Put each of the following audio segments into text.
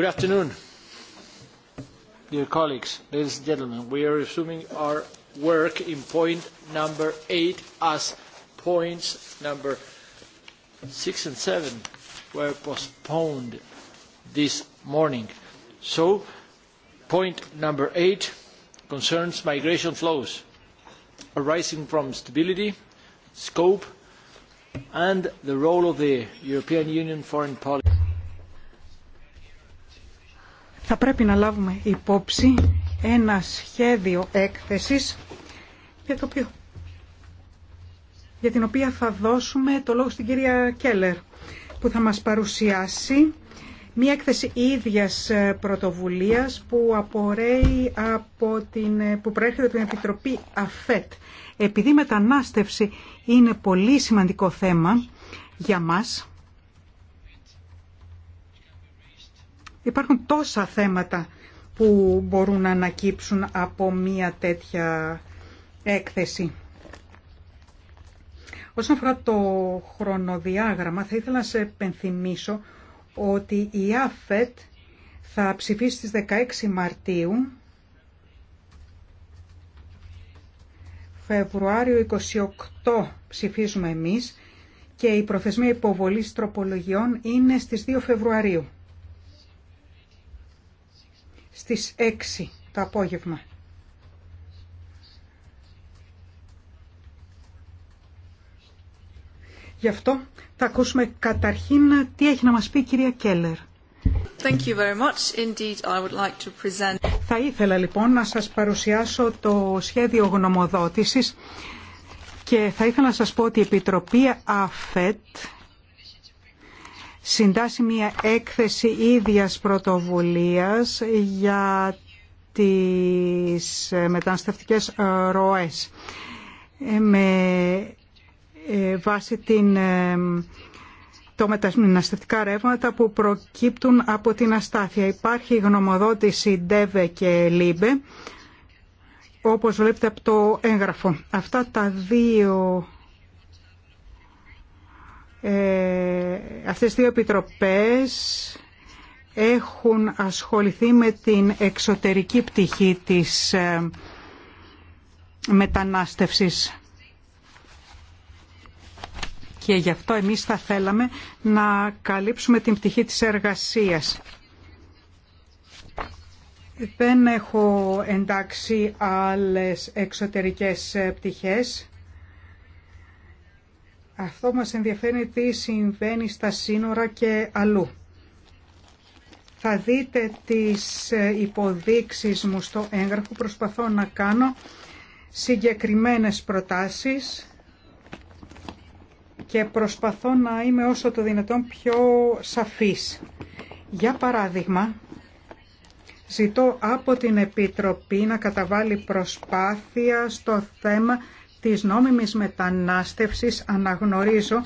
Good afternoon, dear colleagues, ladies and gentlemen. We are resuming our work in point number eight as points number six and seven were postponed this morning. So, point number eight concerns migration flows arising from stability, scope, and the role of the European Union foreign policy θα πρέπει να λάβουμε υπόψη ένα σχέδιο έκθεσης για, το για την οποία θα δώσουμε το λόγο στην κυρία Κέλλερ που θα μας παρουσιάσει μια έκθεση ίδιας ε, πρωτοβουλίας που από την, ε, που προέρχεται από την Επιτροπή ΑΦΕΤ. Επειδή η μετανάστευση είναι πολύ σημαντικό θέμα για μας, Υπάρχουν τόσα θέματα που μπορούν να ανακύψουν από μία τέτοια έκθεση. Όσον αφορά το χρονοδιάγραμμα, θα ήθελα να σε επενθυμίσω ότι η ΑΦΕΤ θα ψηφίσει στις 16 Μαρτίου, Φεβρουάριο 28 ψηφίζουμε εμείς και η προθεσμία υποβολής τροπολογιών είναι στις 2 Φεβρουαρίου στις 6 το απόγευμα. Γι' αυτό θα ακούσουμε καταρχήν τι έχει να μας πει η κυρία Κέλλερ. Thank you very much. Indeed, I would like to present... Θα ήθελα λοιπόν να σας παρουσιάσω το σχέδιο γνωμοδότησης και θα ήθελα να σας πω ότι η Επιτροπή ΑΦΕΤ συντάσσει μια έκθεση ίδιας πρωτοβουλίας για τις μεταναστευτικές ροές ε, με ε, βάση την, ε, το μεταναστευτικά ρεύματα που προκύπτουν από την αστάθεια. Υπάρχει γνωμοδότηση ΔΕΒΕ και ΛΥΜΠΕ όπως βλέπετε από το έγγραφο. Αυτά τα δύο ε, αυτές οι δύο επιτροπές έχουν ασχοληθεί με την εξωτερική πτυχή της ε, μετανάστευσης. Και γι' αυτό εμείς θα θέλαμε να καλύψουμε την πτυχή της εργασίας. Δεν έχω εντάξει άλλες εξωτερικές ε, πτυχές. Αυτό μας ενδιαφέρει τι συμβαίνει στα σύνορα και αλλού. Θα δείτε τις ε, υποδείξεις μου στο έγγραφο. Προσπαθώ να κάνω συγκεκριμένες προτάσεις και προσπαθώ να είμαι όσο το δυνατόν πιο σαφής. Για παράδειγμα, ζητώ από την Επιτροπή να καταβάλει προσπάθεια στο θέμα της νόμιμης μετανάστευσης αναγνωρίζω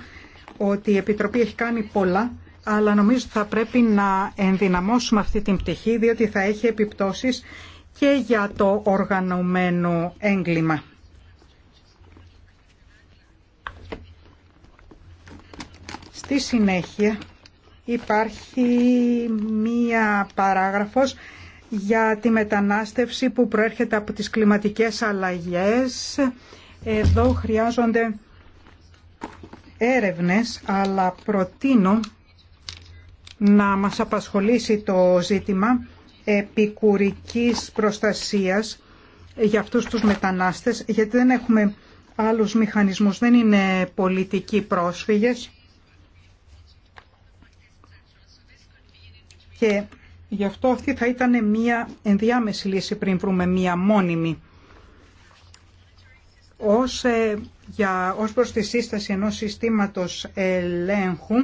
ότι η Επιτροπή έχει κάνει πολλά, αλλά νομίζω θα πρέπει να ενδυναμώσουμε αυτή την πτυχή, διότι θα έχει επιπτώσεις και για το οργανωμένο έγκλημα. Στη συνέχεια υπάρχει μία παράγραφος για τη μετανάστευση που προέρχεται από τις κλιματικές αλλαγές εδώ χρειάζονται έρευνες, αλλά προτείνω να μας απασχολήσει το ζήτημα επικουρικής προστασίας για αυτούς τους μετανάστες, γιατί δεν έχουμε άλλους μηχανισμούς, δεν είναι πολιτικοί πρόσφυγες. Και γι' αυτό αυτή θα ήταν μια ενδιάμεση λύση πριν βρούμε μια μόνιμη ως, ε, για, ως προς τη σύσταση ενός συστήματος ελέγχου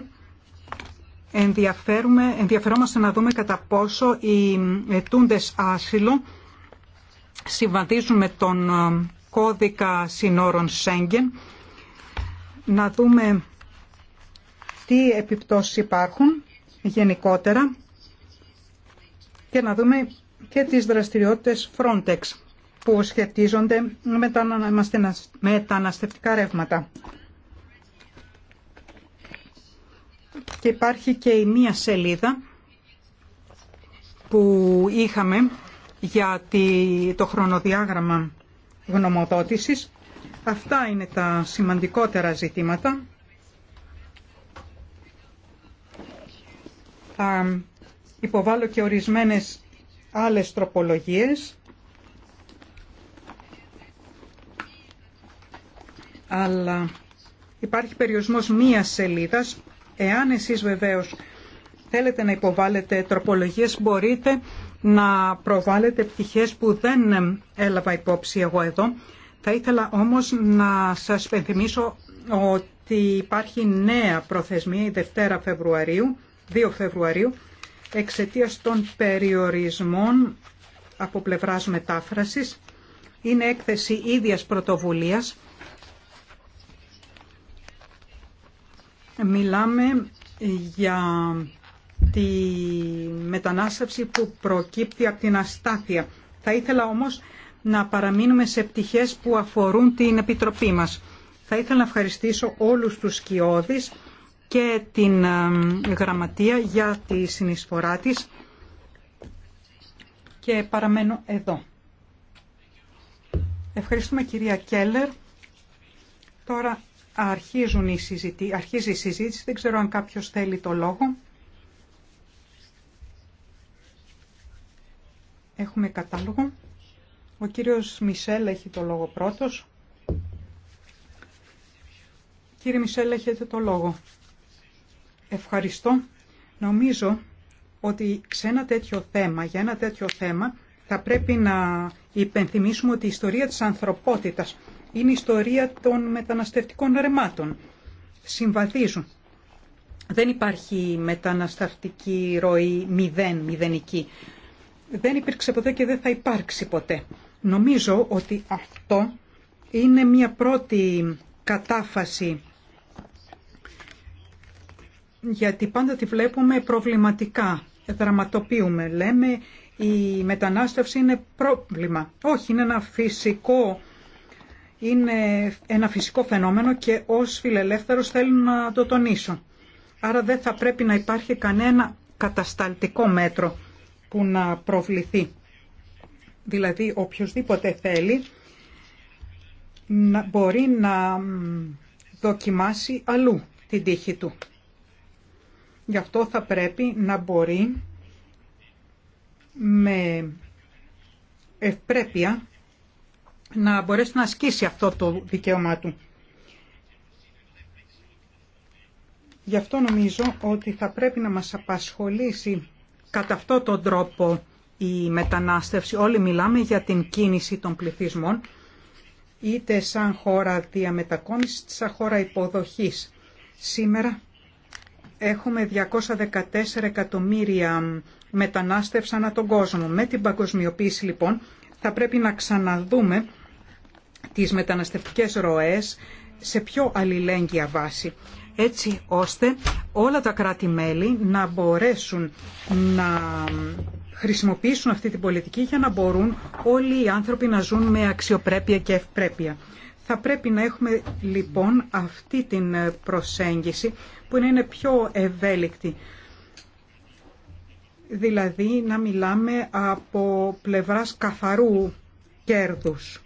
ενδιαφερόμαστε να δούμε κατά πόσο οι ετούντες άσυλο συμβαδίζουν με τον ε, κώδικα συνόρων Σέγγεν, να δούμε τι επιπτώσεις υπάρχουν γενικότερα και να δούμε και τις δραστηριότητες Frontex που σχετίζονται με τα μεταναστευτικά ρεύματα. Και υπάρχει και η μία σελίδα που είχαμε για το χρονοδιάγραμμα γνωμοδότησης. Αυτά είναι τα σημαντικότερα ζητήματα. Θα και ορισμένες άλλες τροπολογίες αλλά υπάρχει περιορισμός μίας σελίδας. Εάν εσείς βεβαίως θέλετε να υποβάλλετε τροπολογίες, μπορείτε να προβάλλετε πτυχές που δεν έλαβα υπόψη εγώ εδώ. Θα ήθελα όμως να σας πενθυμίσω ότι υπάρχει νέα προθεσμία η Δευτέρα Φεβρουαρίου, 2 Φεβρουαρίου, εξαιτίας των περιορισμών από πλευράς μετάφρασης. Είναι έκθεση ίδιας πρωτοβουλίας Μιλάμε για τη μετανάστευση που προκύπτει από την αστάθεια. Θα ήθελα όμως να παραμείνουμε σε πτυχές που αφορούν την Επιτροπή μας. Θα ήθελα να ευχαριστήσω όλους τους σκιώδεις και την Γραμματεία για τη συνεισφορά της και παραμένω εδώ. Ευχαριστούμε κυρία Κέλλερ. Τώρα Αρχίζουν οι συζητή... Αρχίζει η συζήτηση, δεν ξέρω αν κάποιος θέλει το λόγο. Έχουμε κατάλογο. Ο κύριος Μισελ έχει το λόγο πρώτος. Κύριε Μισελ, έχετε το λόγο. Ευχαριστώ. Νομίζω ότι σε ένα τέτοιο θέμα, για ένα τέτοιο θέμα, θα πρέπει να υπενθυμίσουμε ότι η ιστορία της ανθρωπότητας είναι η ιστορία των μεταναστευτικών ρεμάτων. Συμβαδίζουν. Δεν υπάρχει μεταναστευτική ροή μηδέν, μηδενική. Δεν υπήρξε ποτέ και δεν θα υπάρξει ποτέ. Νομίζω ότι αυτό είναι μια πρώτη κατάφαση γιατί πάντα τη βλέπουμε προβληματικά, δραματοποιούμε. Λέμε η μετανάστευση είναι πρόβλημα. Όχι, είναι ένα φυσικό είναι ένα φυσικό φαινόμενο και ως φιλελεύθερος θέλω να το τονίσω. Άρα δεν θα πρέπει να υπάρχει κανένα κατασταλτικό μέτρο που να προβληθεί. Δηλαδή οποιοδήποτε θέλει να μπορεί να δοκιμάσει αλλού την τύχη του. Γι' αυτό θα πρέπει να μπορεί με ευπρέπεια να μπορέσει να ασκήσει αυτό το δικαίωμά του. Γι' αυτό νομίζω ότι θα πρέπει να μας απασχολήσει κατά αυτό τον τρόπο η μετανάστευση. Όλοι μιλάμε για την κίνηση των πληθυσμών, είτε σαν χώρα διαμετακόμιση, είτε σαν χώρα υποδοχής. Σήμερα έχουμε 214 εκατομμύρια μετανάστευσα ανά τον κόσμο. Με την παγκοσμιοποίηση λοιπόν θα πρέπει να ξαναδούμε τις μεταναστευτικές ροές σε πιο αλληλέγγυα βάση έτσι ώστε όλα τα κράτη-μέλη να μπορέσουν να χρησιμοποιήσουν αυτή την πολιτική για να μπορούν όλοι οι άνθρωποι να ζουν με αξιοπρέπεια και ευπρέπεια. Θα πρέπει να έχουμε λοιπόν αυτή την προσέγγιση που να είναι πιο ευέλικτη. Δηλαδή να μιλάμε από πλευράς καθαρού κέρδους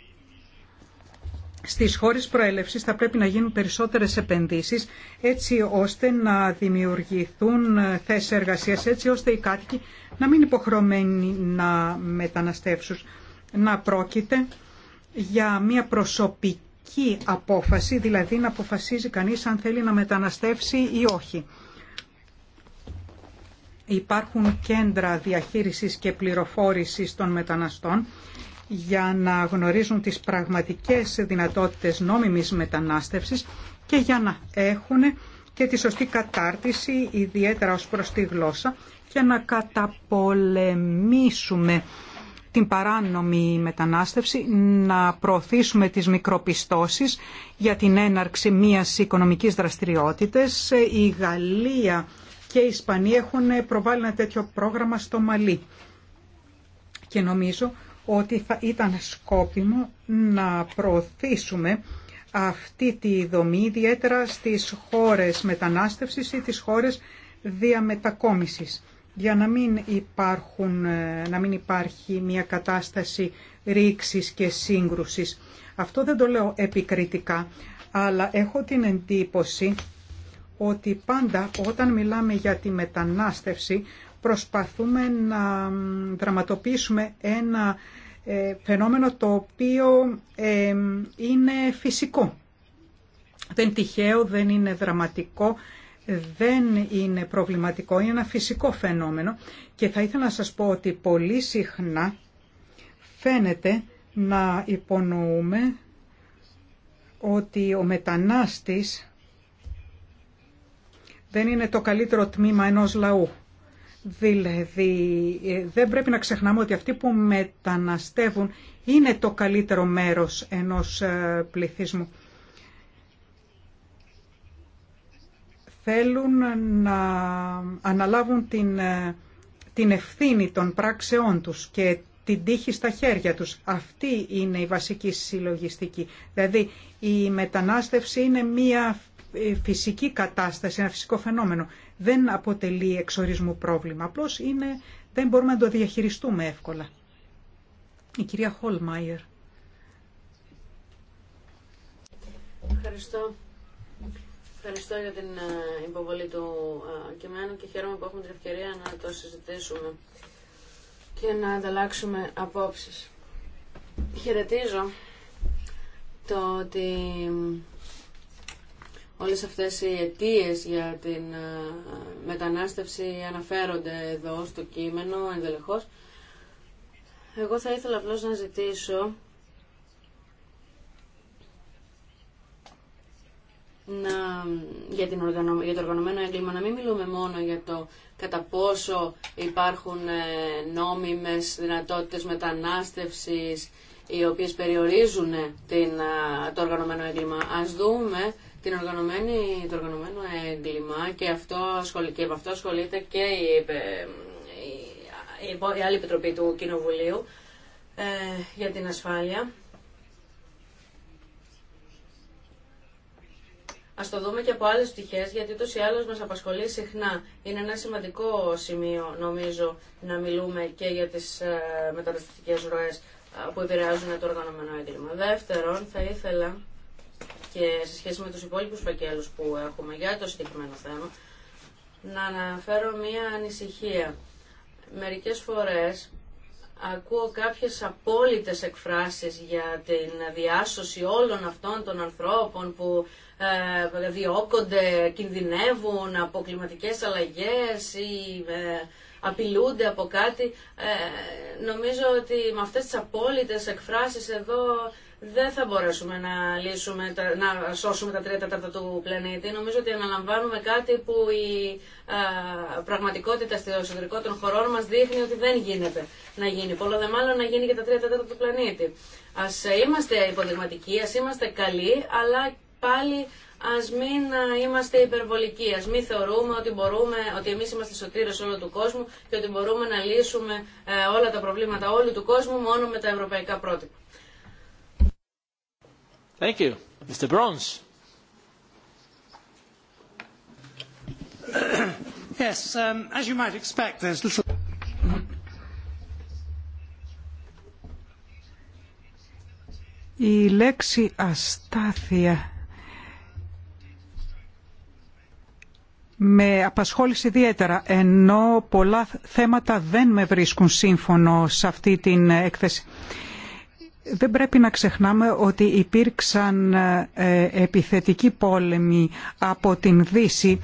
στις χώρες προέλευσης θα πρέπει να γίνουν περισσότερες επενδύσεις έτσι ώστε να δημιουργηθούν ε, θέσεις εργασίας, έτσι ώστε οι κάτοικοι να μην υποχρεωμένοι να μεταναστεύσουν. Να πρόκειται για μια προσωπική απόφαση, δηλαδή να αποφασίζει κανείς αν θέλει να μεταναστεύσει ή όχι. Υπάρχουν κέντρα διαχείρισης και πληροφόρηση των μεταναστών για να γνωρίζουν τις πραγματικές δυνατότητες νόμιμης μετανάστευσης και για να έχουν και τη σωστή κατάρτιση, ιδιαίτερα ως προς τη γλώσσα, και να καταπολεμήσουμε την παράνομη μετανάστευση, να προωθήσουμε τις μικροπιστώσεις για την έναρξη μιας οικονομικής δραστηριότητας. Η Γαλλία και η Ισπανία έχουν προβάλει ένα τέτοιο πρόγραμμα στο Μαλί. Και νομίζω ότι θα ήταν σκόπιμο να προωθήσουμε αυτή τη δομή ιδιαίτερα στις χώρες μετανάστευσης ή τις χώρες διαμετακόμισης για να μην, υπάρχουν, ε, να μην υπάρχει μια κατάσταση ρήξης και σύγκρουσης. Αυτό δεν το λέω επικριτικά, αλλά έχω την εντύπωση ότι πάντα όταν μιλάμε για τη μετανάστευση προσπαθούμε να δραματοποιήσουμε ένα ε, φαινόμενο το οποίο ε, είναι φυσικό. Δεν τυχαίο, δεν είναι δραματικό, δεν είναι προβληματικό, είναι ένα φυσικό φαινόμενο και θα ήθελα να σας πω ότι πολύ συχνά φαίνεται να υπονοούμε ότι ο μετανάστης δεν είναι το καλύτερο τμήμα ενός λαού. Δηλαδή ε, δεν πρέπει να ξεχνάμε ότι αυτοί που μεταναστεύουν είναι το καλύτερο μέρος ενός ε, πληθυσμού. Θέλουν να αναλάβουν την, ε, την ευθύνη των πράξεών τους και την τύχη στα χέρια τους. Αυτή είναι η βασική συλλογιστική. Δηλαδή η μετανάστευση είναι μια φυσική κατάσταση, ένα φυσικό φαινόμενο δεν αποτελεί εξορισμού πρόβλημα, Απλώ είναι, δεν μπορούμε να το διαχειριστούμε εύκολα. Η κυρία Χολμάιερ. Ευχαριστώ. Ευχαριστώ για την ε, υποβολή του ε, κειμένου και χαίρομαι που έχουμε την ευκαιρία να το συζητήσουμε και να ανταλλάξουμε απόψεις. Χαιρετίζω το ότι Όλες αυτές οι αιτίες για την ε, μετανάστευση αναφέρονται εδώ στο κείμενο ενδελεχώς. Εγώ θα ήθελα απλώς να ζητήσω να, για, την για το οργανωμένο έγκλημα να μην μιλούμε μόνο για το κατά πόσο υπάρχουν ε, νόμιμες δυνατότητες μετανάστευσης οι οποίες περιορίζουν την, ε, το οργανωμένο έγκλημα. Ας δούμε την το οργανωμένο έγκλημα και, αυτό, αυτό ασχολείται και η, ε, η, η, η άλλη επιτροπή του Κοινοβουλίου ε, για την ασφάλεια. Ας το δούμε και από άλλες πτυχές, γιατί ούτως ή άλλως μας απασχολεί συχνά. Είναι ένα σημαντικό σημείο, νομίζω, να μιλούμε και για τις ε, μεταναστευτικές ροές ε, που επηρεάζουν το οργανωμένο έγκλημα. Δεύτερον, θα ήθελα και σε σχέση με τους υπόλοιπους φακέλους που έχουμε για το συγκεκριμένο θέμα, να αναφέρω μία ανησυχία. Μερικές φορές ακούω κάποιες απόλυτες εκφράσεις για την διάσωση όλων αυτών των ανθρώπων που ε, διώκονται, κινδυνεύουν από κλιματικές αλλαγές ή ε, απειλούνται από κάτι. Ε, νομίζω ότι με αυτές τις απόλυτες εκφράσεις εδώ δεν θα μπορέσουμε να, λύσουμε, να σώσουμε τα τρία τέταρτα του πλανήτη. Νομίζω ότι αναλαμβάνουμε κάτι που η πραγματικότητα στο εσωτερικό των χωρών μας δείχνει ότι δεν γίνεται να γίνει. Πολλό δε μάλλον να γίνει και τα τρία τέταρτα του πλανήτη. Ας είμαστε υποδειγματικοί, ας είμαστε καλοί, αλλά πάλι ας μην είμαστε υπερβολικοί, ας μην θεωρούμε ότι, μπορούμε, ότι εμείς είμαστε σωτήρες όλου του κόσμου και ότι μπορούμε να λύσουμε ε, όλα τα προβλήματα όλου του κόσμου μόνο με τα ευρωπαϊκά πρότυπα. Um, Η λέξη αστάθεια με απασχόλησε ιδιαίτερα, ενώ πολλά θέματα δεν με βρίσκουν σύμφωνο σε αυτή την έκθεση δεν πρέπει να ξεχνάμε ότι υπήρξαν ε, επιθετικοί πόλεμοι από την Δύση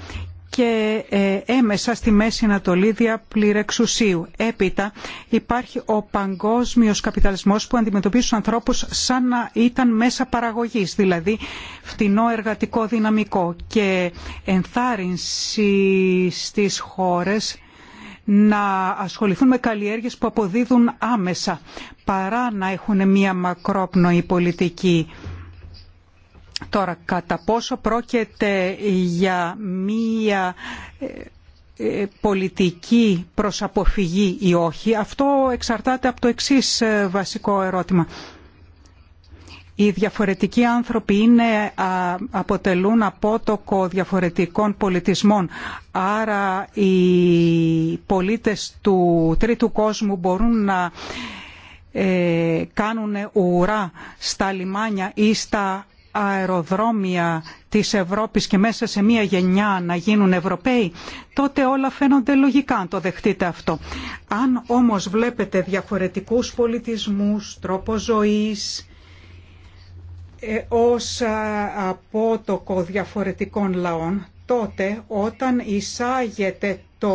και ε, έμεσα στη Μέση Ανατολή δια πληρεξουσίου. Έπειτα υπάρχει ο παγκόσμιος καπιταλισμός που αντιμετωπίζει τους ανθρώπους σαν να ήταν μέσα παραγωγής, δηλαδή φτηνό εργατικό δυναμικό και ενθάρρυνση στις χώρες να ασχοληθούν με καλλιέργειες που αποδίδουν άμεσα παρά να έχουν μια μακρόπνοη πολιτική. Τώρα, κατά πόσο πρόκειται για μια ε, ε, πολιτική προς αποφυγή ή όχι, αυτό εξαρτάται από το εξής ε, βασικό ερώτημα. Οι διαφορετικοί άνθρωποι είναι, αποτελούν απότοκο διαφορετικών πολιτισμών. Άρα οι πολίτες του τρίτου κόσμου μπορούν να ε, κάνουν ουρά στα λιμάνια ή στα αεροδρόμια της Ευρώπης και μέσα σε μία γενιά να γίνουν Ευρωπαίοι, τότε όλα φαίνονται λογικά αν το δεχτείτε αυτό. Αν όμως βλέπετε διαφορετικούς πολιτισμούς, τρόπο ζωής, ως ε, απότοκο διαφορετικών λαών, τότε όταν εισάγεται το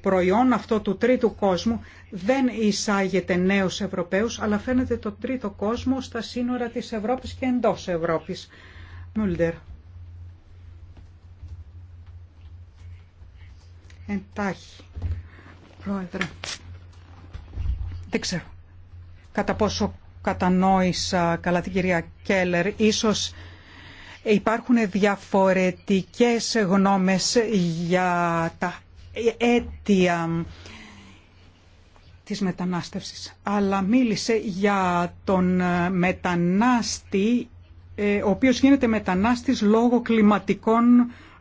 προϊόν αυτό του τρίτου κόσμου, δεν εισάγεται νέους Ευρωπαίους, αλλά φαίνεται το τρίτο κόσμο στα σύνορα της Ευρώπης και εντός Ευρώπης. Μούλτερ. Εντάχει. Πρόεδρε. Δεν ξέρω κατά πόσο κατανόησα καλά την κυρία Κέλλερ. Ίσως υπάρχουν διαφορετικές γνώμες για τα αίτια της μετανάστευσης. Αλλά μίλησε για τον μετανάστη, ε, ο οποίος γίνεται μετανάστης λόγω κλιματικών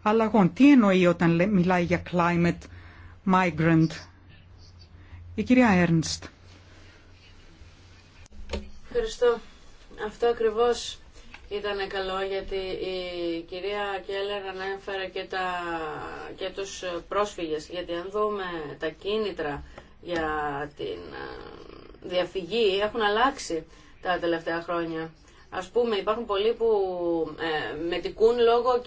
αλλαγών. Τι εννοεί όταν μιλάει για climate migrant. Η κυρία Έρνστ. Ευχαριστώ. Αυτό ακριβώς ήταν καλό γιατί η κυρία Κέλλερ ανέφερε και, τα, και τους πρόσφυγες. Γιατί αν δούμε τα κίνητρα για την ε, διαφυγή έχουν αλλάξει τα τελευταία χρόνια. Ας πούμε υπάρχουν πολλοί που ε, μετικούν λόγω,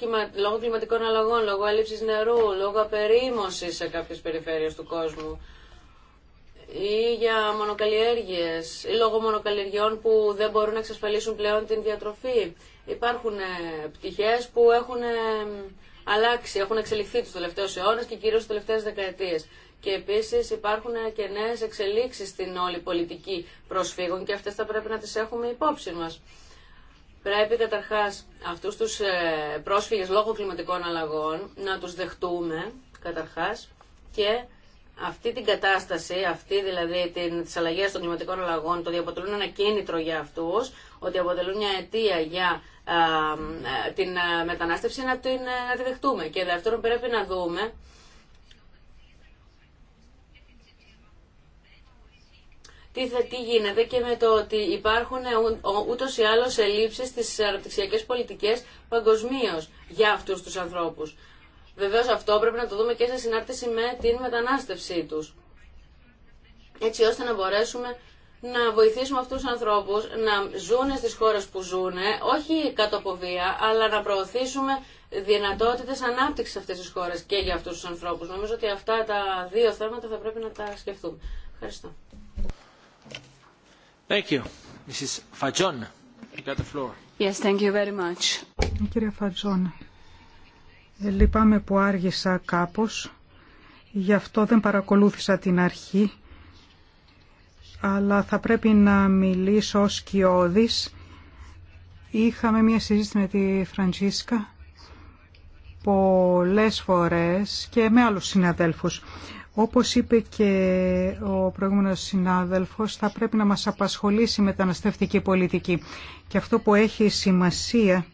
κλιματικών αλλαγών, λόγω έλλειψης νερού, λόγω απερίμωσης σε κάποιες περιφέρειες του κόσμου ή για μονοκαλλιέργειες ή λόγω μονοκαλλιεργειών που δεν μπορούν να εξασφαλίσουν πλέον την διατροφή. Υπάρχουν ε, πτυχές που έχουν ε, αλλάξει, έχουν εξελιχθεί τους τελευταίους αιώνες και κυρίως τις τελευταίες δεκαετίες. Και επίσης υπάρχουν ε, και νέες εξελίξεις στην όλη πολιτική προσφύγων και αυτές θα πρέπει να τις έχουμε υπόψη μας. Πρέπει καταρχάς αυτούς τους πρόσφυγες λόγω κλιματικών αλλαγών να τους δεχτούμε καταρχάς και αυτή την κατάσταση, αυτή δηλαδή την, αλλαγή των κλιματικών αλλαγών, το ότι αποτελούν ένα κίνητρο για αυτούς, ότι αποτελούν μια αιτία για ε, την ε, μετανάστευση, να, την, ε, να τη δεχτούμε. Και δεύτερον πρέπει να δούμε τι, γίνεται και με το ότι υπάρχουν ούτως ή άλλως ελλείψεις στι αναπτυξιακέ πολιτικέ παγκοσμίω για αυτού του ανθρώπου. Βεβαίω αυτό πρέπει να το δούμε και σε συνάρτηση με την μετανάστευσή τους. Έτσι ώστε να μπορέσουμε να βοηθήσουμε αυτούς τους ανθρώπους να ζουν στις χώρες που ζουν, όχι κάτω από βία, αλλά να προωθήσουμε δυνατότητες ανάπτυξης σε αυτές τις χώρες και για αυτούς τους ανθρώπους. Νομίζω ότι αυτά τα δύο θέματα θα πρέπει να τα σκεφτούμε. Ευχαριστώ. Thank you. Mrs. Fajon, got the floor. Yes, thank you very much. Κύριε ε, λυπάμαι που άργησα κάπως, γι' αυτό δεν παρακολούθησα την αρχή, αλλά θα πρέπει να μιλήσω ως κοιόδης. Είχαμε μια συζήτηση με τη Φραντσίσκα πολλές φορές και με άλλους συναδέλφους. Όπως είπε και ο προηγούμενος συνάδελφος, θα πρέπει να μας απασχολήσει η μεταναστευτική πολιτική. Και αυτό που έχει σημασία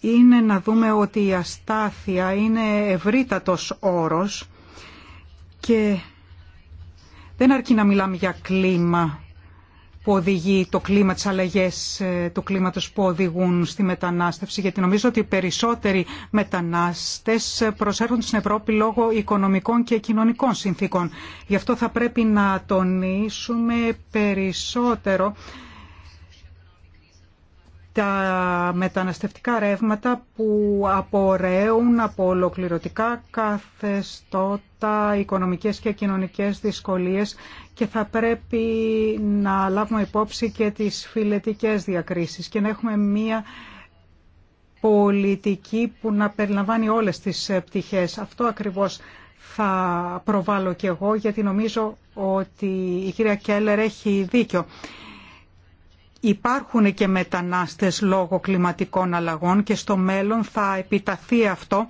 είναι να δούμε ότι η αστάθεια είναι ευρύτατος όρος και δεν αρκεί να μιλάμε για κλίμα που οδηγεί το κλίμα, τις αλλαγές ε, του κλίματος που οδηγούν στη μετανάστευση, γιατί νομίζω ότι οι περισσότεροι μετανάστες προσέρχονται στην Ευρώπη λόγω οικονομικών και κοινωνικών συνθήκων. Γι' αυτό θα πρέπει να τονίσουμε περισσότερο τα μεταναστευτικά ρεύματα που απορρέουν από ολοκληρωτικά καθεστώτα, οικονομικές και κοινωνικές δυσκολίες και θα πρέπει να λάβουμε υπόψη και τις φιλετικές διακρίσεις και να έχουμε μία πολιτική που να περιλαμβάνει όλες τις ε, πτυχές. Αυτό ακριβώς θα προβάλλω και εγώ γιατί νομίζω ότι η κυρία Κέλλερ έχει δίκιο Υπάρχουν και μετανάστες λόγω κλιματικών αλλαγών και στο μέλλον θα επιταθεί αυτό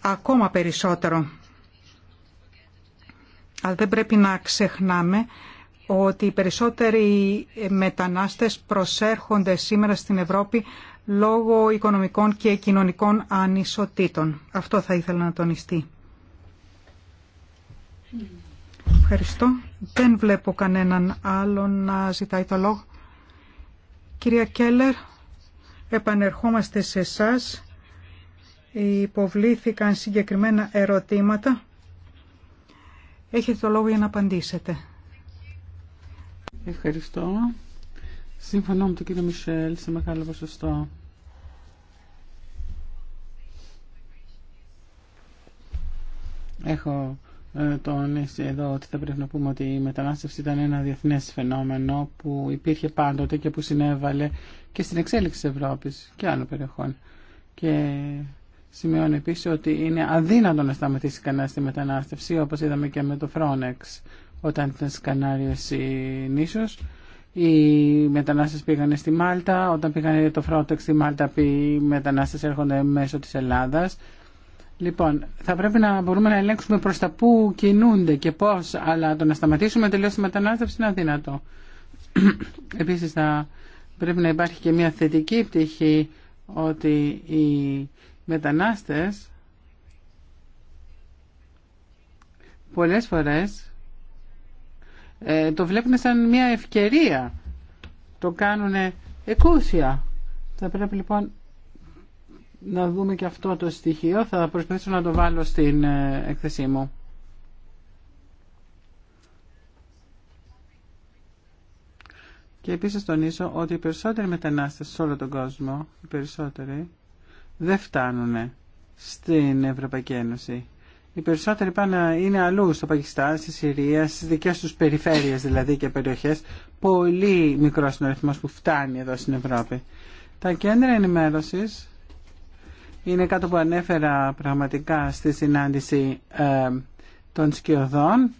ακόμα περισσότερο. Αλλά δεν πρέπει να ξεχνάμε ότι οι περισσότεροι μετανάστες προσέρχονται σήμερα στην Ευρώπη λόγω οικονομικών και κοινωνικών ανισοτήτων. Αυτό θα ήθελα να τονιστεί. Ευχαριστώ. Δεν βλέπω κανέναν άλλον να ζητάει το λόγο. Κυρία Κέλλερ, επανερχόμαστε σε εσά. Υποβλήθηκαν συγκεκριμένα ερωτήματα. Έχετε το λόγο για να απαντήσετε. Ευχαριστώ. Σύμφωνα με τον κύριο Μισελ, σε μεγάλο ποσοστό. Έχω ε, εδώ ότι θα πρέπει να πούμε ότι η μετανάστευση ήταν ένα διεθνές φαινόμενο που υπήρχε πάντοτε και που συνέβαλε και στην εξέλιξη της Ευρώπης και άλλων περιοχών. Και σημειώνω επίσης ότι είναι αδύνατο να σταματήσει κανένα τη μετανάστευση όπως είδαμε και με το Φρόνεξ όταν ήταν στις η νήσος. Οι μετανάστες πήγανε στη Μάλτα, όταν πήγανε το Frontex στη Μάλτα οι μετανάστες έρχονται μέσω της Ελλάδας Λοιπόν, θα πρέπει να μπορούμε να ελέγξουμε προ τα πού κινούνται και πώς, αλλά το να σταματήσουμε τελείως τη μετανάστευση είναι αδύνατο. Επίσης θα πρέπει να υπάρχει και μια θετική πτυχή ότι οι μετανάστες πολλές φορές ε, το βλέπουν σαν μια ευκαιρία. Το κάνουν εκούσια. Θα πρέπει λοιπόν να δούμε και αυτό το στοιχείο. Θα προσπαθήσω να το βάλω στην ε, έκθεσή μου. Και επίσης τονίζω ότι οι περισσότεροι μετανάστες σε όλο τον κόσμο, οι περισσότεροι, δεν φτάνουν στην Ευρωπαϊκή Ένωση. Οι περισσότεροι πάνε είναι αλλού, στο Πακιστάν, στη Συρία, στις δικές τους περιφέρειες δηλαδή και περιοχές. Πολύ μικρός είναι ο που φτάνει εδώ στην Ευρώπη. Τα κέντρα ενημέρωσης είναι κάτι που ανέφερα πραγματικά στη συνάντηση ε, των σκιωδών.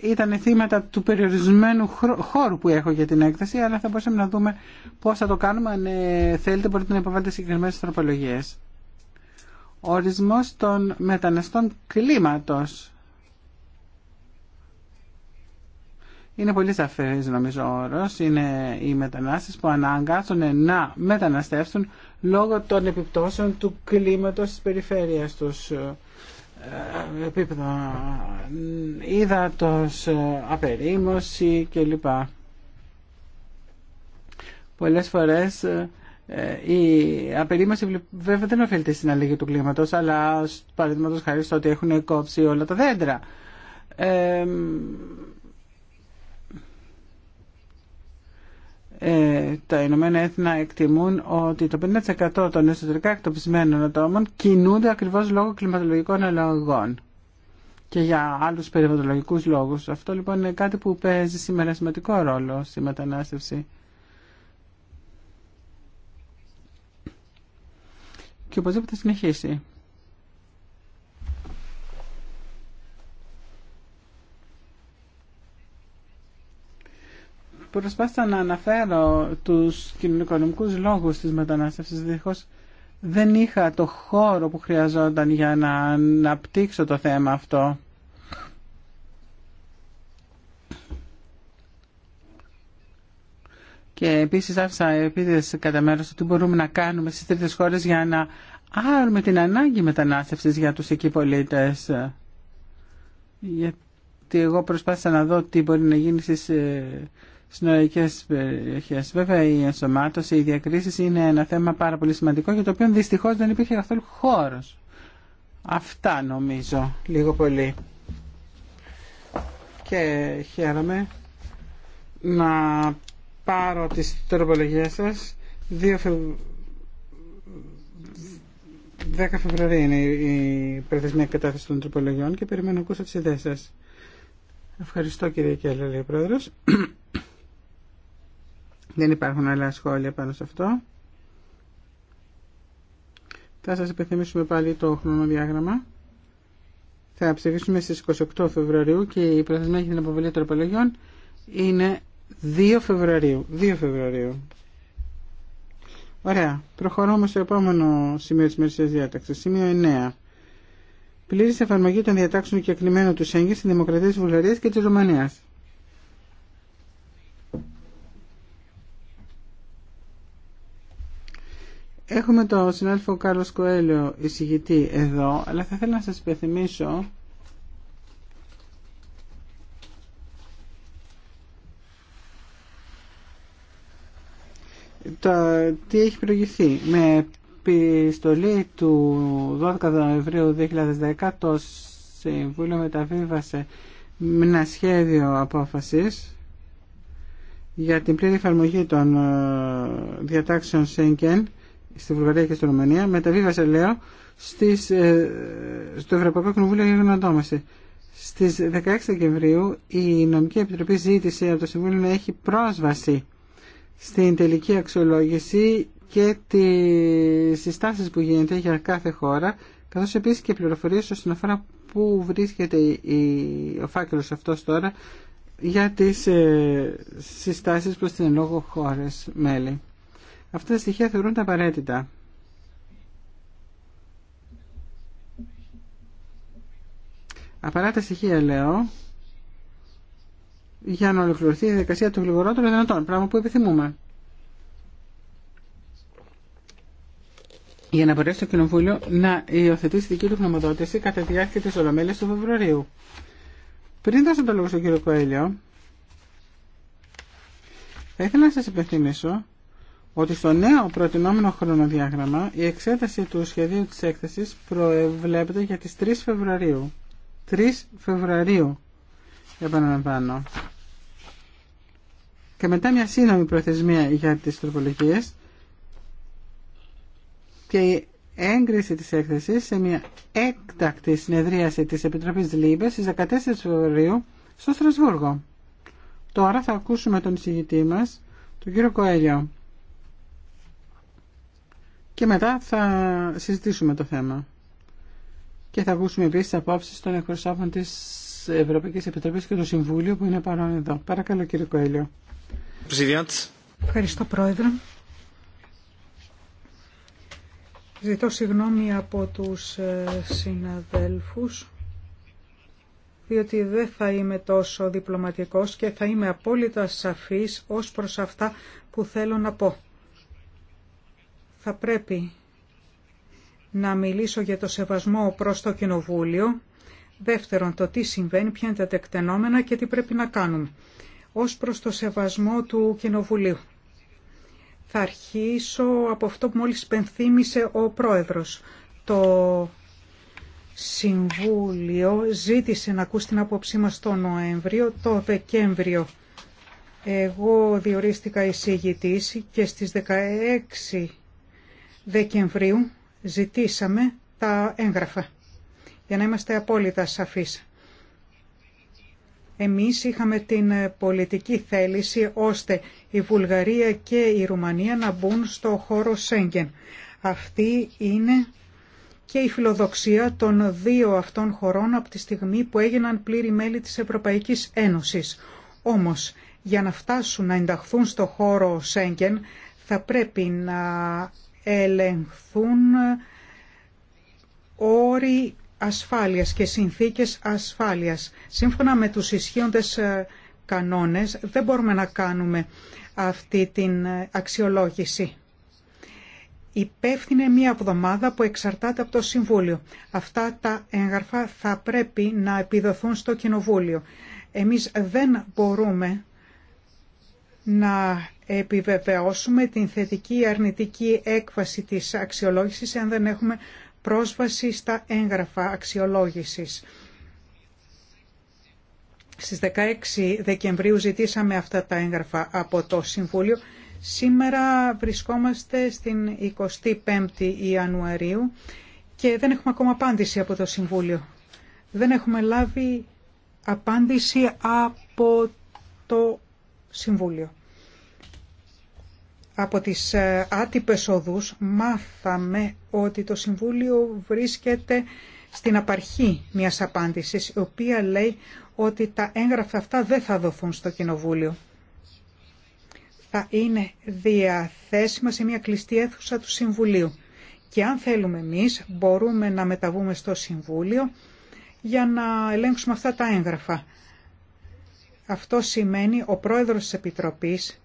Ήταν θύματα του περιορισμένου χώρου που έχω για την έκθεση, αλλά θα μπορούσαμε να δούμε πώς θα το κάνουμε. Αν ε, θέλετε μπορείτε να υποβάλλετε συγκεκριμένες τροπολογίες. Ορισμός των μεταναστών κλίματος Είναι πολύ σαφές, νομίζω ο όρος. Είναι οι μετανάστες που αναγκάζουν να μεταναστεύσουν λόγω των επιπτώσεων του κλίματος της περιφέρειας τους. Ε, επίπεδο ε, ύδατος, ε, απερίμωση κλπ. Πολλές φορές η απερίμωση βέβαια δεν οφείλεται στην αλλαγή του κλίματος αλλά παραδείγματος χάρη στο ότι έχουν κόψει όλα τα δέντρα. Ε, Ε, τα Ηνωμένα Έθνα εκτιμούν ότι το 50% των εσωτερικά εκτοπισμένων ατόμων κινούνται ακριβώς λόγω κλιματολογικών αλλαγών και για άλλους περιβαλλοντικούς λόγους. Αυτό λοιπόν είναι κάτι που παίζει σήμερα σημαντικό ρόλο στη μετανάστευση. Και οπωσδήποτε συνεχίσει. Προσπάθησα να αναφέρω τους κοινωνικονομικούς λόγους της μετανάστευσης. Δυστυχώς δεν είχα το χώρο που χρειαζόταν για να αναπτύξω το θέμα αυτό. Και επίσης άφησα επίδες κατά μέρος του τι μπορούμε να κάνουμε στις τρίτες χώρες για να άρουμε την ανάγκη μετανάστευσης για τους εκεί πολίτες. Γιατί εγώ προσπάθησα να δω τι μπορεί να γίνει στις ε, συνολικέ περιοχέ. Βέβαια, η ενσωμάτωση, οι διακρίσει είναι ένα θέμα πάρα πολύ σημαντικό για το οποίο δυστυχώ δεν υπήρχε καθόλου χώρο. Αυτά νομίζω λίγο πολύ. Και χαίρομαι να πάρω τις τροπολογίες σας 10 Φεβρουαρίου είναι η προθεσμία κατάθεση των τροπολογιών και περιμένω να ακούσω τις ιδέες σας. Ευχαριστώ κύριε Κέλλα, λέει Πρόεδρος. Δεν υπάρχουν άλλα σχόλια πάνω σε αυτό. Θα σας επιθυμήσουμε πάλι το χρονοδιάγραμμα. Θα ψηφίσουμε στις 28 Φεβρουαρίου και η προθεσμία για την αποβολή των απολογιών είναι 2 Φεβρουαρίου. 2 Φεβρουαρίου. Ωραία. Προχωρούμε στο επόμενο σημείο της μερικής διάταξης. Σημείο 9. Πλήρης εφαρμογή των διατάξεων και εκκλημένων του Σέγγεν στη Δημοκρατία της Βουλγαρίας και της Ρουμανίας. Έχουμε τον συνάδελφο Κάρλος Κοέλιο εισηγητή εδώ, αλλά θα ήθελα να σας υπενθυμίσω το τι έχει προηγηθεί. Με επιστολή του 12 Νοεμβρίου 2010 το Συμβούλιο μεταβίβασε με ένα σχέδιο απόφασης για την πλήρη εφαρμογή των ε, διατάξεων ΣΕΝΚΕΝ στη Βουλγαρία και στη Ρουμανία μεταβίβασε λέω στις, ε, στο Ευρωπαϊκό Κοινοβούλιο για γνωμάτωση. Στις 16 Δεκεμβρίου η Νομική Επιτροπή ζήτησε από το Συμβούλιο να έχει πρόσβαση στην τελική αξιολόγηση και τι συστάσεις που γίνεται για κάθε χώρα, καθώς επίσης και πληροφορίες όσον αφορά πού βρίσκεται ο φάκελο αυτό τώρα για τις ε, συστάσεις προ την λόγω χώρε μέλη. Αυτά τα στοιχεία θεωρούνται απαραίτητα. Απαρά τα στοιχεία λέω για να ολοκληρωθεί η διαδικασία του των δυνατόν, πράγμα που επιθυμούμε. για να μπορέσει το Κοινοβούλιο να υιοθετήσει δική του γνωμοδότηση κατά τη διάρκεια τη Ολομέλεια του Φεβρουαρίου. Πριν δώσω το λόγο στον κύριο Κοέλιο, θα ήθελα να σα υπενθυμίσω ότι στο νέο προτινόμενο χρονοδιάγραμμα η εξέταση του σχεδίου της έκθεσης προεβλέπεται για τις 3 Φεβρουαρίου. 3 Φεβρουαρίου, επαναλαμβάνω. Και μετά μια σύνομη προθεσμία για τις τροπολογίες και η έγκριση της έκθεσης σε μια έκτακτη συνεδρίαση της Επιτροπής Λίμπε στις 14 Φεβρουαρίου στο Στρασβούργο. Τώρα θα ακούσουμε τον εισηγητή μας, τον κύριο Κοέλιο και μετά θα συζητήσουμε το θέμα. Και θα ακούσουμε επίση απόψει των εκπροσώπων τη Ευρωπαϊκή Επιτροπή και του Συμβούλιο που είναι παρόν εδώ. Παρακαλώ, κύριε Κοέλιο. Ευχαριστώ, Πρόεδρε. Ζητώ συγγνώμη από τους ε, συναδέλφους, διότι δεν θα είμαι τόσο διπλωματικός και θα είμαι απόλυτα σαφής ως προς αυτά που θέλω να πω θα πρέπει να μιλήσω για το σεβασμό προς το Κοινοβούλιο. Δεύτερον, το τι συμβαίνει, ποια είναι τα τεκτενόμενα και τι πρέπει να κάνουμε. Ως προς το σεβασμό του Κοινοβουλίου. Θα αρχίσω από αυτό που μόλις πενθύμησε ο Πρόεδρος. Το Συμβούλιο ζήτησε να ακούσει την απόψή μας το Νοέμβριο, το Δεκέμβριο. Εγώ διορίστηκα εισηγητής και στις 16 Δεκεμβρίου ζητήσαμε τα έγγραφα, για να είμαστε απόλυτα σαφείς. Εμείς είχαμε την πολιτική θέληση ώστε η Βουλγαρία και η Ρουμανία να μπουν στο χώρο Σέγγεν. Αυτή είναι και η φιλοδοξία των δύο αυτών χωρών από τη στιγμή που έγιναν πλήρη μέλη της Ευρωπαϊκής Ένωσης. Όμως, για να φτάσουν να ενταχθούν στο χώρο Σέγγεν θα πρέπει να ελεγχθούν όροι ασφάλειας και συνθήκες ασφάλειας. Σύμφωνα με τους ισχύοντες ε, κανόνες δεν μπορούμε να κάνουμε αυτή την ε, αξιολόγηση. Υπεύθυνε μία εβδομάδα που εξαρτάται από το Συμβούλιο. Αυτά τα έγγραφα θα πρέπει να επιδοθούν στο Κοινοβούλιο. Εμείς δεν μπορούμε να επιβεβαιώσουμε την θετική ή αρνητική έκβαση της αξιολόγησης αν δεν έχουμε πρόσβαση στα έγγραφα αξιολόγησης. Στις 16 Δεκεμβρίου ζητήσαμε αυτά τα έγγραφα από το Συμβούλιο. Σήμερα βρισκόμαστε στην 25η Ιανουαρίου και δεν έχουμε ακόμα απάντηση από το Συμβούλιο. Δεν έχουμε λάβει απάντηση από το Συμβούλιο από τις ε, άτυπες οδούς μάθαμε ότι το Συμβούλιο βρίσκεται στην απαρχή μιας απάντησης, η οποία λέει ότι τα έγγραφα αυτά δεν θα δοθούν στο Κοινοβούλιο. Θα είναι διαθέσιμα σε μια κλειστή αίθουσα του Συμβουλίου. Και αν θέλουμε εμείς μπορούμε να μεταβούμε στο Συμβούλιο για να ελέγξουμε αυτά τα έγγραφα. Αυτό σημαίνει ο πρόεδρος της Επιτροπής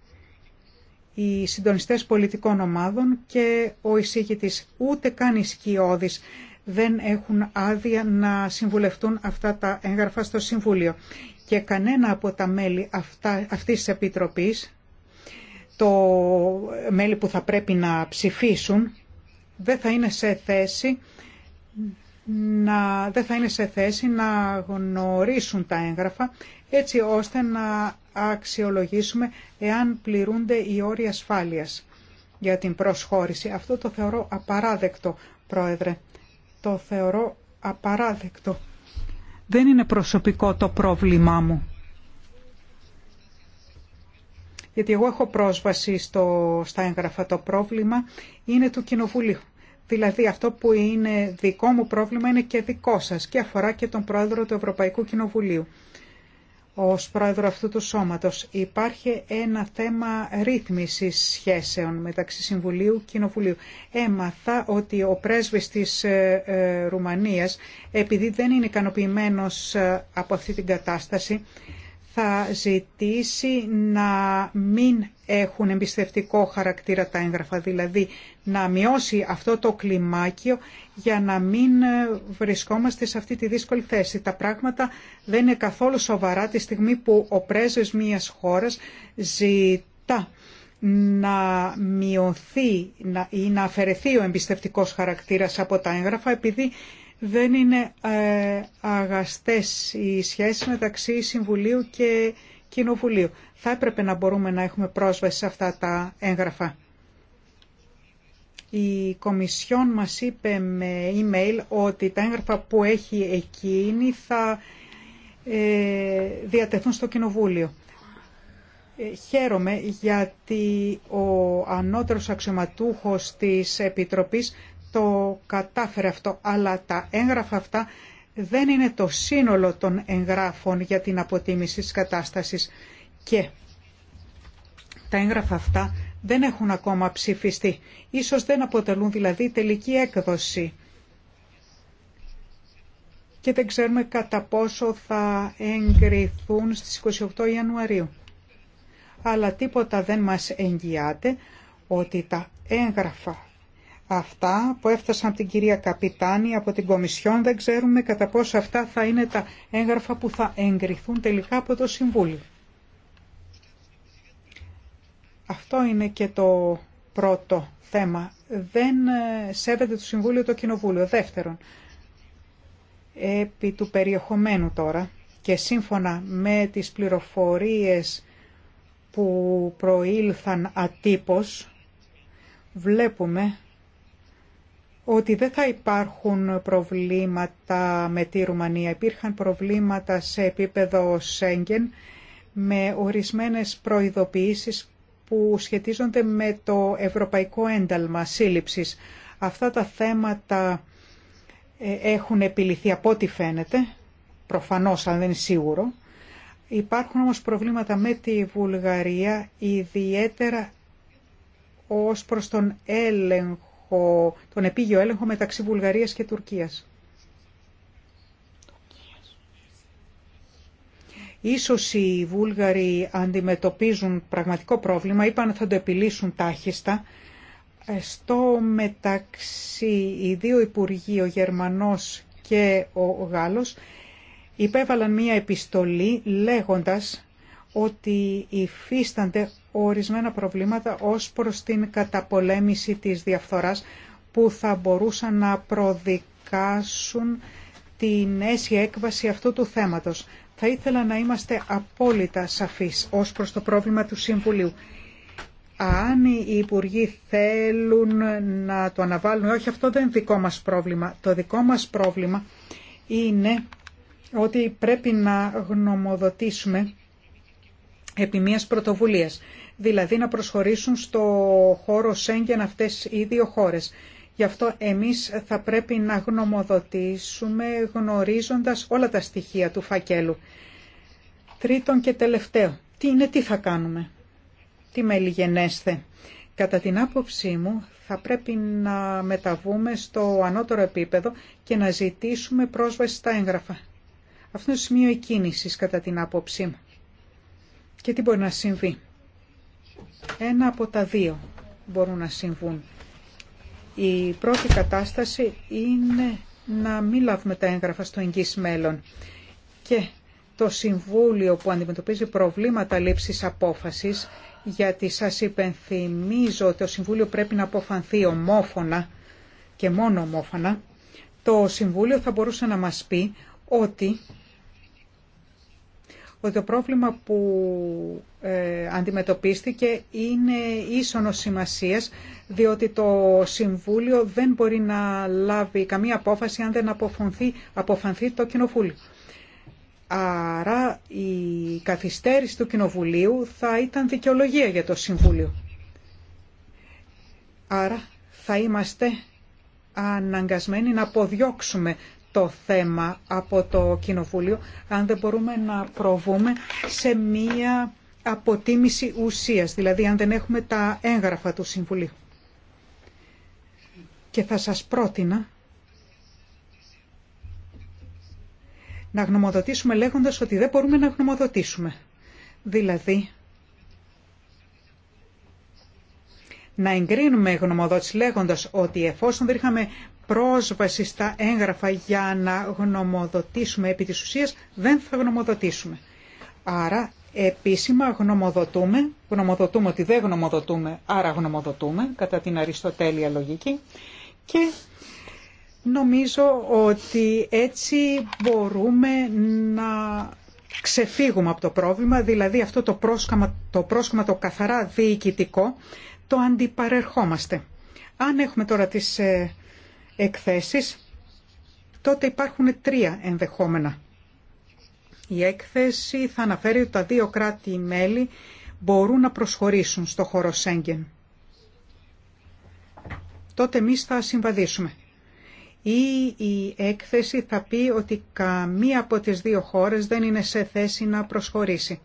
οι συντονιστές πολιτικών ομάδων και ο εισήγητης ούτε καν οι δεν έχουν άδεια να συμβουλευτούν αυτά τα έγγραφα στο Συμβούλιο. Και κανένα από τα μέλη αυτά, αυτής της Επιτροπής, το μέλη που θα πρέπει να ψηφίσουν, δεν θα είναι σε θέση να, δεν θα είναι σε θέση να γνωρίσουν τα έγγραφα έτσι ώστε να αξιολογήσουμε εάν πληρούνται οι όροι ασφάλειας για την προσχώρηση. Αυτό το θεωρώ απαράδεκτο, Πρόεδρε. Το θεωρώ απαράδεκτο. Δεν είναι προσωπικό το πρόβλημά μου. Γιατί εγώ έχω πρόσβαση στο, στα έγγραφα. Το πρόβλημα είναι του Κοινοβουλίου. Δηλαδή αυτό που είναι δικό μου πρόβλημα είναι και δικό σας και αφορά και τον Πρόεδρο του Ευρωπαϊκού Κοινοβουλίου ως πρόεδρο αυτού του σώματος. Υπάρχει ένα θέμα ρύθμισης σχέσεων μεταξύ Συμβουλίου και Κοινοβουλίου. Έμαθα ότι ο πρέσβης της ε, ε, Ρουμανίας, επειδή δεν είναι ικανοποιημένος ε, από αυτή την κατάσταση, θα ζητήσει να μην έχουν εμπιστευτικό χαρακτήρα τα έγγραφα, δηλαδή να μειώσει αυτό το κλιμάκιο για να μην βρισκόμαστε σε αυτή τη δύσκολη θέση. Τα πράγματα δεν είναι καθόλου σοβαρά τη στιγμή που ο πρέσβης μιας χώρας ζητά να μειωθεί ή να αφαιρεθεί ο εμπιστευτικός χαρακτήρας από τα έγγραφα επειδή δεν είναι ε, αγαστές οι σχέσεις μεταξύ Συμβουλίου και Κοινοβουλίου. Θα έπρεπε να μπορούμε να έχουμε πρόσβαση σε αυτά τα έγγραφα. Η Κομισιόν μας είπε με email ότι τα έγγραφα που έχει εκείνη θα ε, διατεθούν στο Κοινοβούλιο. Ε, χαίρομαι γιατί ο ανώτερος αξιωματούχος της Επιτροπής το κατάφερε αυτό, αλλά τα έγγραφα αυτά δεν είναι το σύνολο των εγγράφων για την αποτίμηση της κατάστασης και τα έγγραφα αυτά δεν έχουν ακόμα ψηφιστεί. Ίσως δεν αποτελούν δηλαδή τελική έκδοση και δεν ξέρουμε κατά πόσο θα εγκριθούν στις 28 Ιανουαρίου. Αλλά τίποτα δεν μας εγγυάται ότι τα έγγραφα αυτά που έφτασαν από την κυρία Καπιτάνη, από την Κομισιόν, δεν ξέρουμε κατά πόσο αυτά θα είναι τα έγγραφα που θα εγκριθούν τελικά από το Συμβούλιο. Αυτό είναι και το πρώτο θέμα. Δεν ε, σέβεται το Συμβούλιο το Κοινοβούλιο. Δεύτερον, επί του περιεχομένου τώρα και σύμφωνα με τις πληροφορίες που προήλθαν ατύπως, βλέπουμε ότι δεν θα υπάρχουν προβλήματα με τη Ρουμανία. Υπήρχαν προβλήματα σε επίπεδο Σέγγεν με ορισμένες προειδοποιήσεις που σχετίζονται με το ευρωπαϊκό ένταλμα σύλληψης. Αυτά τα θέματα ε, έχουν επιληθεί από ό,τι φαίνεται, προφανώς αν δεν είναι σίγουρο. Υπάρχουν όμως προβλήματα με τη Βουλγαρία, ιδιαίτερα ως προς τον έλεγχο τον επίγειο έλεγχο μεταξύ Βουλγαρίας και Τουρκίας. Ίσως οι Βούλγαροι αντιμετωπίζουν πραγματικό πρόβλημα, είπαν θα το επιλύσουν τάχιστα. Ε, στο μεταξύ οι δύο υπουργοί, ο Γερμανός και ο Γάλλος, υπέβαλαν μία επιστολή λέγοντας ότι υφίστανται ορισμένα προβλήματα ως προς την καταπολέμηση της διαφθοράς που θα μπορούσαν να προδικάσουν την αίσια έκβαση αυτού του θέματος. Θα ήθελα να είμαστε απόλυτα σαφείς ως προς το πρόβλημα του Συμβουλίου. Αν οι Υπουργοί θέλουν να το αναβάλουν, όχι αυτό δεν είναι δικό μας πρόβλημα. Το δικό μας πρόβλημα είναι ότι πρέπει να γνωμοδοτήσουμε επί μιας πρωτοβουλίας. Δηλαδή να προσχωρήσουν στο χώρο Σέγγεν αυτές οι δύο χώρες. Γι' αυτό εμείς θα πρέπει να γνωμοδοτήσουμε γνωρίζοντας όλα τα στοιχεία του φακέλου. Τρίτον και τελευταίο. Τι είναι, τι θα κάνουμε. Τι με λιγενέστε. Κατά την άποψή μου θα πρέπει να μεταβούμε στο ανώτερο επίπεδο και να ζητήσουμε πρόσβαση στα έγγραφα. Αυτό είναι σημείο εκκίνησης κατά την άποψή μου και τι μπορεί να συμβεί. Ένα από τα δύο μπορούν να συμβούν. Η πρώτη κατάσταση είναι να μην λάβουμε τα έγγραφα στο εγγύς μέλλον και το Συμβούλιο που αντιμετωπίζει προβλήματα λήψης απόφασης, γιατί σας υπενθυμίζω ότι το Συμβούλιο πρέπει να αποφανθεί ομόφωνα και μόνο ομόφωνα, το Συμβούλιο θα μπορούσε να μας πει ότι ότι το πρόβλημα που ε, αντιμετωπίστηκε είναι ίσονος σημασίας, διότι το Συμβούλιο δεν μπορεί να λάβει καμία απόφαση αν δεν αποφανθεί, αποφανθεί το Κοινοβούλιο. Άρα η καθυστέρηση του Κοινοβουλίου θα ήταν δικαιολογία για το Συμβούλιο. Άρα θα είμαστε αναγκασμένοι να αποδιώξουμε το θέμα από το Κοινοβούλιο αν δεν μπορούμε να προβούμε σε μία αποτίμηση ουσίας, δηλαδή αν δεν έχουμε τα έγγραφα του Συμβουλίου. Και θα σας πρότεινα να γνωμοδοτήσουμε λέγοντας ότι δεν μπορούμε να γνωμοδοτήσουμε. Δηλαδή, να εγκρίνουμε γνωμοδότηση λέγοντας ότι εφόσον δεν είχαμε πρόσβαση στα έγγραφα για να γνωμοδοτήσουμε επί της ουσίας, δεν θα γνωμοδοτήσουμε. Άρα επίσημα γνωμοδοτούμε, γνωμοδοτούμε ότι δεν γνωμοδοτούμε, άρα γνωμοδοτούμε, κατά την αριστοτέλεια λογική, και νομίζω ότι έτσι μπορούμε να ξεφύγουμε από το πρόβλημα, δηλαδή αυτό το πρόσκαμα το, πρόσκαμα το καθαρά διοικητικό, το αντιπαρερχόμαστε. Αν έχουμε τώρα τις ε, εκθέσεις, τότε υπάρχουν τρία ενδεχόμενα. Η έκθεση θα αναφέρει ότι τα δύο κράτη-μέλη μπορούν να προσχωρήσουν στο χώρο Σέγγεν. Τότε εμεί θα συμβαδίσουμε. Ή η έκθεση θα πει ότι καμία από τις δύο χώρες δεν είναι σε θέση να προσχωρήσει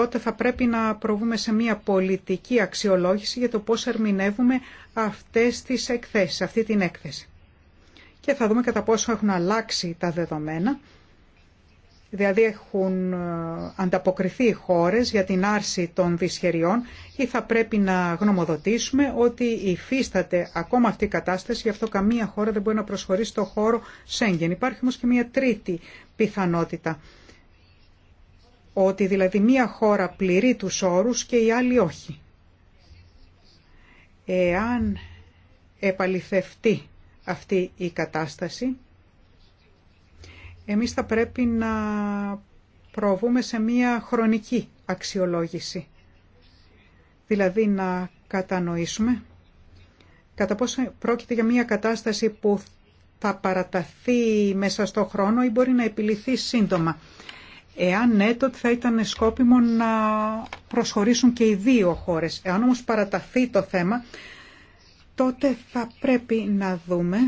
τότε θα πρέπει να προβούμε σε μια πολιτική αξιολόγηση για το πώς ερμηνεύουμε αυτές τις εκθέσεις, αυτή την έκθεση. Και θα δούμε κατά πόσο έχουν αλλάξει τα δεδομένα, δηλαδή έχουν ε, ανταποκριθεί οι χώρες για την άρση των δυσχεριών ή θα πρέπει να γνωμοδοτήσουμε ότι υφίσταται ακόμα αυτή η κατάσταση, γι' αυτό καμία χώρα δεν μπορεί να προσχωρήσει το χώρο Σέγγεν. Υπάρχει όμως και μια τρίτη πιθανότητα ότι δηλαδή μία χώρα πληρεί τους όρους και η άλλη όχι. Εάν επαληθευτεί αυτή η κατάσταση, εμείς θα πρέπει να προβούμε σε μία χρονική αξιολόγηση. Δηλαδή να κατανοήσουμε κατά πόσο πρόκειται για μία κατάσταση που θα παραταθεί μέσα στο χρόνο ή μπορεί να επιληθεί σύντομα. Εάν ναι, τότε θα ήταν σκόπιμο να προσχωρήσουν και οι δύο χώρες. Εάν όμως παραταθεί το θέμα, τότε θα πρέπει να δούμε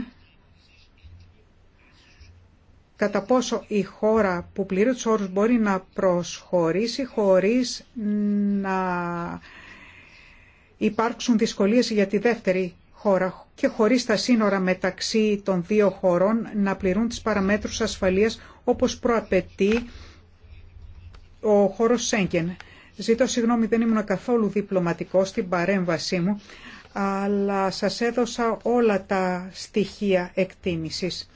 κατά πόσο η χώρα που πληρεί τους όρους μπορεί να προσχωρήσει χωρίς να υπάρξουν δυσκολίες για τη δεύτερη χώρα και χωρίς τα σύνορα μεταξύ των δύο χωρών να πληρούν τις παραμέτρους ασφαλείας όπως προαπαιτεί ο χώρο Σέγγεν. Ζήτω συγγνώμη, δεν ήμουν καθόλου διπλωματικό στην παρέμβασή μου, αλλά σας έδωσα όλα τα στοιχεία εκτίμησης.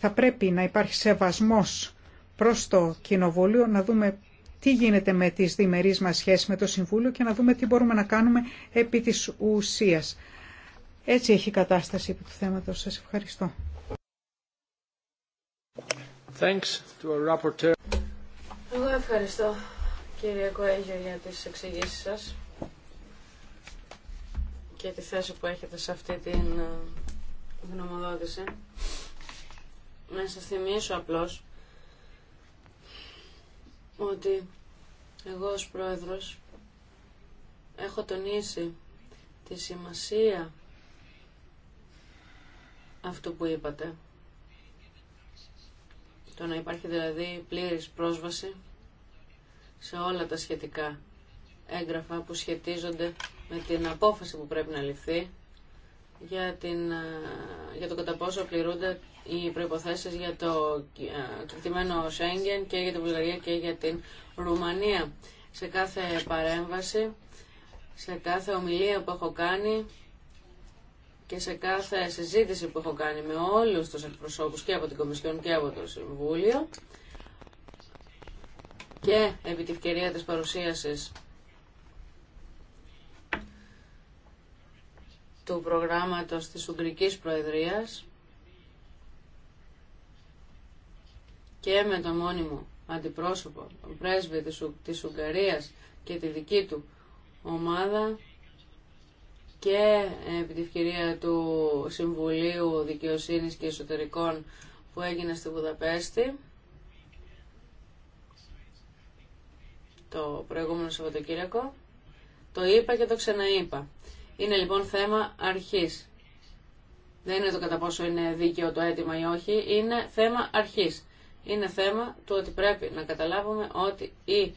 Θα πρέπει να υπάρχει σεβασμός προς το Κοινοβούλιο, να δούμε τι γίνεται με τις διμερείς μας σχέσεις με το Συμβούλιο και να δούμε τι μπορούμε να κάνουμε επί της ουσίας. Έτσι έχει η κατάσταση επί του θέματος. Σας ευχαριστώ. Thanks εγώ ευχαριστώ κύριε Κοέγιο για τις εξηγήσεις σας και τη θέση που έχετε σε αυτή την ε, γνωμοδότηση. Να σας θυμίσω απλώς ότι εγώ ως πρόεδρος έχω τονίσει τη σημασία αυτού που είπατε το να υπάρχει δηλαδή πλήρης πρόσβαση σε όλα τα σχετικά έγγραφα που σχετίζονται με την απόφαση που πρέπει να ληφθεί για, την, για το κατά πόσο πληρούνται οι προϋποθέσεις για το κεκτημένο Σέγγεν και για την Βουλγαρία και για την Ρουμανία. Σε κάθε παρέμβαση, σε κάθε ομιλία που έχω κάνει, και σε κάθε συζήτηση που έχω κάνει με όλους τους εκπροσώπους και από την Κομισιόν και από το Συμβούλιο και επί τη ευκαιρία της παρουσίασης του προγράμματος της Ουγγρικής Προεδρίας και με τον μόνιμο αντιπρόσωπο, τον πρέσβη της, Ουγγαρίας και τη δική του ομάδα και επί τη ευκαιρία του Συμβουλίου Δικαιοσύνης και Εσωτερικών που έγινε στη Βουδαπέστη το προηγούμενο Σαββατοκύριακο. Το είπα και το ξαναείπα. Είναι λοιπόν θέμα αρχής. Δεν είναι το κατά πόσο είναι δίκαιο το αίτημα ή όχι, είναι θέμα αρχής. Είναι θέμα του ότι πρέπει να καταλάβουμε ότι η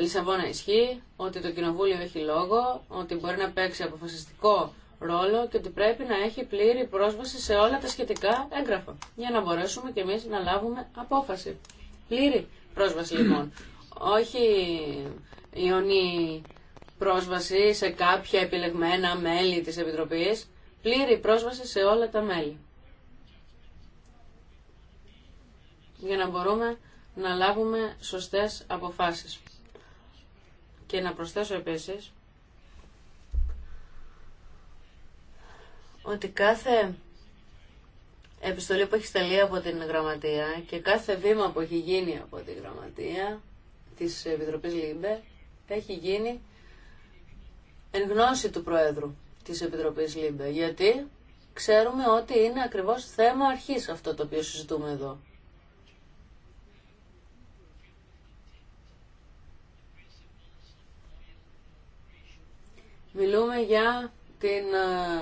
Λισαβόνα ισχύει, ότι το Κοινοβούλιο έχει λόγο, ότι μπορεί να παίξει αποφασιστικό ρόλο και ότι πρέπει να έχει πλήρη πρόσβαση σε όλα τα σχετικά έγγραφα για να μπορέσουμε και εμείς να λάβουμε απόφαση. Πλήρη πρόσβαση λοιπόν. Όχι ιονή πρόσβαση σε κάποια επιλεγμένα μέλη της Επιτροπής, πλήρη πρόσβαση σε όλα τα μέλη. Για να μπορούμε να λάβουμε σωστές αποφάσεις. Και να προσθέσω επίσης ότι κάθε επιστολή που έχει στελεί από την Γραμματεία και κάθε βήμα που έχει γίνει από την Γραμματεία της Επιτροπής ΛΥΜΠΕ έχει γίνει εν γνώση του Προέδρου της Επιτροπής ΛΥΜΠΕ. Γιατί ξέρουμε ότι είναι ακριβώς θέμα αρχής αυτό το οποίο συζητούμε εδώ. Μιλούμε για την ε,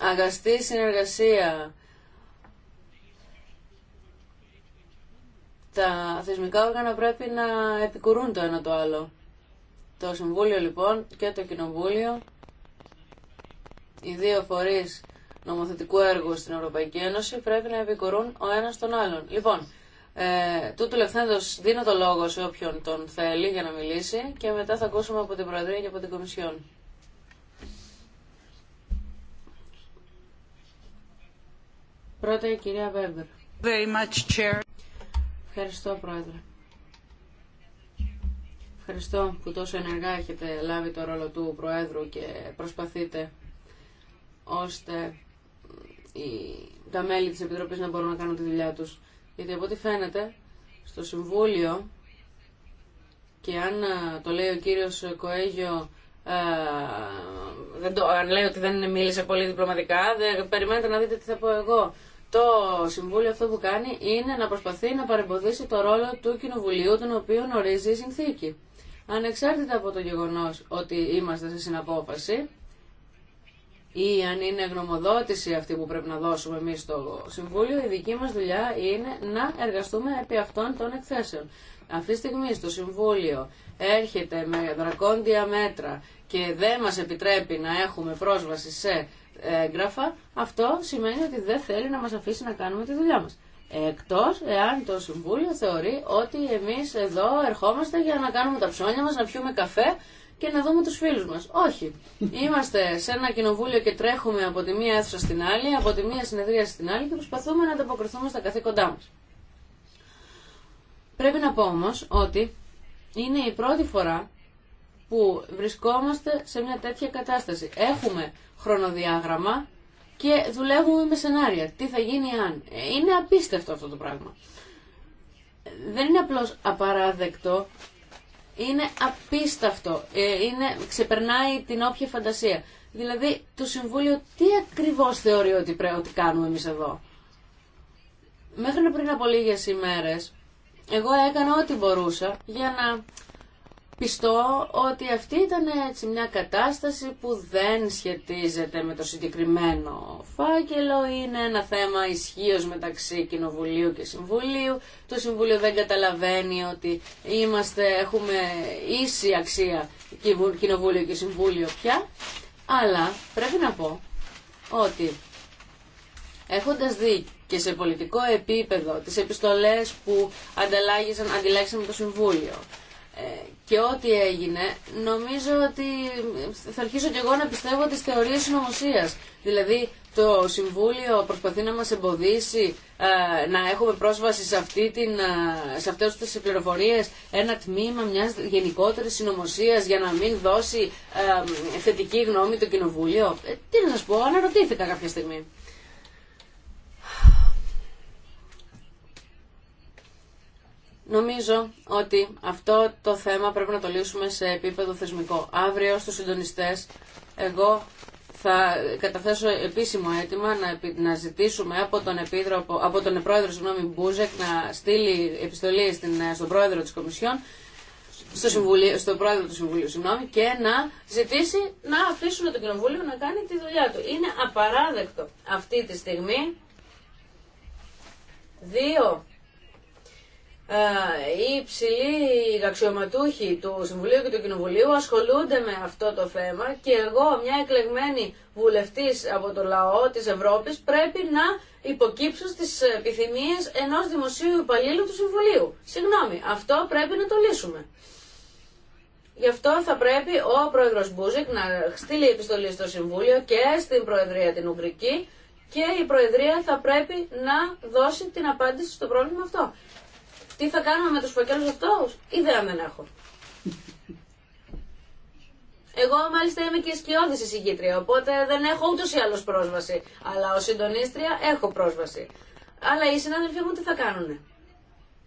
αγαστή συνεργασία. Τα θεσμικά όργανα πρέπει να επικουρούν το ένα το άλλο. Το Συμβούλιο λοιπόν και το Κοινοβούλιο, οι δύο φορείς νομοθετικού έργου στην Ευρωπαϊκή Ένωση πρέπει να επικουρούν ο ένας τον άλλον. Λοιπόν, ε, τούτου δίνω το λόγο σε όποιον τον θέλει για να μιλήσει και μετά θα ακούσουμε από την Προεδρία και από την Κομισιόν. Πρώτα η κυρία Βέμπερ. Ευχαριστώ, Πρόεδρε. Ευχαριστώ που τόσο ενεργά έχετε λάβει το ρόλο του Προέδρου και προσπαθείτε ώστε οι, τα μέλη της Επιτροπής να μπορούν να κάνουν τη δουλειά τους. Γιατί από ό,τι φαίνεται στο Συμβούλιο και αν ε, το λέει ο κύριος Κοέγιο ε, δεν το, αν λέει ότι δεν μίλησε πολύ διπλωματικά δεν, περιμένετε να δείτε τι θα πω εγώ το Συμβούλιο αυτό που κάνει είναι να προσπαθεί να παρεμποδίσει το ρόλο του Κοινοβουλίου τον οποίο ορίζει η συνθήκη ανεξάρτητα από το γεγονός ότι είμαστε σε συναπόφαση ή αν είναι γνωμοδότηση αυτή που πρέπει να δώσουμε εμείς στο Συμβούλιο, η δική μας δουλειά είναι να εργαστούμε επί αυτών των εκθέσεων. Αυτή τη στιγμή στο Συμβούλιο έρχεται με δρακόντια μέτρα και δεν μας επιτρέπει να έχουμε πρόσβαση σε έγγραφα, αυτό σημαίνει ότι δεν θέλει να μας αφήσει να κάνουμε τη δουλειά μας. Εκτός εάν το Συμβούλιο θεωρεί ότι εμείς εδώ ερχόμαστε για να κάνουμε τα ψώνια μας, να πιούμε καφέ και να δούμε τους φίλους μας. Όχι. Είμαστε σε ένα κοινοβούλιο και τρέχουμε από τη μία αίθουσα στην άλλη, από τη μία συνεδρία στην άλλη και προσπαθούμε να ανταποκριθούμε στα καθήκοντά μας. Πρέπει να πω όμως ότι είναι η πρώτη φορά που βρισκόμαστε σε μια τέτοια κατάσταση. Έχουμε χρονοδιάγραμμα και δουλεύουμε με σενάρια. Τι θα γίνει αν. Ε, είναι απίστευτο αυτό το πράγμα. Δεν είναι απλώς απαράδεκτο είναι απίσταυτο, ε, είναι, ξεπερνάει την όποια φαντασία. Δηλαδή το Συμβούλιο τι ακριβώς θεωρεί ότι, πρέπει ότι κάνουμε εμείς εδώ. Μέχρι πριν από λίγες ημέρες εγώ έκανα ό,τι μπορούσα για να Πιστώ ότι αυτή ήταν έτσι μια κατάσταση που δεν σχετίζεται με το συγκεκριμένο φάκελο. Είναι ένα θέμα ισχύω μεταξύ Κοινοβουλίου και Συμβουλίου. Το Συμβούλιο δεν καταλαβαίνει ότι είμαστε, έχουμε ίση αξία Κοινοβούλιο και Συμβούλιο πια. Αλλά πρέπει να πω ότι έχοντας δει και σε πολιτικό επίπεδο τις επιστολές που ανταλλάγησαν, με το Συμβούλιο, ε, και ό,τι έγινε, νομίζω ότι θα αρχίσω κι εγώ να πιστεύω τις θεωρίες συνωμοσία. Δηλαδή, το Συμβούλιο προσπαθεί να μας εμποδίσει ε, να έχουμε πρόσβαση σε, αυτή την, ε, σε αυτές τις πληροφορίες ένα τμήμα μιας γενικότερης συνωμοσία για να μην δώσει θετική γνώμη το Κοινοβούλιο. τι να σας πω, αναρωτήθηκα κάποια στιγμή. Νομίζω ότι αυτό το θέμα πρέπει να το λύσουμε σε επίπεδο θεσμικό. Αύριο στους συντονιστές εγώ θα καταθέσω επίσημο αίτημα να, ζητήσουμε από τον, επίδροπο, από τον πρόεδρο συγγνώμη, Μπούζεκ να στείλει επιστολή στην, στον πρόεδρο της Κομισιόν στο, συμβουλίο, στο πρόεδρο του Συμβουλίου συγγνώμη, και να ζητήσει να αφήσουμε το Κοινοβούλιο να κάνει τη δουλειά του. Είναι απαράδεκτο αυτή τη στιγμή δύο ε, οι υψηλοί αξιωματούχοι του Συμβουλίου και του Κοινοβουλίου ασχολούνται με αυτό το θέμα και εγώ, μια εκλεγμένη βουλευτής από το λαό της Ευρώπης, πρέπει να υποκύψω στις επιθυμίες ενός δημοσίου υπαλλήλου του Συμβουλίου. Συγγνώμη, αυτό πρέπει να το λύσουμε. Γι' αυτό θα πρέπει ο πρόεδρος Μπούζικ να στείλει επιστολή στο Συμβούλιο και στην Προεδρία την Ουγγρική και η Προεδρία θα πρέπει να δώσει την απάντηση στο πρόβλημα αυτό τι θα κάνουμε με τους φακέλους αυτούς, ιδέα δεν έχω. Εγώ μάλιστα είμαι και σκιώδης εισηγήτρια, οπότε δεν έχω ούτως ή άλλως πρόσβαση. Αλλά ως συντονίστρια έχω πρόσβαση. Αλλά οι συνάδελφοί μου τι θα κάνουνε.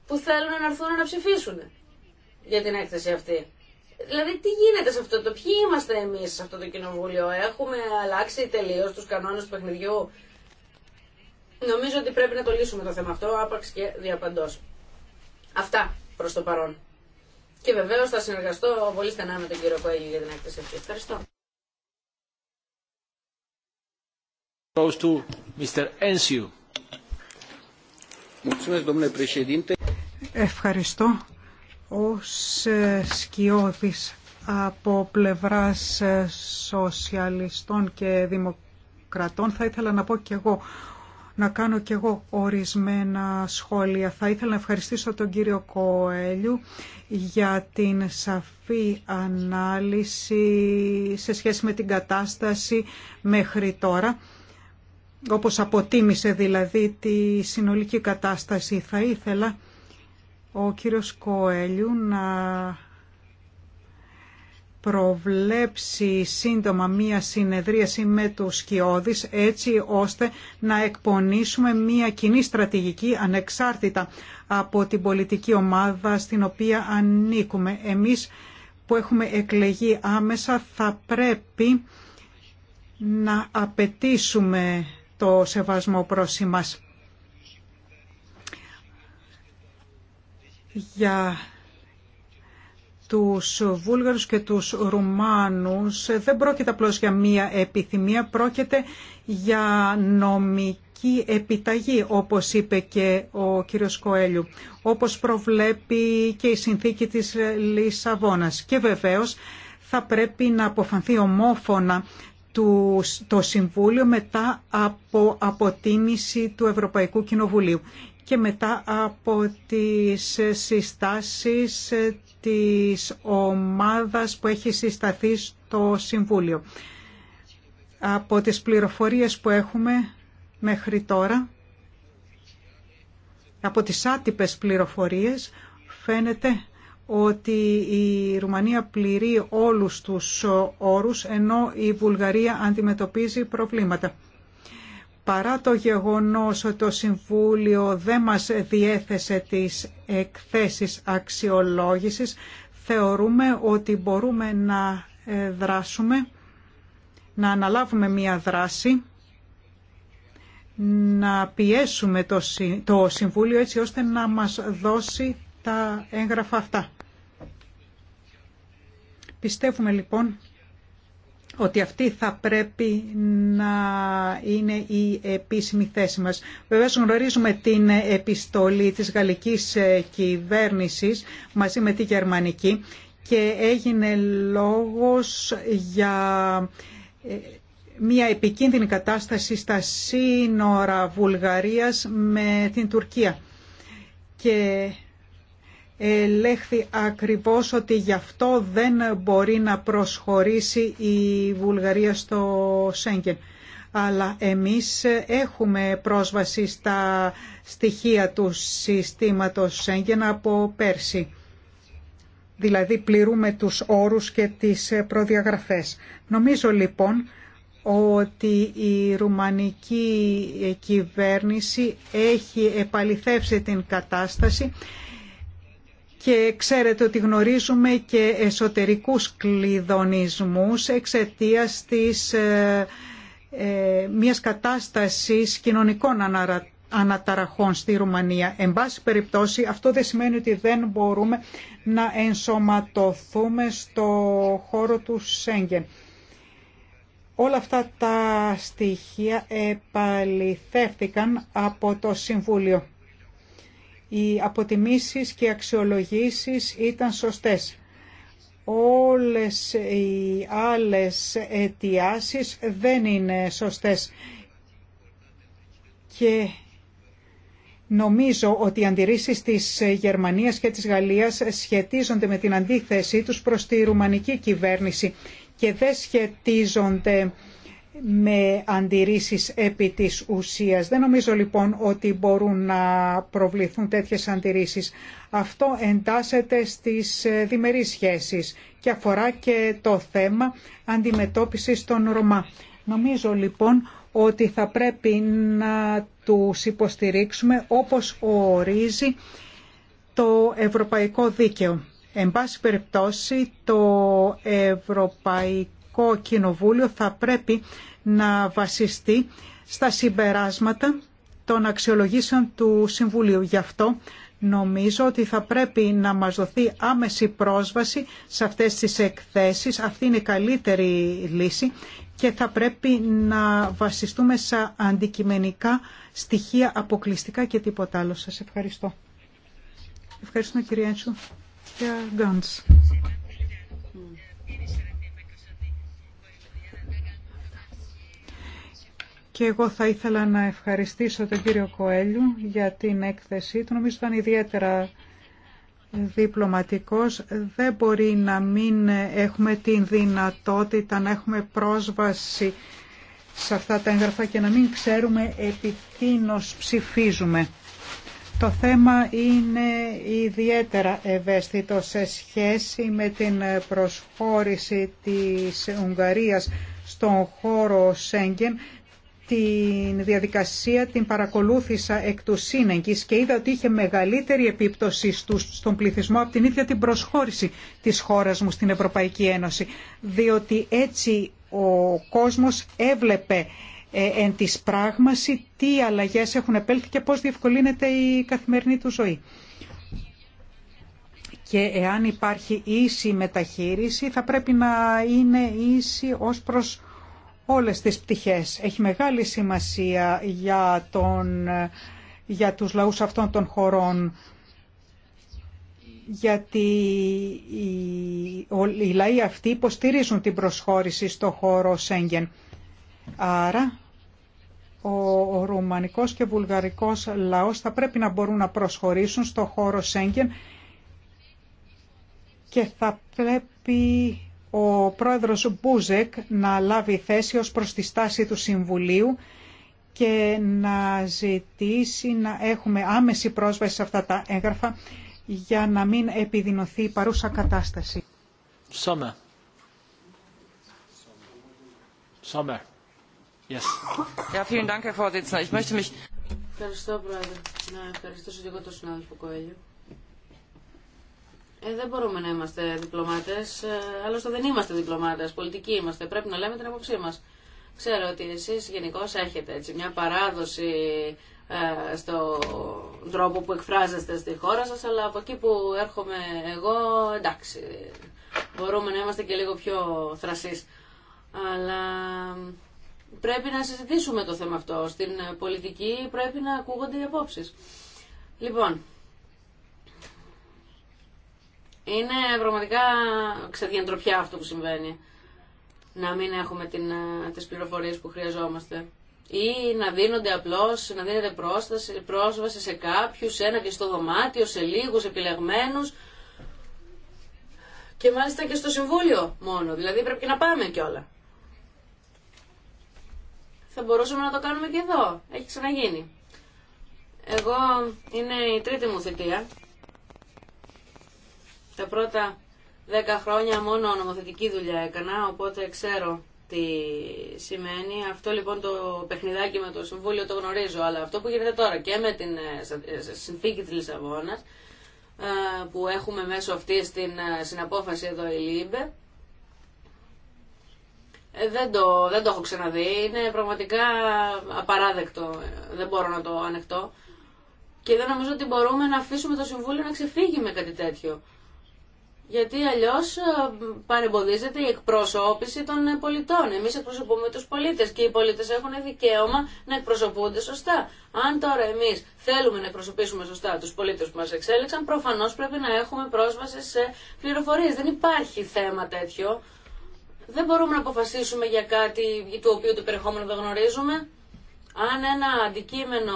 Που θέλουν να έρθουν να ψηφίσουν για την έκθεση αυτή. Δηλαδή τι γίνεται σε αυτό το, ποιοι είμαστε εμείς σε αυτό το κοινοβούλιο, έχουμε αλλάξει τελείως τους κανόνες του παιχνιδιού. Νομίζω ότι πρέπει να το λύσουμε το θέμα αυτό, άπαξ και διαπαντός. Αυτά προς το παρόν. Και βεβαίω θα συνεργαστώ πολύ στενά με τον κύριο Κοέγιο για την έκθεση αυτή. Ευχαριστώ. Ευχαριστώ. Ως ε, σκιώδης από πλευράς ε, σοσιαλιστών και δημοκρατών θα ήθελα να πω και εγώ να κάνω κι εγώ ορισμένα σχόλια. Θα ήθελα να ευχαριστήσω τον κύριο Κοέλιου για την σαφή ανάλυση σε σχέση με την κατάσταση μέχρι τώρα όπως αποτίμησε δηλαδή τη συνολική κατάσταση. Θα ήθελα ο κύριος Κοέλιου να προβλέψει σύντομα μία συνεδρίαση με τους σκιώδεις έτσι ώστε να εκπονήσουμε μία κοινή στρατηγική ανεξάρτητα από την πολιτική ομάδα στην οποία ανήκουμε. Εμείς που έχουμε εκλεγεί άμεσα θα πρέπει να απαιτήσουμε το σεβασμό προς εμάς. Για τους Βούλγαρους και τους Ρουμάνους δεν πρόκειται απλώς για μία επιθυμία, πρόκειται για νομική επιταγή, όπως είπε και ο κύριος Κοέλιου, όπως προβλέπει και η συνθήκη της Λισαβόνας. Και βεβαίως θα πρέπει να αποφανθεί ομόφωνα το Συμβούλιο μετά από αποτίμηση του Ευρωπαϊκού Κοινοβουλίου και μετά από τις συστάσεις της ομάδας που έχει συσταθεί στο Συμβούλιο. Από τις πληροφορίες που έχουμε μέχρι τώρα, από τις άτυπες πληροφορίες, φαίνεται ότι η Ρουμανία πληρεί όλους τους όρους, ενώ η Βουλγαρία αντιμετωπίζει προβλήματα παρά το γεγονός ότι το Συμβούλιο δεν μας διέθεσε τις εκθέσεις αξιολόγησης, θεωρούμε ότι μπορούμε να ε, δράσουμε, να αναλάβουμε μία δράση, να πιέσουμε το Συμβούλιο έτσι ώστε να μας δώσει τα έγγραφα αυτά. Πιστεύουμε λοιπόν ότι αυτή θα πρέπει να είναι η επίσημη θέση μας. Βεβαίως γνωρίζουμε την επιστολή της γαλλικής κυβέρνησης μαζί με τη γερμανική και έγινε λόγος για ε, μια επικίνδυνη κατάσταση στα σύνορα Βουλγαρίας με την Τουρκία. Και ελέγχθη ακριβώς ότι γι' αυτό δεν μπορεί να προσχωρήσει η Βουλγαρία στο Σέγγεν. Αλλά εμείς έχουμε πρόσβαση στα στοιχεία του συστήματος Σέγγεν από πέρσι. Δηλαδή πληρούμε τους όρους και τις προδιαγραφές. Νομίζω λοιπόν ότι η ρουμανική κυβέρνηση έχει επαληθεύσει την κατάσταση και ξέρετε ότι γνωρίζουμε και εσωτερικούς κλειδονισμούς εξαιτίας της ε, ε μιας κατάστασης κοινωνικών αναταραχών στη Ρουμανία. Εν πάση περιπτώσει αυτό δεν σημαίνει ότι δεν μπορούμε να ενσωματωθούμε στο χώρο του Σέγγεν. Όλα αυτά τα στοιχεία επαληθεύτηκαν από το Συμβούλιο οι αποτιμήσεις και οι αξιολογήσεις ήταν σωστές. Όλες οι άλλες αιτιάσεις δεν είναι σωστές. Και νομίζω ότι οι αντιρρήσεις της Γερμανίας και της Γαλλίας σχετίζονται με την αντίθεσή τους προς τη ρουμανική κυβέρνηση και δεν σχετίζονται με αντιρρήσεις επί της ουσίας. Δεν νομίζω λοιπόν ότι μπορούν να προβληθούν τέτοιες αντιρρήσεις. Αυτό εντάσσεται στις ε, διμερείς σχέσεις και αφορά και το θέμα αντιμετώπισης των Ρωμά. Νομίζω λοιπόν ότι θα πρέπει να τους υποστηρίξουμε όπως ορίζει το ευρωπαϊκό δίκαιο. Εν πάση περιπτώσει, το ευρωπαϊκό Ευρωπαϊκό Κοινοβούλιο θα πρέπει να βασιστεί στα συμπεράσματα των αξιολογήσεων του Συμβουλίου. Γι' αυτό νομίζω ότι θα πρέπει να μας δοθεί άμεση πρόσβαση σε αυτές τις εκθέσεις. Αυτή είναι η καλύτερη λύση και θα πρέπει να βασιστούμε σε αντικειμενικά στοιχεία αποκλειστικά και τίποτα άλλο. Σας ευχαριστώ. Ευχαριστούμε κυρία Έντσου. Και εγώ θα ήθελα να ευχαριστήσω τον κύριο Κοέλιου για την έκθεσή του. Νομίζω ήταν ιδιαίτερα διπλωματικός. Δεν μπορεί να μην έχουμε την δυνατότητα να έχουμε πρόσβαση σε αυτά τα έγγραφα και να μην ξέρουμε επί τίνος ψηφίζουμε. Το θέμα είναι ιδιαίτερα ευαίσθητο σε σχέση με την προσχώρηση της Ουγγαρίας στον χώρο Σέγγεν την διαδικασία την παρακολούθησα εκ του και είδα ότι είχε μεγαλύτερη επίπτωση στον πληθυσμό από την ίδια την προσχώρηση της χώρας μου στην Ευρωπαϊκή Ένωση. Διότι έτσι ο κόσμος έβλεπε ε, εν της πράγμαση τι αλλαγές έχουν επέλθει και πώς διευκολύνεται η καθημερινή του ζωή. Και εάν υπάρχει ίση μεταχείριση θα πρέπει να είναι ίση ως προς όλες τις πτυχές. Έχει μεγάλη σημασία για, τον, για τους λαούς αυτών των χωρών γιατί οι, οι λαοί αυτοί υποστηρίζουν την προσχώρηση στο χώρο Σέγγεν. Άρα ο ρουμανικός και βουλγαρικός λαός θα πρέπει να μπορούν να προσχωρήσουν στο χώρο Σέγγεν και θα πρέπει ο πρόεδρος Μπούζεκ να λάβει θέση ως προς τη στάση του Συμβουλίου και να ζητήσει να έχουμε άμεση πρόσβαση σε αυτά τα έγγραφα για να μην επιδεινωθεί η παρούσα κατάσταση. Σόμερ. Σόμερ. Yes. Ja, vielen Dank, Herr Vorsitzender. Ich möchte mich... Ευχαριστώ, Πρόεδρε. Να ευχαριστήσω και εγώ τον συνάδελφο Κοέλιο. Ε, δεν μπορούμε να είμαστε διπλωμάτε. Ε, άλλωστε δεν είμαστε διπλωμάτε. Πολιτικοί είμαστε. Πρέπει να λέμε την άποψή μα. Ξέρω ότι εσεί γενικώ έχετε έτσι, μια παράδοση ε, στον τρόπο που εκφράζεστε στη χώρα σα, αλλά από εκεί που έρχομαι εγώ, εντάξει, μπορούμε να είμαστε και λίγο πιο θρασεί. Αλλά πρέπει να συζητήσουμε το θέμα αυτό. Στην πολιτική πρέπει να ακούγονται οι απόψει. Λοιπόν, είναι πραγματικά ξεδιαντροπιά αυτό που συμβαίνει. Να μην έχουμε την, ε, τις πληροφορίες που χρειαζόμαστε. Ή να δίνονται απλώς, να δίνεται πρόσταση, πρόσβαση σε κάποιους, σε ένα και στο δωμάτιο, σε λίγους επιλεγμένους. Και μάλιστα και στο Συμβούλιο μόνο. Δηλαδή πρέπει και να πάμε κιόλα. Θα μπορούσαμε να το κάνουμε και εδώ. Έχει ξαναγίνει. Εγώ είναι η τρίτη μου θητεία τα πρώτα δέκα χρόνια μόνο νομοθετική δουλειά έκανα, οπότε ξέρω τι σημαίνει. Αυτό λοιπόν το παιχνιδάκι με το Συμβούλιο το γνωρίζω, αλλά αυτό που γίνεται τώρα και με την ε, ε, συνθήκη της Λισαβόνας, ε, που έχουμε μέσω αυτής την συναπόφαση εδώ η ΛΥΜΠΕ, δεν, το, δεν το έχω ξαναδεί, είναι πραγματικά απαράδεκτο, δεν μπορώ να το ανεχτώ. Και δεν νομίζω ότι μπορούμε να αφήσουμε το Συμβούλιο να ξεφύγει με κάτι τέτοιο. Γιατί αλλιώ ε, παρεμποδίζεται η εκπροσώπηση των ε, πολιτών. Εμεί εκπροσωπούμε του πολίτες και οι πολίτες έχουν δικαίωμα να εκπροσωπούνται σωστά. Αν τώρα εμείς θέλουμε να εκπροσωπήσουμε σωστά τους πολίτες που μας εξέλεξαν, προφανώς πρέπει να έχουμε πρόσβαση σε πληροφορίε. Δεν υπάρχει θέμα τέτοιο. Δεν μπορούμε να αποφασίσουμε για κάτι του οποίου το περιεχόμενο δεν γνωρίζουμε αν ένα αντικείμενο,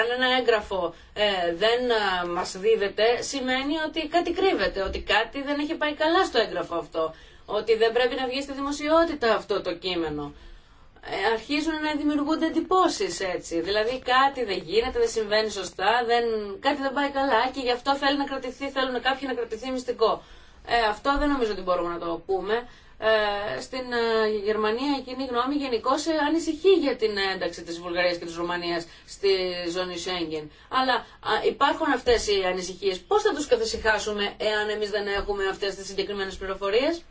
αν ένα έγγραφο ε, δεν ε, μας δίδεται, σημαίνει ότι κάτι κρύβεται, ότι κάτι δεν έχει πάει καλά στο έγγραφο αυτό, ότι δεν πρέπει να βγει στη δημοσιότητα αυτό το κείμενο. Ε, αρχίζουν να δημιουργούνται εντυπωσει έτσι, δηλαδή κάτι δεν γίνεται, δεν συμβαίνει σωστά, δεν, κάτι δεν πάει καλά και γι' αυτό θέλει να κρατηθεί, θέλουν κάποιοι να κρατηθεί μυστικό. Ε, αυτό δεν νομίζω ότι μπορούμε να το πούμε. Ε, στην ε, Γερμανία η κοινή γνώμη γενικώ ε, ανησυχεί για την ένταξη της Βουλγαρίας και της Ρουμανίας στη ζώνη Σέγγεν. Αλλά υπάρχουν αυτές οι ανησυχίες. Πώς θα τους καθησυχάσουμε εάν εμείς δεν έχουμε αυτές τις συγκεκριμένες πληροφορίες.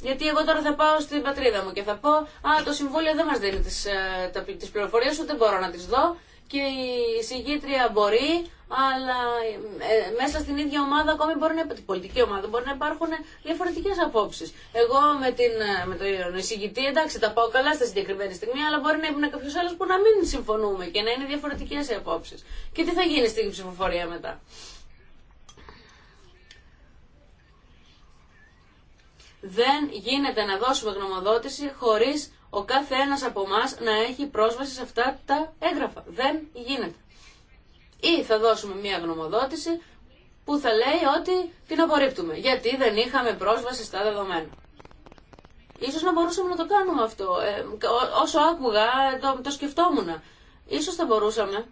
Γιατί εγώ τώρα θα πάω στην πατρίδα μου και θα πω «Α, το Συμβούλιο δεν μας δίνει τις, τις πληροφορίες, ούτε μπορώ να τις δω» και η συγκήτρια μπορεί αλλά ε, μέσα στην ίδια ομάδα ακόμη μπορεί να, την πολιτική ομάδα μπορεί να υπάρχουν διαφορετικέ απόψει. Εγώ με, την, ε, με τον εισηγητή, εντάξει, τα πάω καλά στη συγκεκριμένη στιγμή, αλλά μπορεί να είναι κάποιο άλλο που να μην συμφωνούμε και να είναι διαφορετικέ οι απόψει. Και τι θα γίνει στην ψηφοφορία μετά. Δεν γίνεται να δώσουμε γνωμοδότηση χωρίς ο κάθε ένας από εμά να έχει πρόσβαση σε αυτά τα έγγραφα. Δεν γίνεται ή θα δώσουμε μια γνωμοδότηση που θα λέει ότι την απορρίπτουμε, γιατί δεν είχαμε πρόσβαση στα δεδομένα. Ίσως να μπορούσαμε να το κάνουμε αυτό. Ε, όσο άκουγα το, το σκεφτόμουν. Ίσως θα μπορούσαμε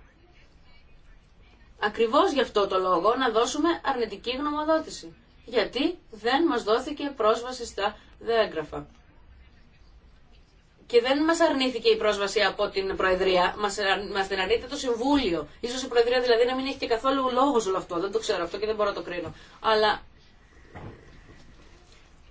ακριβώς γι' αυτό το λόγο να δώσουμε αρνητική γνωμοδότηση. Γιατί δεν μας δόθηκε πρόσβαση στα δέγγραφα. Και δεν μας αρνήθηκε η πρόσβαση από την Προεδρία, μας, την αρνείται το Συμβούλιο. Ίσως η Προεδρία δηλαδή να μην έχει και καθόλου λόγο όλο αυτό, δεν το ξέρω αυτό και δεν μπορώ να το κρίνω. Αλλά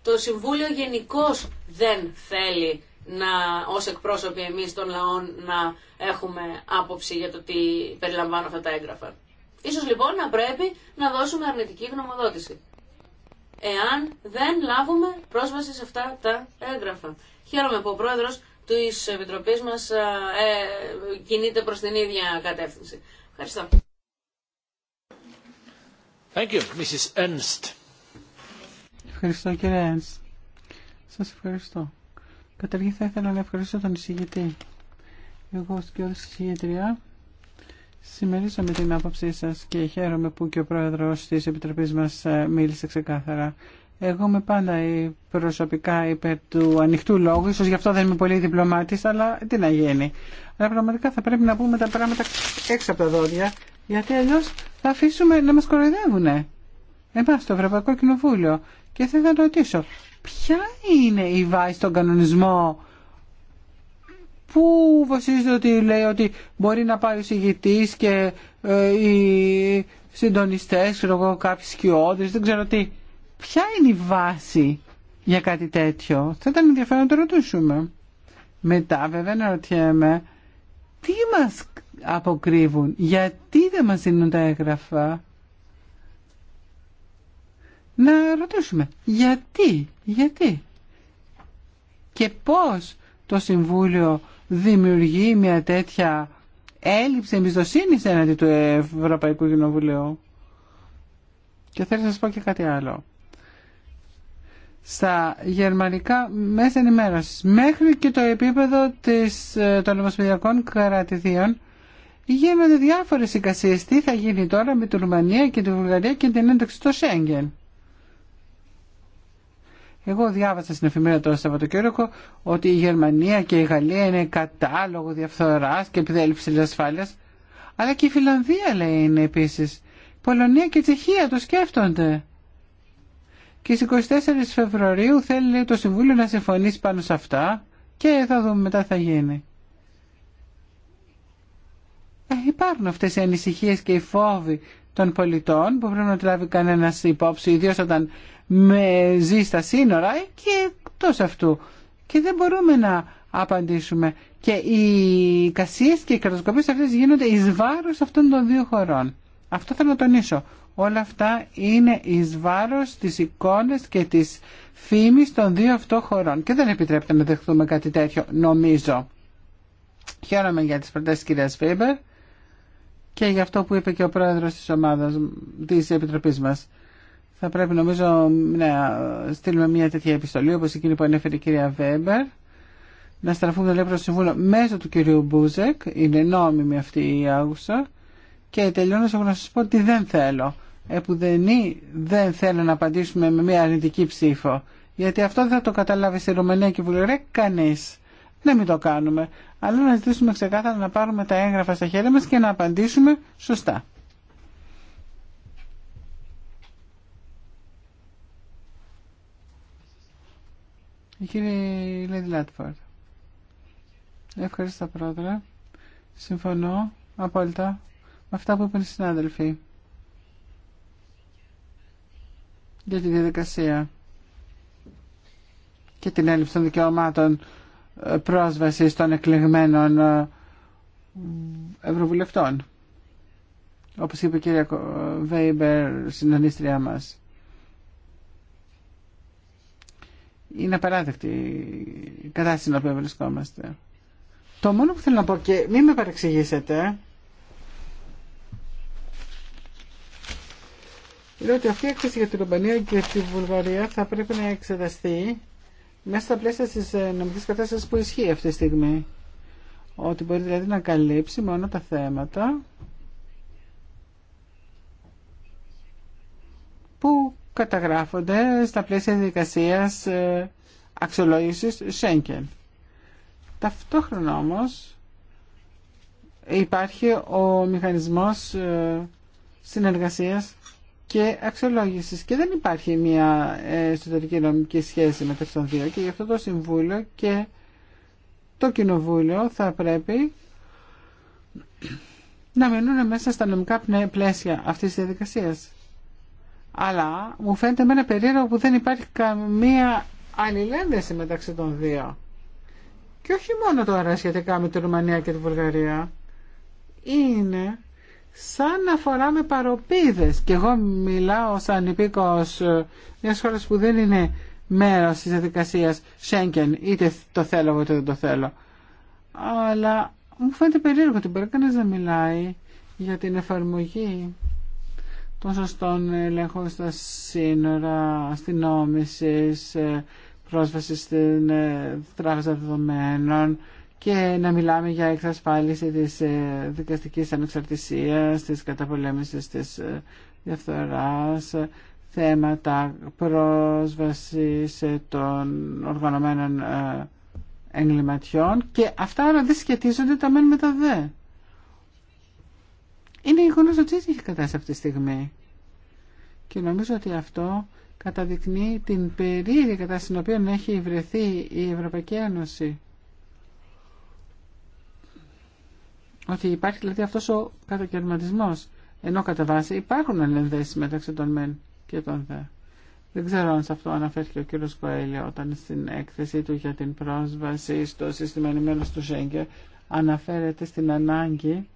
το Συμβούλιο γενικώ δεν θέλει να ως εκπρόσωποι εμεί των λαών να έχουμε άποψη για το τι περιλαμβάνουν αυτά τα έγγραφα. Ίσως λοιπόν να πρέπει να δώσουμε αρνητική γνωμοδότηση. Εάν δεν λάβουμε πρόσβαση σε αυτά τα έγγραφα. Χαίρομαι που ο πρόεδρο τη επιτροπή μα ε, ε, κινείται προ την ίδια κατεύθυνση. Ευχαριστώ. Thank you, Mrs. Ernst. Ευχαριστώ κύριε Ernst. Σας ευχαριστώ. Καταρχήν θα ήθελα να ευχαριστώ τον εισηγητή. Εγώ ως κοιόδης εισηγητριά συμμερίζομαι την άποψή σα και χαίρομαι που και ο πρόεδρο τη Επιτροπή μα ε, μίλησε ξεκάθαρα εγώ είμαι πάντα προσωπικά υπέρ του ανοιχτού λόγου, ίσως γι' αυτό δεν είμαι πολύ διπλωμάτη, αλλά τι να γίνει. Αλλά πραγματικά θα πρέπει να πούμε τα πράγματα έξω από τα δόντια, γιατί αλλιώ θα αφήσουμε να μα κοροϊδεύουν Εμά στο Ευρωπαϊκό Κοινοβούλιο. Και θα ήθελα να ρωτήσω, ποια είναι η βάση στον κανονισμό που βασίζεται ότι λέει ότι μπορεί να πάει ο συγητή και ε, οι συντονιστέ ξέρω εγώ, κάποιοι δεν ξέρω τι. Ποια είναι η βάση για κάτι τέτοιο. Θα ήταν ενδιαφέρον να το ρωτήσουμε. Μετά βέβαια να ρωτιέμαι τι μας αποκρύβουν, γιατί δεν μας δίνουν τα έγγραφα. Να ρωτήσουμε γιατί, γιατί και πώς το Συμβούλιο δημιουργεί μια τέτοια έλλειψη εμπιστοσύνη έναντι του Ευρωπαϊκού Κοινοβουλίου. Και θέλω να σας πω και κάτι άλλο στα γερμανικά μέσα ενημέρωση μέχρι και το επίπεδο της, ε, των νομοσπονδιακών κρατηδίων γίνονται διάφορες εικασίες τι θα γίνει τώρα με τη Ρουμανία και τη Βουλγαρία και την ένταξη στο Σέγγεν. Εγώ διάβασα στην εφημερίδα το Σαββατοκύριακο ότι η Γερμανία και η Γαλλία είναι κατάλογο διαφθοράς και επιδέλυψης της ασφάλειας αλλά και η Φιλανδία λέει είναι επίσης. Πολωνία και Τσεχία το σκέφτονται. Και στις 24 Φεβρουαρίου θέλει το Συμβούλιο να συμφωνήσει πάνω σε αυτά και θα δούμε μετά θα γίνει. Ε, υπάρχουν αυτές οι ανησυχίες και οι φόβοι των πολιτών που πρέπει να τράβει κανένα υπόψη, ιδίω όταν με ζει στα σύνορα και εκτό αυτού. Και δεν μπορούμε να απαντήσουμε. Και οι κασίες και οι κρατοσκοπίες αυτές γίνονται εις βάρος αυτών των δύο χωρών. Αυτό θέλω να τονίσω. Όλα αυτά είναι εις βάρος της εικόνες και της φήμης των δύο αυτών χωρών και δεν επιτρέπεται να δεχθούμε κάτι τέτοιο, νομίζω. Χαίρομαι για τις προτάσεις της κυρίας Φίμπερ και για αυτό που είπε και ο πρόεδρος της ομάδας της Επιτροπής μας. Θα πρέπει νομίζω να στείλουμε μια τέτοια επιστολή όπως εκείνη που ανέφερε η κυρία Βέμπερ να στραφούμε λέει προς το μέσω του κυρίου Μπούζεκ είναι νόμιμη αυτή η άγουσα και τελειώνω να σας πω ότι δεν θέλω επουδενή δεν θέλω να απαντήσουμε με μια αρνητική ψήφο. Γιατί αυτό δεν θα το καταλάβει στη Ρωμανία και Βουλγαρία κανεί. Να μην το κάνουμε. Αλλά να ζητήσουμε ξεκάθαρα να πάρουμε τα έγγραφα στα χέρια μα και να απαντήσουμε σωστά. Κύριε Λέντι Λάτφορντ. Ευχαριστώ πρόεδρε. Συμφωνώ απόλυτα με αυτά που είπαν οι συνάδελφοι. για τη διαδικασία και την έλλειψη των δικαιωμάτων ε, πρόσβασης των εκλεγμένων ε, ευρωβουλευτών. Όπως είπε η κυρία Βέιμπερ, συνανίστρια μας. Είναι απαράδεκτη η κατάσταση στην οποία βρισκόμαστε. Το μόνο που θέλω να πω και μην με παρεξηγήσετε Λέω ότι αυτή η έκθεση για την Ρουμπανία και τη Βουλγαρία θα πρέπει να εξεταστεί μέσα στα πλαίσια τη ε, νομική κατάσταση που ισχύει αυτή τη στιγμή. Ότι μπορεί δηλαδή να καλύψει μόνο τα θέματα που καταγράφονται στα πλαίσια διαδικασία ε, αξιολόγηση Schengen. Ταυτόχρονα όμω υπάρχει ο μηχανισμός ε, συνεργασίας και αξιολόγηση. Και δεν υπάρχει μια ε, εσωτερική νομική σχέση μεταξύ των δύο και γι' αυτό το Συμβούλιο και το Κοινοβούλιο θα πρέπει να μείνουν μέσα στα νομικά πλαίσια αυτής της διαδικασία. Αλλά μου φαίνεται με ένα περίεργο που δεν υπάρχει καμία αλληλένδεση μεταξύ των δύο. Και όχι μόνο τώρα σχετικά με την Ρουμανία και τη Βουλγαρία. Είναι σαν να φοράμε παροπίδες και εγώ μιλάω σαν υπήκος ε, μια χώρα που δεν είναι μέρος της διαδικασία Σέγγεν είτε το θέλω είτε δεν το θέλω αλλά μου φαίνεται περίεργο ότι μπορεί κανένα να μιλάει για την εφαρμογή των σωστών ελέγχων στα σύνορα αστυνόμησης ε, πρόσβαση στην ε, τράπεζα δεδομένων και να μιλάμε για εξασφάλιση της ε, δικαστικής ανεξαρτησίας, της καταπολέμησης της ε, διαφθοράς, ε, θέματα πρόσβασης των οργανωμένων εγκληματιών και αυτά να δεν σχετίζονται τα μεν με τα δε. Είναι γεγονό ότι έτσι έχει κατάσταση αυτή τη στιγμή. Και νομίζω ότι αυτό καταδεικνύει την περίεργη κατάσταση στην οποία έχει βρεθεί η Ευρωπαϊκή Ένωση. Ότι υπάρχει δηλαδή αυτό ο κατακαιρματισμό. Ενώ κατά βάση υπάρχουν αλληλενδέσεις μεταξύ των μεν και των δε. Δεν ξέρω αν σε αυτό αναφέρθηκε ο κύριο Κοέλια όταν στην έκθεσή του για την πρόσβαση στο σύστημα ενημέρωση του Σέγκερ αναφέρεται στην ανάγκη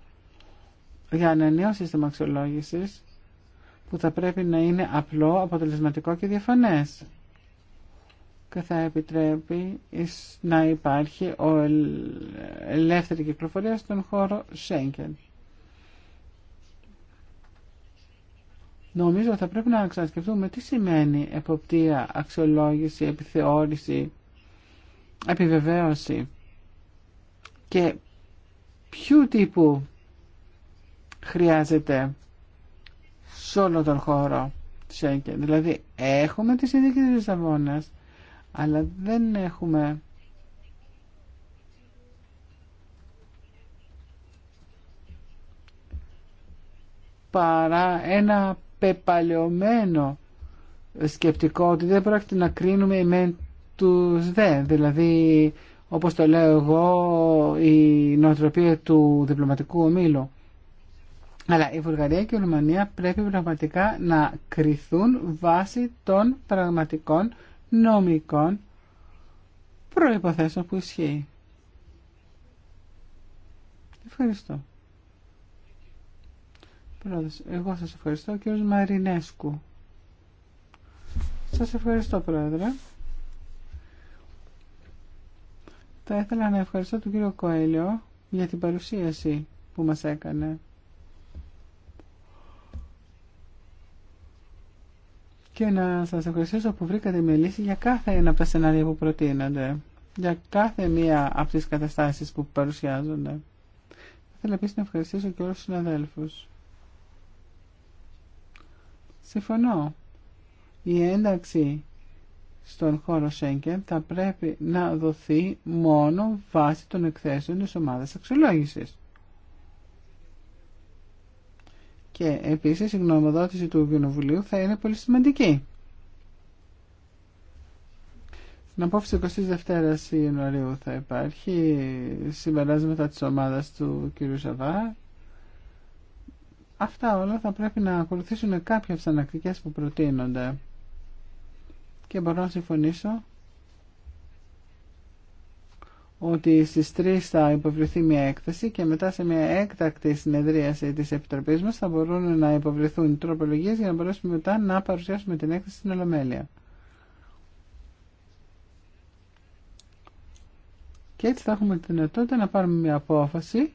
για ένα νέο σύστημα αξιολόγηση που θα πρέπει να είναι απλό, αποτελεσματικό και διαφανές και θα επιτρέπει να υπάρχει ο ελεύθερη κυκλοφορία στον χώρο Σέγγεν. Νομίζω θα πρέπει να ξανασκεφτούμε τι σημαίνει εποπτεία, αξιολόγηση, επιθεώρηση, επιβεβαίωση και ποιου τύπου χρειάζεται σε όλο τον χώρο Σέγγεν. Δηλαδή έχουμε τη συνδίκη της Λισαβόνας αλλά δεν έχουμε παρά ένα πεπαλαιωμένο σκεπτικό ότι δεν πρόκειται να κρίνουμε με τους δε. Δηλαδή, όπως το λέω εγώ, η νοοτροπία του διπλωματικού ομίλου. Αλλά η Βουλγαρία και η Ρουμανία πρέπει πραγματικά να κριθούν βάσει των πραγματικών νομικών προϋποθέσεων που ισχύει. Ευχαριστώ. Πρόεδρε, εγώ σας ευχαριστώ. Ο Μαρινέσκου. Σας ευχαριστώ, Πρόεδρε. Θα ήθελα να ευχαριστώ τον κύριο Κοέλιο για την παρουσίαση που μας έκανε. και να σας ευχαριστήσω που βρήκατε μία λύση για κάθε ένα από τα σενάρια που προτείνονται, για κάθε μία από τις καταστάσεις που παρουσιάζονται. Θα ήθελα επίσης να ευχαριστήσω και όλους τους συναδέλφους. Συμφωνώ. Η ένταξη στον χώρο Σέγγεν θα πρέπει να δοθεί μόνο βάσει των εκθέσεων της ομάδας αξιολόγησης. Και επίσης η γνωμοδότηση του βινοβουλίου θα είναι πολύ σημαντική. Στην απόφαση 22 Ιανουαρίου θα υπάρχει συμπεράσματα της ομάδας του κ. Σαβά. Αυτά όλα θα πρέπει να ακολουθήσουν κάποιες ανακτικές που προτείνονται. Και μπορώ να συμφωνήσω ότι στις 3 θα υποβληθεί μια έκθεση και μετά σε μια έκτακτη συνεδρίαση της Επιτροπής μας θα μπορούν να υποβληθούν τροπολογίες για να μπορέσουμε μετά να παρουσιάσουμε την έκθεση στην Ολομέλεια. Και έτσι θα έχουμε τη δυνατότητα να πάρουμε μια απόφαση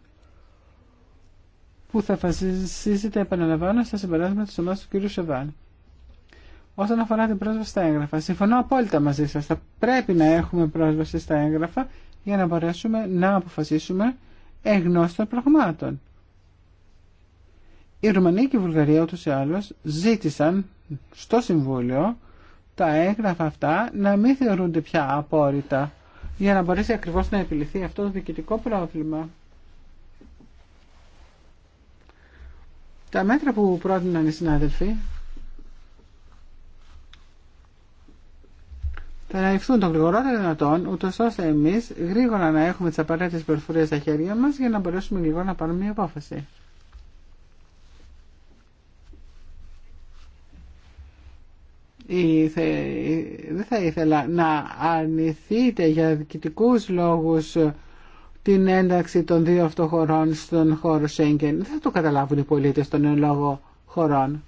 που θα φασίζεται, επαναλαμβάνω, στα συμπεράσματα της ομάδας του κ. Σεβάν. Όσον αφορά την πρόσβαση στα έγγραφα, συμφωνώ απόλυτα μαζί σας. Θα πρέπει να έχουμε πρόσβαση στα έγγραφα για να μπορέσουμε να αποφασίσουμε έγνωστα πραγμάτων. Η Ρουμανία και η Βουλγαρία ούτως ή άλλως ζήτησαν στο Συμβούλιο τα έγγραφα αυτά να μην θεωρούνται πια απόρριτα για να μπορέσει ακριβώς να επιληθεί αυτό το διοικητικό πρόβλημα. Τα μέτρα που πρότειναν οι συνάδελφοι περαϊφθούν τον γρηγορότερο δυνατόν, ούτω ώστε εμεί γρήγορα να έχουμε τι απαραίτητε πληροφορίε στα χέρια μα για να μπορέσουμε γρήγορα να πάρουμε μια απόφαση. Δεν θα ήθελα να αρνηθείτε για διοικητικού λόγους την ένταξη των δύο αυτοχωρών στον χώρο Σέγγεν. Δεν θα το καταλάβουν οι πολίτε των εν λόγω χωρών.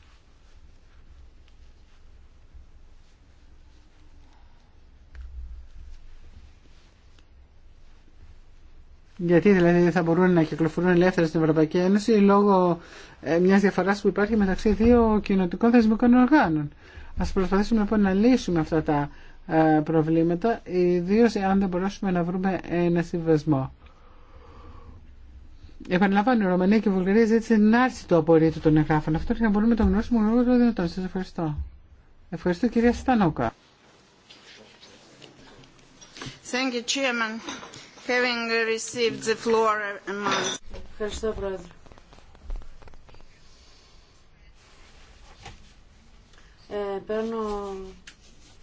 Γιατί δηλαδή δεν θα μπορούν να κυκλοφορούν ελεύθερα στην Ευρωπαϊκή Ένωση λόγω ε, μιας διαφοράς που υπάρχει μεταξύ δύο κοινοτικών θεσμικών οργάνων. Ας προσπαθήσουμε λοιπόν να λύσουμε αυτά τα ε, προβλήματα, ιδίως αν δεν μπορέσουμε να βρούμε ένα συμβασμό. Επαναλαμβάνω, η Ρωμανία και η Βουλγαρία ζήτησαν την άρση του απορρίτου των εγγράφων αυτό και να μπορούμε να το γνώσουμε λόγω των δυνατών. Σα ευχαριστώ. Ευχαριστώ, κυρία Στανόκα. Thank you, Ευχαριστώ, Πρόεδρε. Ε, παίρνω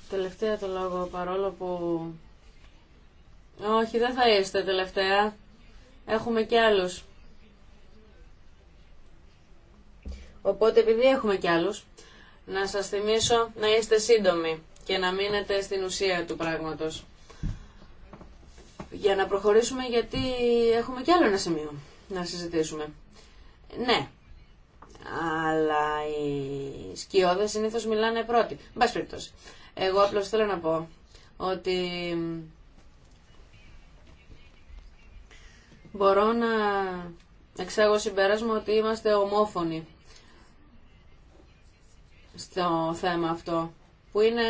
τελευταία το λόγο, παρόλο που... Όχι, δεν θα είστε τελευταία. Έχουμε και άλλους. Οπότε, επειδή έχουμε και άλλους, να σας θυμίσω να είστε σύντομοι και να μείνετε στην ουσία του πράγματος για να προχωρήσουμε γιατί έχουμε κι άλλο ένα σημείο να συζητήσουμε. Ναι, αλλά οι σκιώδες συνήθω μιλάνε πρώτοι. Μπας Εγώ απλώς θέλω να πω ότι μπορώ να εξάγω συμπέρασμα ότι είμαστε ομόφωνοι στο θέμα αυτό, που είναι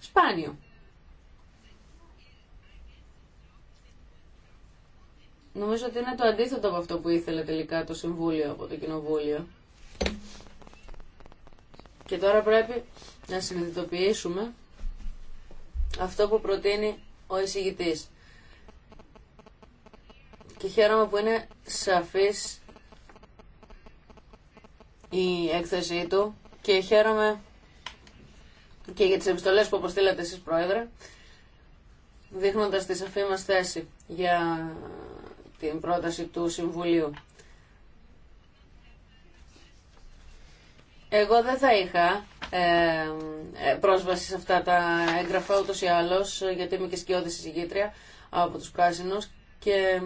σπάνιο. Νομίζω ότι είναι το αντίθετο από αυτό που ήθελε τελικά το Συμβούλιο από το Κοινοβούλιο. Και τώρα πρέπει να συνειδητοποιήσουμε αυτό που προτείνει ο εισηγητής. Και χαίρομαι που είναι σαφής η έκθεσή του και χαίρομαι και για τις επιστολές που αποστήλατε εσείς Πρόεδρε δείχνοντας τη σαφή μας θέση για την πρόταση του Συμβουλίου. Εγώ δεν θα είχα ε, ε, πρόσβαση σε αυτά τα έγγραφα ούτως ή άλλως, γιατί είμαι και σκιώδης συζητήτρια από τους πράσινους και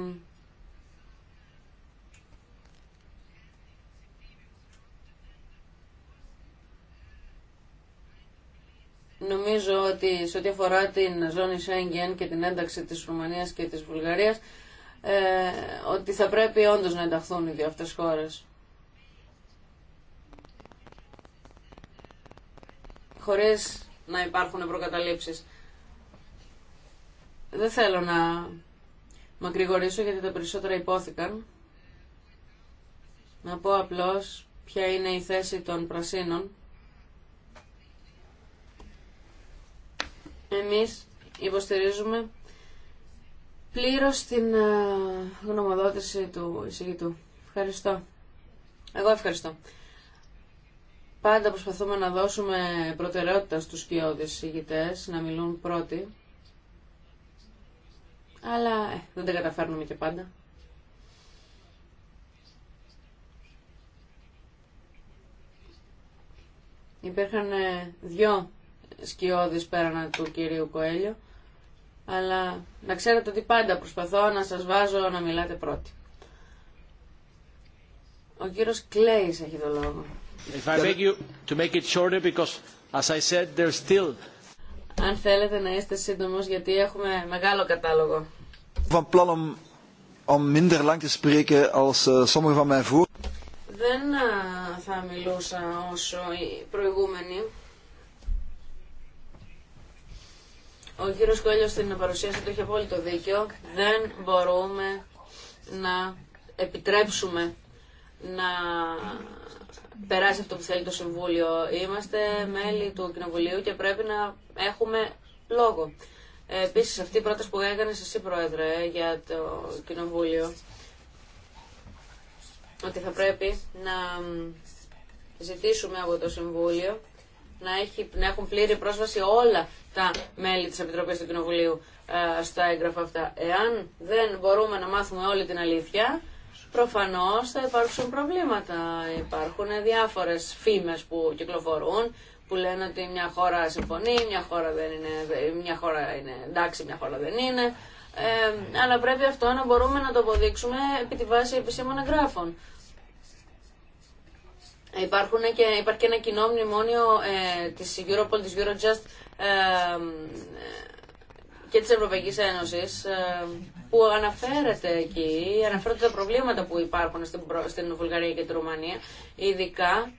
Νομίζω ότι σε ό,τι αφορά την ζώνη Σέγγεν και την ένταξη της Ρουμανίας και της Βουλγαρίας, ε, ότι θα πρέπει όντως να ενταχθούν οι δύο αυτές χώρες. Χωρίς να υπάρχουν προκαταλήψεις. Δεν θέλω να μακρηγορήσω γιατί τα περισσότερα υπόθηκαν. Να πω απλώς ποια είναι η θέση των πρασίνων. Εμείς υποστηρίζουμε Πλήρω την ε, γνωμοδότηση του εισηγητού. Ευχαριστώ. Εγώ ευχαριστώ. Πάντα προσπαθούμε να δώσουμε προτεραιότητα στους σκιώδεις εισηγητές, να μιλούν πρώτοι. Αλλά ε, δεν τα καταφέρνουμε και πάντα. Υπήρχαν ε, δυο σκιώδεις πέραν του κυρίου Κοέλιο αλλά να ξέρετε ότι πάντα προσπαθώ να σας βάζω να μιλάτε πρώτοι. Ο κύριος Κλέης έχει το λόγο. Αν θέλετε να είστε σύντομος γιατί έχουμε μεγάλο κατάλογο. Δεν θα μιλούσα όσο οι προηγούμενοι. Ο κύριος Κοέλιος στην παρουσίαση το έχει απόλυτο δίκιο. Δεν μπορούμε να επιτρέψουμε να περάσει αυτό που θέλει το Συμβούλιο. Είμαστε μέλη του Κοινοβουλίου και πρέπει να έχουμε λόγο. Ε, επίσης αυτή η πρόταση που έκανε εσύ Πρόεδρε για το Κοινοβούλιο ότι θα πρέπει να ζητήσουμε από το Συμβούλιο να, έχει, να έχουν πλήρη πρόσβαση όλα τα μέλη της Επιτροπής του Κοινοβουλίου ε, στα έγγραφα αυτά. Εάν δεν μπορούμε να μάθουμε όλη την αλήθεια, προφανώς θα υπάρξουν προβλήματα. Υπάρχουν διάφορες φήμες που κυκλοφορούν, που λένε ότι μια χώρα συμφωνεί, μια χώρα, δεν είναι, μια χώρα είναι εντάξει, μια χώρα δεν είναι. Ε, αλλά πρέπει αυτό να μπορούμε να το αποδείξουμε επί τη βάση επισήμων εγγράφων. Υπάρχουν και, υπάρχει και ένα κοινό μνημόνιο ε, της Europol, της Eurojust ε, ε, και της Ευρωπαϊκής Ένωσης ε, που αναφέρεται εκεί, αναφέρονται τα προβλήματα που υπάρχουν στην, στην Βουλγαρία και τη Ρουμανία, ειδικά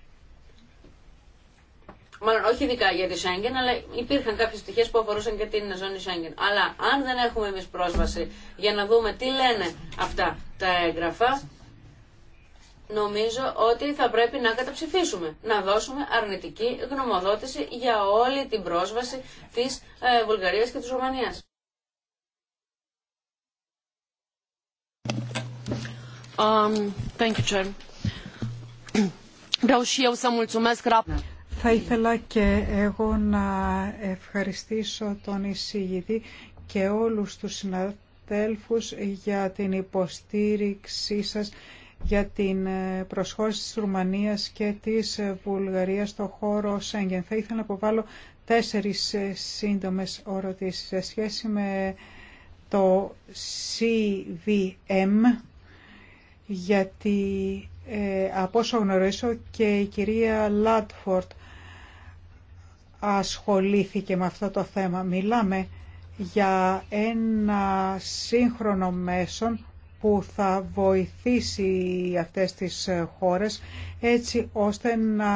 Μάλλον όχι ειδικά για τη Σέγγεν, αλλά υπήρχαν κάποιες στοιχείες που αφορούσαν και την ζώνη Σέγγεν. Αλλά αν δεν έχουμε εμεί πρόσβαση για να δούμε τι λένε αυτά τα έγγραφα, νομίζω ότι θα πρέπει να καταψηφίσουμε, να δώσουμε αρνητική γνωμοδότηση για όλη την πρόσβαση της ε, Βουλγαρίας και της Ρουμανίας. Um, Θα ήθελα και εγώ να ευχαριστήσω τον εισηγητή και όλους τους συναδέλφους για την υποστήριξή σας για την ε, προσχώρηση της Ρουμανίας και της ε, Βουλγαρίας στο χώρο Σέγγεν. Θα ήθελα να αποβάλω τέσσερις ε, σύντομες ερωτήσεις σε σχέση με το CVM, γιατί ε, από όσο γνωρίζω και η κυρία Λάτφορτ ασχολήθηκε με αυτό το θέμα. Μιλάμε για ένα σύγχρονο μέσον που θα βοηθήσει αυτές τις χώρες έτσι ώστε να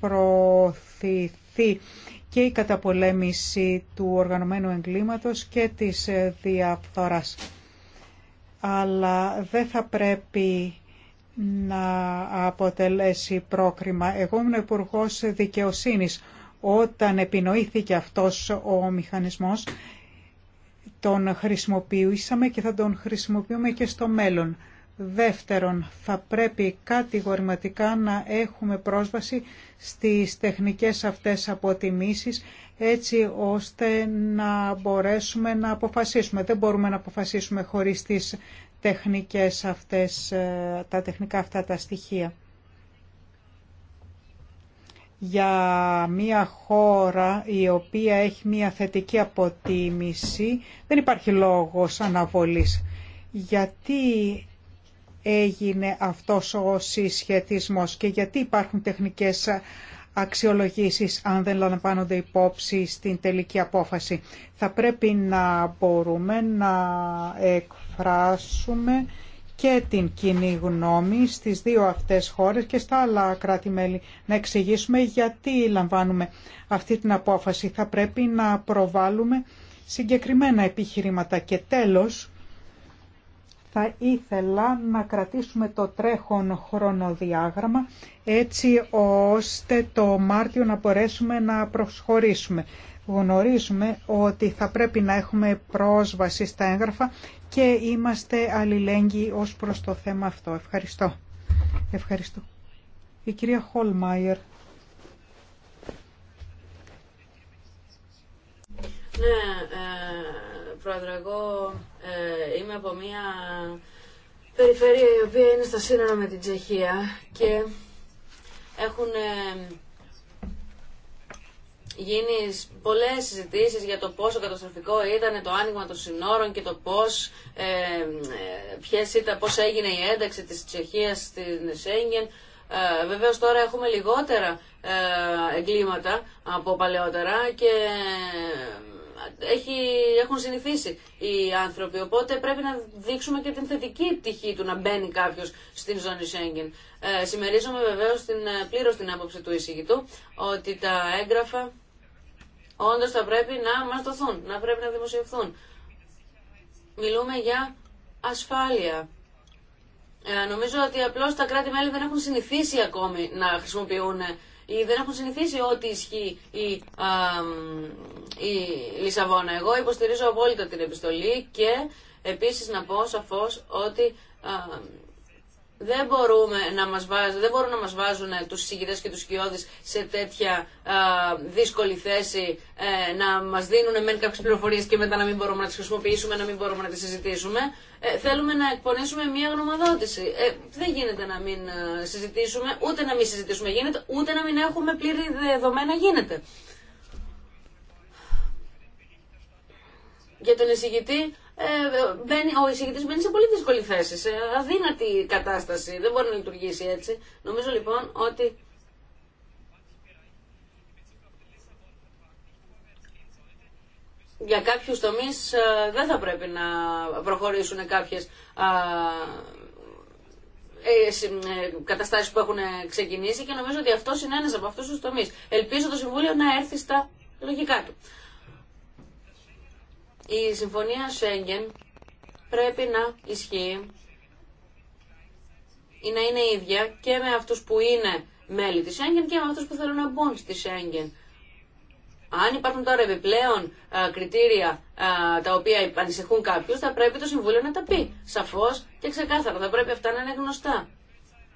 προωθηθεί και η καταπολέμηση του οργανωμένου εγκλήματος και της διαφθοράς. Αλλά δεν θα πρέπει να αποτελέσει πρόκριμα. Εγώ ήμουν υπουργό δικαιοσύνης όταν επινοήθηκε αυτός ο μηχανισμός τον χρησιμοποιήσαμε και θα τον χρησιμοποιούμε και στο μέλλον. Δεύτερον, θα πρέπει κατηγορηματικά να έχουμε πρόσβαση στις τεχνικές αυτές αποτιμήσεις έτσι ώστε να μπορέσουμε να αποφασίσουμε. Δεν μπορούμε να αποφασίσουμε χωρίς τις τεχνικές αυτές, ε, τα τεχνικά αυτά τα στοιχεία για μια χώρα η οποία έχει μια θετική αποτίμηση δεν υπάρχει λόγος αναβολής. Γιατί έγινε αυτός ο συσχετισμός και γιατί υπάρχουν τεχνικές αξιολογήσεις αν δεν λαμβάνονται υπόψη στην τελική απόφαση. Θα πρέπει να μπορούμε να εκφράσουμε και την κοινή γνώμη στις δύο αυτές χώρες και στα άλλα κράτη-μέλη να εξηγήσουμε γιατί λαμβάνουμε αυτή την απόφαση. Θα πρέπει να προβάλλουμε συγκεκριμένα επιχειρήματα και τέλος θα ήθελα να κρατήσουμε το τρέχον χρονοδιάγραμμα έτσι ώστε το Μάρτιο να μπορέσουμε να προσχωρήσουμε. Γνωρίζουμε ότι θα πρέπει να έχουμε πρόσβαση στα έγγραφα και είμαστε αλληλέγγυοι ως προς το θέμα αυτό. Ευχαριστώ. Ευχαριστώ. Η κυρία Χολμάιερ. Ναι, ε, πρόεδρε, εγώ ε, είμαι από μια περιφέρεια η οποία είναι στα σύνορα με την Τσεχία και έχουν ε, γίνει πολλές συζητήσει για το πόσο καταστροφικό ήταν το άνοιγμα των συνόρων και το πώς, ε, ε πώς έγινε η ένταξη της Τσεχίας στην Σέγγεν. Ε, βεβαίως τώρα έχουμε λιγότερα ε, εγκλήματα από παλαιότερα και ε, έχει, έχουν συνηθίσει οι άνθρωποι. Οπότε πρέπει να δείξουμε και την θετική πτυχή του να μπαίνει κάποιο στην ζώνη Σέγγεν. Ε, Συμμερίζομαι βεβαίω ε, πλήρω την άποψη του εισηγητού ότι τα έγγραφα όντως θα πρέπει να μας δοθούν, να πρέπει να δημοσιευθούν. Μιλούμε για ασφάλεια. Ε, νομίζω ότι απλώς τα κράτη-μέλη δεν έχουν συνηθίσει ακόμη να χρησιμοποιούν ή δεν έχουν συνηθίσει ότι ισχύει η, η Λισαβόνα. Εγώ υποστηρίζω απόλυτα την επιστολή και επίσης να πω σαφώς ότι δεν, μπορούμε να μας δεν μπορούν να μας βάζουν τους εισηγητές και τους σκιώδεις σε τέτοια α, δύσκολη θέση ε, να μας δίνουν μεν κάποιε πληροφορίες και μετά να μην μπορούμε να τις χρησιμοποιήσουμε, να μην μπορούμε να τις συζητήσουμε. Ε, θέλουμε να εκπονήσουμε μία γνωμοδότηση. Ε, δεν γίνεται να μην ε, συζητήσουμε, ούτε να μην συζητήσουμε γίνεται, ούτε να μην έχουμε πλήρη δεδομένα γίνεται. Για τον εισηγητή ε, ο εισηγητή μπαίνει σε πολύ δύσκολη θέση, σε αδύνατη κατάσταση. Δεν μπορεί να λειτουργήσει έτσι. Νομίζω λοιπόν ότι για κάποιους τομείς ε, δεν θα πρέπει να προχωρήσουν κάποιες ε, καταστάσεις που έχουν ξεκινήσει και νομίζω ότι αυτό είναι ένας από αυτούς τους τομείς. Ελπίζω το Συμβούλιο να έρθει στα λογικά του η συμφωνία Σέγγεν πρέπει να ισχύει ή να είναι ίδια και με αυτούς που είναι μέλη της Σέγγεν και με αυτούς που θέλουν να μπουν στη Σέγγεν. Αν υπάρχουν τώρα επιπλέον ε, κριτήρια ε, τα οποία ανησυχούν κάποιους, θα πρέπει το Συμβούλιο να τα πει. Σαφώς και ξεκάθαρα. Θα πρέπει αυτά να είναι γνωστά.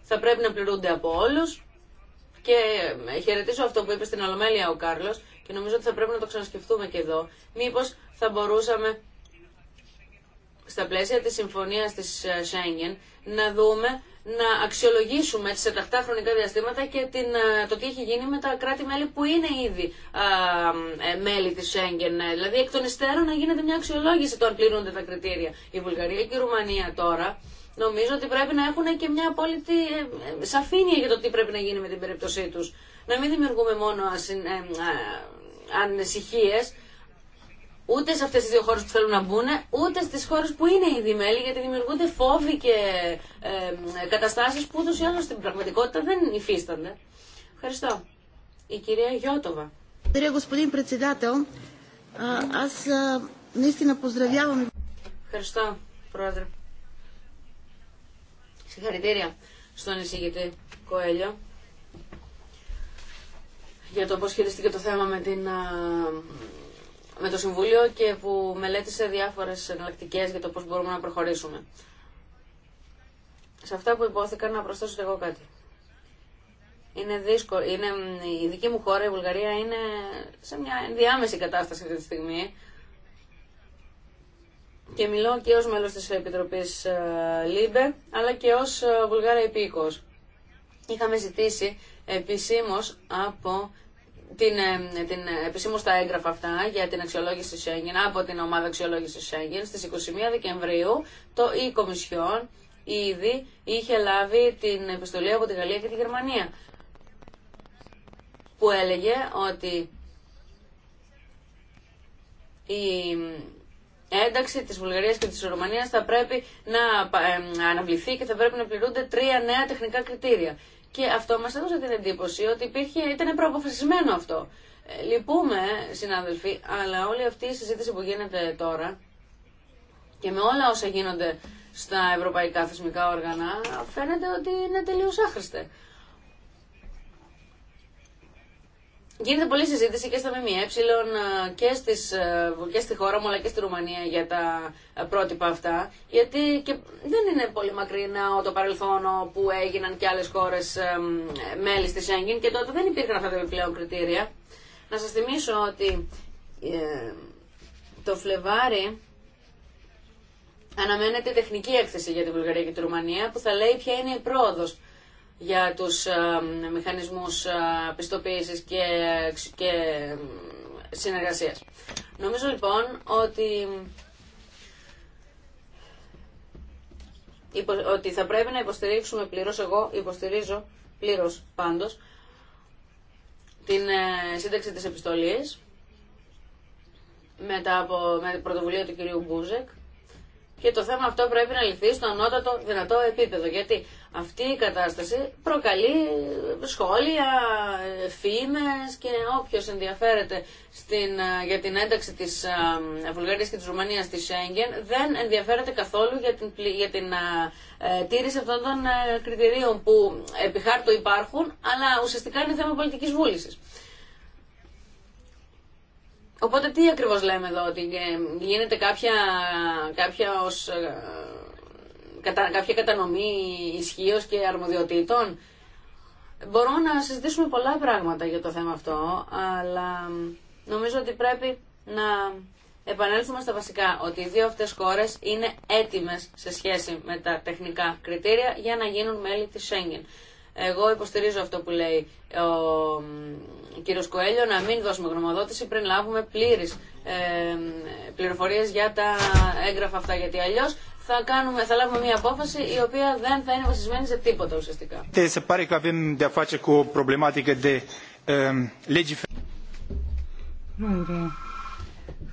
Θα πρέπει να πληρούνται από όλους. Και ε, χαιρετίζω αυτό που είπε στην Ολομέλεια ο Κάρλος και νομίζω ότι θα πρέπει να το ξανασκεφτούμε και εδώ, μήπως θα μπορούσαμε στα πλαίσια της συμφωνίας της Σέγγεν να δούμε, να αξιολογήσουμε σε τακτά χρονικά διαστήματα και την, ε, το τι έχει γίνει με τα κράτη-μέλη που είναι ήδη α, ε, ε, μέλη της Σέγγεν. Δηλαδή εκ των υστέρων να γίνεται μια αξιολόγηση το αν πληρούνται τα κριτήρια. Η Βουλγαρία και η Ρουμανία τώρα νομίζω ότι πρέπει να έχουν και μια απόλυτη σαφήνεια για το τι πρέπει να γίνει με την περίπτωσή τους να μην δημιουργούμε μόνο ε, ανησυχίες, ούτε σε αυτές τις δύο χώρες που θέλουν να μπουν, ούτε στις χώρες που είναι ήδη μέλη, γιατί δημιουργούνται φόβοι και ε, καταστάσεις που ούτως ή άλλως στην πραγματικότητα δεν υφίστανται. Ευχαριστώ. Η κυρία Γιώτοβα. Ευχαριστώ, Πρόεδρε. Συγχαρητήρια στον εισηγητή Κοέλιο για το πώς χειριστήκε το θέμα με, την, με το Συμβούλιο και που μελέτησε διάφορες εναλλακτικέ για το πώς μπορούμε να προχωρήσουμε. Σε αυτά που υπόθηκαν να προσθέσω και εγώ κάτι. Είναι δύσκολο. Είναι, η δική μου χώρα, η Βουλγαρία, είναι σε μια ενδιάμεση κατάσταση αυτή τη στιγμή. Και μιλώ και ως μέλος της Επιτροπής ΛΥΜΠΕ, αλλά και ως Βουλγάρα υπήκος. Είχαμε ζητήσει επισήμως από την, ε, την ε, επισήμω τα έγγραφα αυτά για την αξιολόγηση Σέγγεν από την ομάδα αξιολόγηση Σέγγεν Στι 21 Δεκεμβρίου το η Κομισιόν ήδη είχε λάβει την επιστολή από τη Γαλλία και τη Γερμανία που έλεγε ότι η ένταξη της Βουλγαρίας και της Ρουμανίας θα πρέπει να ε, αναβληθεί και θα πρέπει να πληρούνται τρία νέα τεχνικά κριτήρια. Και αυτό μας έδωσε την εντύπωση ότι υπήρχε, ήταν προαποφασισμένο αυτό. Ε, λυπούμε, συνάδελφοι, αλλά όλη αυτή η συζήτηση που γίνεται τώρα και με όλα όσα γίνονται στα ευρωπαϊκά θεσμικά όργανα φαίνεται ότι είναι τελείως άχρηστε. Γίνεται πολλή συζήτηση και στα ΜΜΕ ε, και, στις, ε, και στη χώρα μου αλλά και στη Ρουμανία για τα ε, πρότυπα αυτά γιατί δεν είναι πολύ μακρινά το παρελθόν που έγιναν και άλλε χώρε μέλη στη Σέγγιν και τότε δεν υπήρχαν αυτά τα επιπλέον κριτήρια. Να σα θυμίσω ότι το Φλεβάρι αναμένεται τεχνική έκθεση για τη Βουλγαρία και τη Ρουμανία που θα λέει ποια είναι η πρόοδος για τους ε, μηχανισμούς ε, πιστοποίησης και, και ε, συνεργασίας. Νομίζω λοιπόν ότι ότι θα πρέπει να υποστηρίξουμε πλήρως, εγώ υποστηρίζω πλήρως πάντως, την σύνταξη της επιστολής μετά από με πρωτοβουλία του κυρίου Μπούζεκ και το θέμα αυτό πρέπει να λυθεί στο ανώτατο δυνατό επίπεδο. Γιατί αυτή η κατάσταση προκαλεί σχόλια, φήμες και όποιο ενδιαφέρεται στην, ε, για την ένταξη της ε, Βουλγαρίας και της Ρουμανίας στη Σέγγεν δεν ενδιαφέρεται καθόλου για την, για την ε, τήρηση αυτών των κριτηρίων που επιχάρτω χάρτου υπάρχουν αλλά ουσιαστικά είναι θέμα πολιτική βούληση. Οπότε τι ακριβώς λέμε εδώ, ότι ε, γίνεται κάποια, κάποια, ως, ε, κατα, κάποια κατανομή ισχύω και αρμοδιοτήτων. Μπορώ να συζητήσουμε πολλά πράγματα για το θέμα αυτό, αλλά νομίζω ότι πρέπει να επανέλθουμε στα βασικά, ότι οι δύο αυτές χώρες είναι έτοιμες σε σχέση με τα τεχνικά κριτήρια για να γίνουν μέλη της Schengen. Εγώ υποστηρίζω αυτό που λέει ο κύριο Κοέλιο, να μην δώσουμε γνωμοδότηση πριν λάβουμε πλήρες πληροφορίες για τα έγγραφα αυτά, γιατί αλλιώς θα, κάνουμε, θα λάβουμε μια απόφαση η οποία δεν θα είναι βασισμένη σε τίποτα ουσιαστικά. Ε,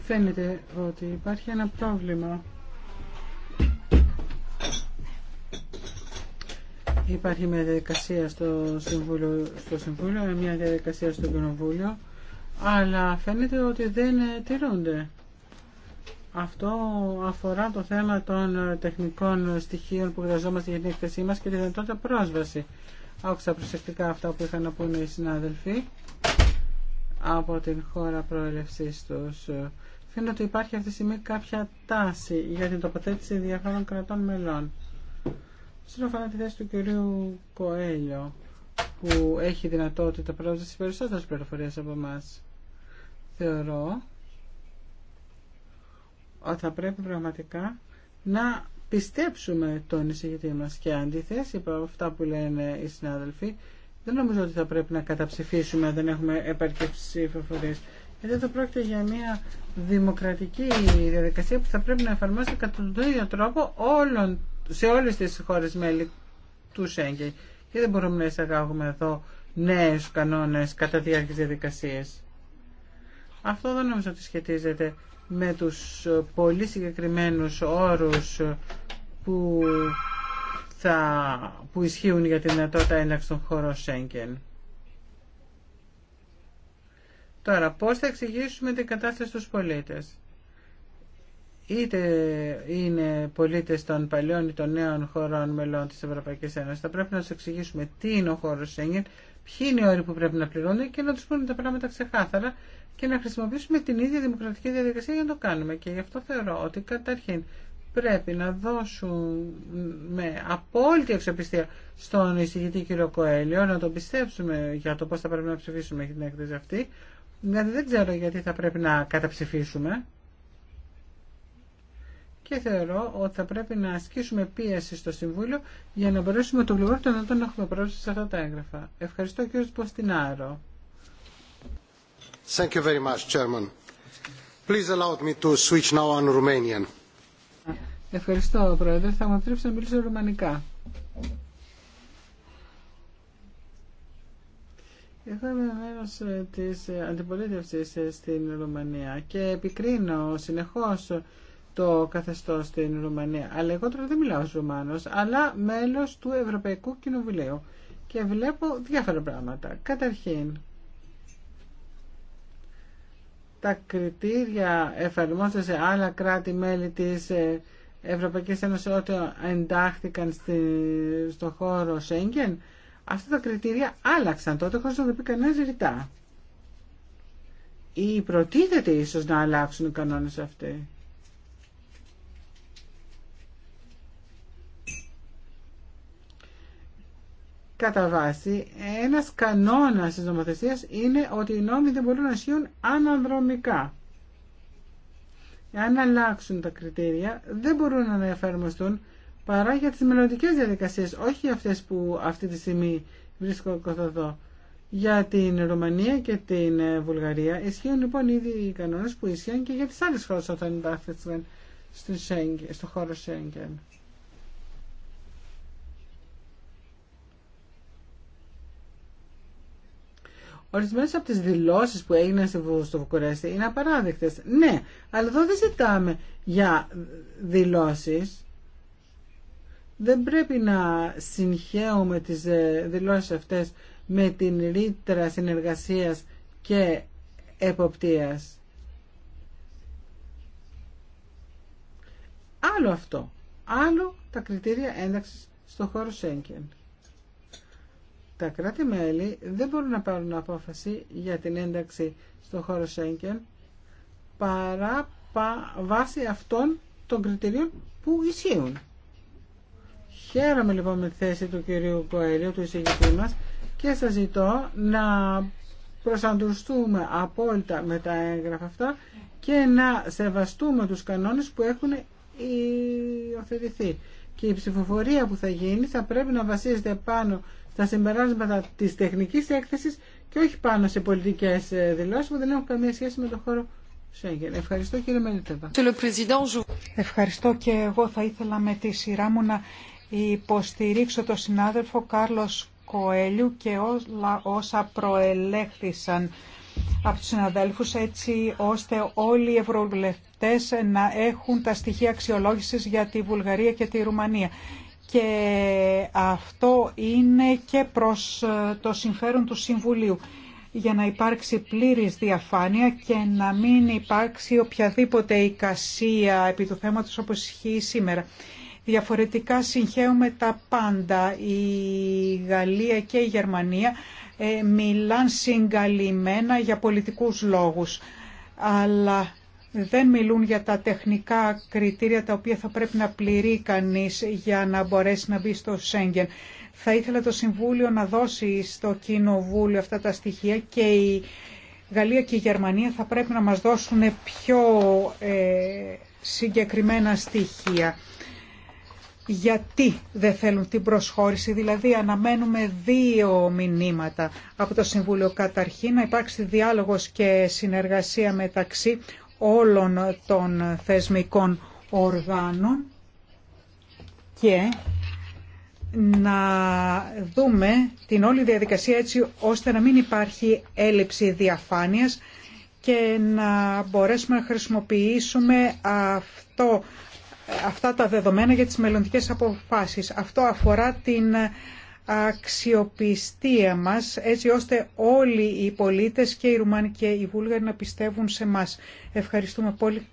Φαίνεται ότι υπάρχει ένα πρόβλημα Υπάρχει μια διαδικασία στο Συμβούλιο, στο Συμβούλιο μια διαδικασία στο Κοινοβούλιο, αλλά φαίνεται ότι δεν τηρούνται. Αυτό αφορά το θέμα των τεχνικών στοιχείων που χρειαζόμαστε για την εκθεσή μας και τη δυνατότητα πρόσβαση. Άκουσα προσεκτικά αυτά που είχαν να πούνε οι συνάδελφοι από την χώρα προέλευσής τους. Φαίνεται ότι υπάρχει αυτή τη στιγμή κάποια τάση για την τοποθέτηση διαφόρων κρατών μελών. Στην αφορά τη θέση του κυρίου Κοέλιο, που έχει δυνατότητα πρόσβαση σε περισσότερε πληροφορίε από εμά, θεωρώ ότι θα πρέπει πραγματικά να πιστέψουμε τον εισηγητή μας και αντίθεση από αυτά που λένε οι συνάδελφοι δεν νομίζω ότι θα πρέπει να καταψηφίσουμε αν δεν έχουμε επαρκή ψηφοφορίες γιατί εδώ πρόκειται για μια δημοκρατική διαδικασία που θα πρέπει να εφαρμόσει κατά τον ίδιο τρόπο όλων σε όλες τις χώρες μέλη του Σέγγεν και δεν μπορούμε να εισαγάγουμε εδώ νέες κανόνες κατά διάρκεια διαδικασίες. Αυτό δεν νομίζω ότι σχετίζεται με τους πολύ συγκεκριμένους όρους που, θα, που ισχύουν για τη δυνατότητα ένταξη των χωρών Σέγγεν. Τώρα, πώς θα εξηγήσουμε την κατάσταση στους πολίτες είτε είναι πολίτες των παλιών ή των νέων χωρών μελών της Ευρωπαϊκής Ένωσης. Θα πρέπει να τους εξηγήσουμε τι είναι ο χώρος Σέγγεν, ποιοι είναι οι όροι που πρέπει να πληρώνουν και να τους πούνε τα πράγματα ξεκάθαρα και να χρησιμοποιήσουμε την ίδια δημοκρατική διαδικασία για να το κάνουμε. Και γι' αυτό θεωρώ ότι καταρχήν πρέπει να δώσουμε απόλυτη εξοπιστία στον εισηγητή κύριο Κοέλιο, να τον πιστέψουμε για το πώς θα πρέπει να ψηφίσουμε την έκθεση αυτή. Δηλαδή δεν ξέρω γιατί θα πρέπει να καταψηφίσουμε και θεωρώ ότι θα πρέπει να ασκήσουμε πίεση στο Συμβούλιο για να μπορέσουμε το γλυκότερο να τον έχουμε πρόσβαση σε αυτά τα έγγραφα. Ευχαριστώ κύριο Ποστινάρο. Thank you Ευχαριστώ, Πρόεδρε. Θα μου επιτρέψετε να μιλήσω ρουμανικά. Εγώ είμαι μέρο ε, τη ε, αντιπολίτευση ε, στην Ρουμανία και επικρίνω συνεχώ το καθεστώς στην Ρουμανία. Αλλά εγώ τώρα δεν μιλάω ως Ρουμάνος, αλλά μέλος του Ευρωπαϊκού Κοινοβουλίου. Και βλέπω διάφορα πράγματα. Καταρχήν, τα κριτήρια εφαρμόζονται σε άλλα κράτη-μέλη της ε, Ευρωπαϊκής Ένωσης όταν εντάχθηκαν στη, στο χώρο Σέγγεν. Αυτά τα κριτήρια άλλαξαν τότε χωρίς να το πει κανένας Ή προτίθεται ίσως να αλλάξουν οι κανόνες αυτοί. κατά βάση ένας κανόνας της νομοθεσίας είναι ότι οι νόμοι δεν μπορούν να ισχύουν αναδρομικά. Αν αλλάξουν τα κριτήρια δεν μπορούν να εφαρμοστούν παρά για τις μελλοντικέ διαδικασίες, όχι αυτές που αυτή τη στιγμή βρίσκω εδώ. Για την Ρουμανία και την ε, Βουλγαρία ισχύουν λοιπόν ήδη οι κανόνες που ισχύουν και για τις άλλες χώρες όταν εντάχθηκαν στο χώρο Σέγγεν. Ορισμένε από τι δηλώσει που έγιναν στο Βουκουρέστι είναι απαράδεκτε. Ναι, αλλά εδώ δεν ζητάμε για δηλώσει. Δεν πρέπει να συγχαίουμε τι ε, δηλώσει αυτές με την ρήτρα συνεργασία και εποπτεία. Άλλο αυτό. Άλλο τα κριτήρια ένταξης στο χώρο Σέγγεν τα κράτη-μέλη δεν μπορούν να πάρουν απόφαση για την ένταξη στον χώρο Σέγγεν παρά πα, βάσει αυτών των κριτηρίων που ισχύουν. Χαίρομαι λοιπόν με τη θέση του κυρίου Κοέλιο, του εισηγητή μας και σας ζητώ να προσαντουστούμε απόλυτα με τα έγγραφα αυτά και να σεβαστούμε τους κανόνες που έχουν υιοθετηθεί. Και η ψηφοφορία που θα γίνει θα πρέπει να βασίζεται πάνω τα συμπεράσματα τη τεχνική έκθεση και όχι πάνω σε πολιτικέ ε, δηλώσει που δεν έχουν καμία σχέση με το χώρο Σέγγεν. Ευχαριστώ κύριε Μελίτεβα. Ευχαριστώ και εγώ θα ήθελα με τη σειρά μου να υποστηρίξω τον συνάδελφο Κάρλος Κοέλιου και όλα όσα προελέχθησαν από τους συναδέλφους έτσι ώστε όλοι οι ευρωβουλευτές να έχουν τα στοιχεία αξιολόγησης για τη Βουλγαρία και τη Ρουμανία και αυτό είναι και προς ε, το συμφέρον του Συμβουλίου για να υπάρξει πλήρης διαφάνεια και να μην υπάρξει οποιαδήποτε εικασία επί του θέματος όπως ισχύει σήμερα. Διαφορετικά συγχαίουμε τα πάντα. Η Γαλλία και η Γερμανία ε, μιλάν συγκαλυμμένα για πολιτικούς λόγους. Αλλά δεν μιλούν για τα τεχνικά κριτήρια τα οποία θα πρέπει να πληρεί κανείς για να μπορέσει να μπει στο Σέγγεν. Θα ήθελα το Συμβούλιο να δώσει στο Κοινοβούλιο αυτά τα στοιχεία και η Γαλλία και η Γερμανία θα πρέπει να μας δώσουν πιο ε, συγκεκριμένα στοιχεία. Γιατί δεν θέλουν την προσχώρηση, δηλαδή αναμένουμε δύο μηνύματα από το Συμβούλιο. Καταρχήν να υπάρξει διάλογος και συνεργασία μεταξύ όλων των θεσμικών οργάνων και να δούμε την όλη διαδικασία έτσι ώστε να μην υπάρχει έλλειψη διαφάνειας και να μπορέσουμε να χρησιμοποιήσουμε αυτό, αυτά τα δεδομένα για τις μελλοντικές αποφάσεις. Αυτό αφορά την αξιοπιστία μας έτσι ώστε όλοι οι πολίτες και οι Ρουμάνοι και οι Βούλγαροι να πιστεύουν σε μας. Ευχαριστούμε πολύ.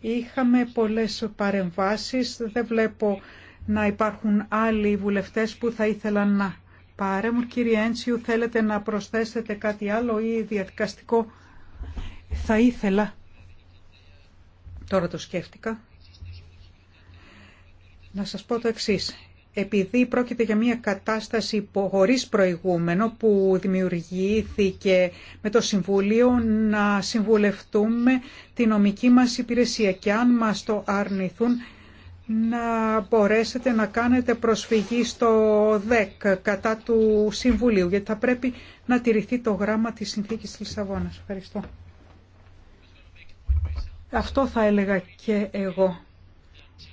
Είχαμε πολλές παρεμβάσεις. Δεν βλέπω να υπάρχουν άλλοι βουλευτές που θα ήθελαν να παρέμουν. Κύριε Έντσιου, θέλετε να προσθέσετε κάτι άλλο ή διαδικαστικό. Θα ήθελα. Τώρα το σκέφτηκα. Να σας πω το εξής επειδή πρόκειται για μια κατάσταση χωρίς προηγούμενο που δημιουργήθηκε με το Συμβούλιο να συμβουλευτούμε τη νομική μας υπηρεσία και αν μας το αρνηθούν να μπορέσετε να κάνετε προσφυγή στο ΔΕΚ κατά του Συμβουλίου γιατί θα πρέπει να τηρηθεί το γράμμα της Συνθήκης της Λισαβόνας. Ευχαριστώ. Αυτό θα έλεγα και εγώ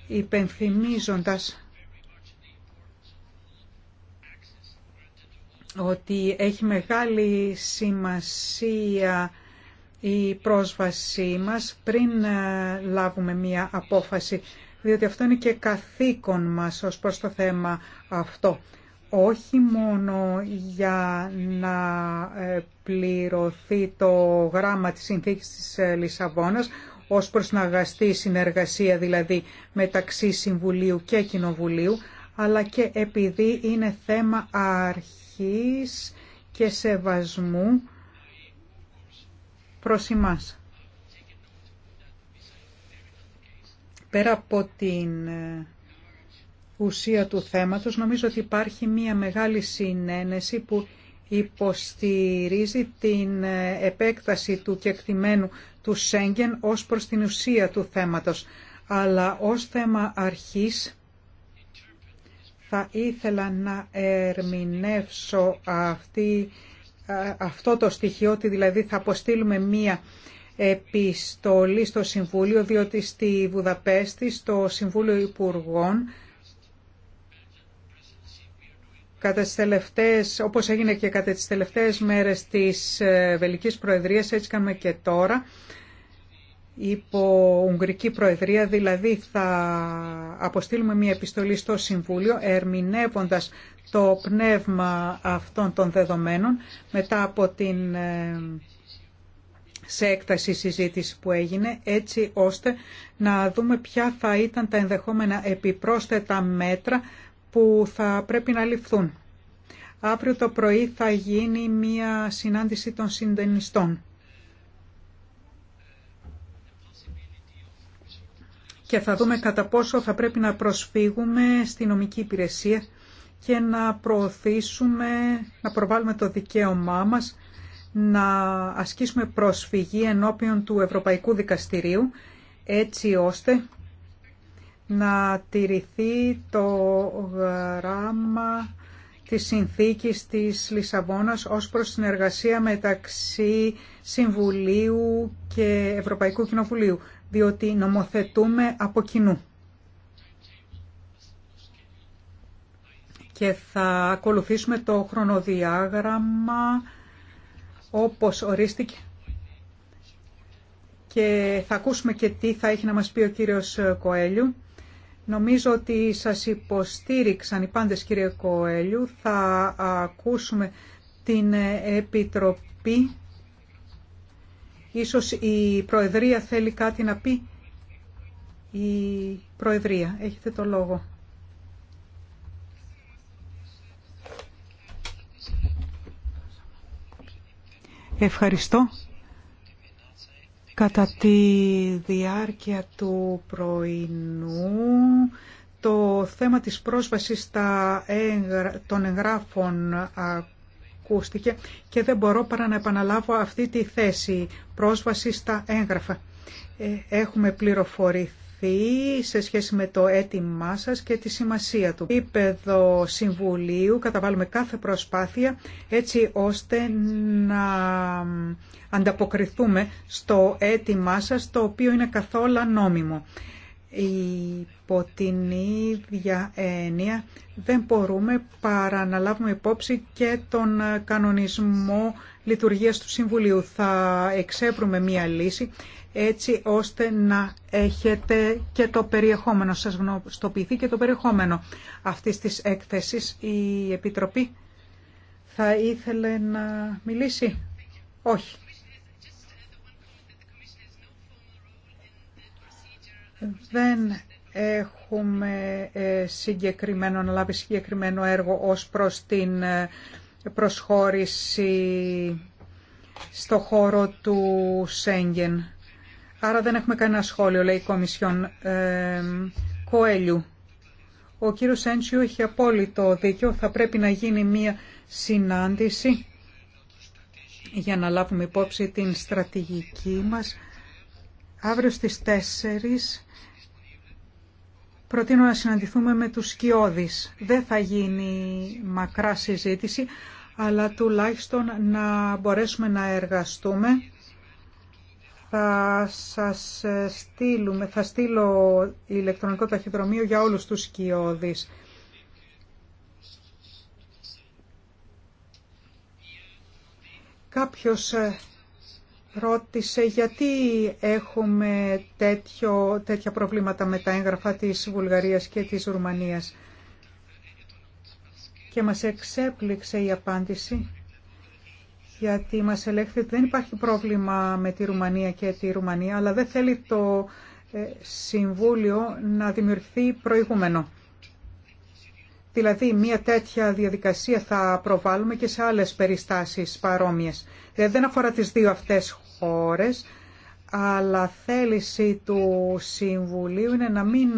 υπενθυμίζοντας ότι έχει μεγάλη σημασία η πρόσβασή μας πριν ε, λάβουμε μία απόφαση, διότι αυτό είναι και καθήκον μας ως προς το θέμα αυτό. Όχι μόνο για να ε, πληρωθεί το γράμμα της συνθήκης της ε, Λισαβόνας, ως προς να αγαστεί συνεργασία δηλαδή μεταξύ Συμβουλίου και Κοινοβουλίου, αλλά και επειδή είναι θέμα αρχής και σεβασμού προς εμάς. Πέρα από την ε, ουσία του θέματος, νομίζω ότι υπάρχει μία μεγάλη συνένεση που υποστηρίζει την ε, επέκταση του κεκτημένου του Σέγγεν ως προς την ουσία του θέματος. Αλλά ως θέμα αρχής θα ήθελα να ερμηνεύσω αυτή, αυτό το στοιχείο, ότι δηλαδή θα αποστείλουμε μία επιστολή στο Συμβούλιο, διότι στη Βουδαπέστη, στο Συμβούλιο Υπουργών, κατά τις τελευταίες, όπως έγινε και κατά τις τελευταίες μέρες της ε, Βελικής Προεδρίας, έτσι κάνουμε και τώρα, υπό Ουγγρική Προεδρία, δηλαδή θα αποστείλουμε μια επιστολή στο Συμβούλιο ερμηνεύοντας το πνεύμα αυτών των δεδομένων μετά από την ε, σε έκταση συζήτηση που έγινε, έτσι ώστε να δούμε ποια θα ήταν τα ενδεχόμενα επιπρόσθετα μέτρα που θα πρέπει να ληφθούν. Αύριο το πρωί θα γίνει μια συνάντηση των συντενιστών. και θα δούμε κατά πόσο θα πρέπει να προσφύγουμε στη νομική υπηρεσία και να προωθήσουμε, να προβάλλουμε το δικαίωμά μας να ασκήσουμε προσφυγή ενώπιον του Ευρωπαϊκού Δικαστηρίου έτσι ώστε να τηρηθεί το γράμμα της συνθήκης της Λισαβόνας ως προς συνεργασία μεταξύ Συμβουλίου και Ευρωπαϊκού Κοινοβουλίου διότι νομοθετούμε από κοινού. Και θα ακολουθήσουμε το χρονοδιάγραμμα όπως ορίστηκε και θα ακούσουμε και τι θα έχει να μας πει ο κύριος Κοέλιου. Νομίζω ότι σας υποστήριξαν οι πάντες κύριε Κοέλιου. Θα ακούσουμε την Επιτροπή Ίσως η Προεδρία θέλει κάτι να πει. Η Προεδρία, έχετε το λόγο. Ευχαριστώ. Κατά τη διάρκεια του πρωινού, το θέμα της πρόσβασης των εγγράφων ακούστηκε και δεν μπορώ παρά να επαναλάβω αυτή τη θέση πρόσβαση στα έγγραφα. Ε, έχουμε πληροφορηθεί σε σχέση με το αίτημά σα και τη σημασία του. Επίπεδο Συμβουλίου καταβάλουμε κάθε προσπάθεια έτσι ώστε να ανταποκριθούμε στο αίτημά σα, το οποίο είναι καθόλου νόμιμο υπό την ίδια έννοια δεν μπορούμε παρά να λάβουμε υπόψη και τον κανονισμό λειτουργίας του Συμβουλίου. Θα εξέπρουμε μία λύση έτσι ώστε να έχετε και το περιεχόμενο, σας γνωστοποιηθεί και το περιεχόμενο αυτή της έκθεσης. Η Επιτροπή θα ήθελε να μιλήσει. Όχι. Δεν έχουμε ε, συγκεκριμένο, λάβει συγκεκριμένο έργο ως προς την ε, προσχώρηση στο χώρο του Σέγγεν. Άρα δεν έχουμε κανένα σχόλιο, λέει η Κομισιόν ε, Κοέλιου. Ο κύριος Έντσιου έχει απόλυτο δίκιο. Θα πρέπει να γίνει μία συνάντηση για να λάβουμε υπόψη την στρατηγική μας. Αύριο στις 4 προτείνω να συναντηθούμε με τους σκιώδεις. Δεν θα γίνει μακρά συζήτηση, αλλά τουλάχιστον να μπορέσουμε να εργαστούμε. Θα σας στείλουμε, θα στείλω ηλεκτρονικό ταχυδρομείο για όλους τους σκιώδεις. Κάποιος ε, ρώτησε γιατί έχουμε τέτοιο, τέτοια προβλήματα με τα έγγραφα της Βουλγαρίας και της Ρουμανίας. Και μας εξέπληξε η απάντηση γιατί μας ελέγχθη ότι δεν υπάρχει πρόβλημα με τη Ρουμανία και τη Ρουμανία, αλλά δεν θέλει το ε, Συμβούλιο να δημιουργηθεί προηγούμενο. Δηλαδή, μια τέτοια διαδικασία θα προβάλλουμε και σε άλλες περιστάσεις παρόμοιες. Ε, δεν αφορά τις δύο αυτές χώρες, αλλά θέληση του Συμβουλίου είναι να μην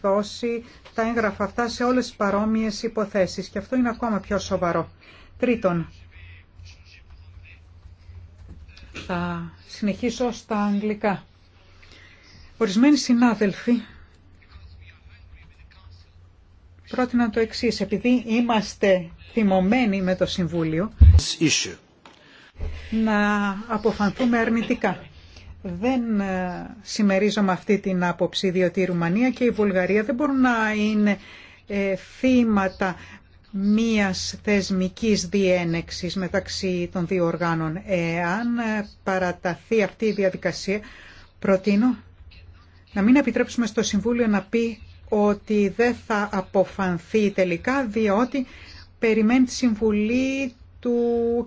δώσει τα έγγραφα αυτά σε όλες τις παρόμοιες υποθέσεις και αυτό είναι ακόμα πιο σοβαρό. Τρίτον, θα συνεχίσω στα αγγλικά. Ορισμένοι συνάδελφοι πρότειναν το εξής, επειδή είμαστε θυμωμένοι με το Συμβούλιο, να αποφανθούμε αρνητικά. Δεν ε, συμμερίζομαι αυτή την άποψη, διότι η Ρουμανία και η Βουλγαρία δεν μπορούν να είναι ε, θύματα μίας θεσμικής διένεξης μεταξύ των δύο οργάνων. Εάν ε, παραταθεί αυτή η διαδικασία, προτείνω να μην επιτρέψουμε στο Συμβούλιο να πει ότι δεν θα αποφανθεί τελικά, διότι περιμένει τη Συμβουλή του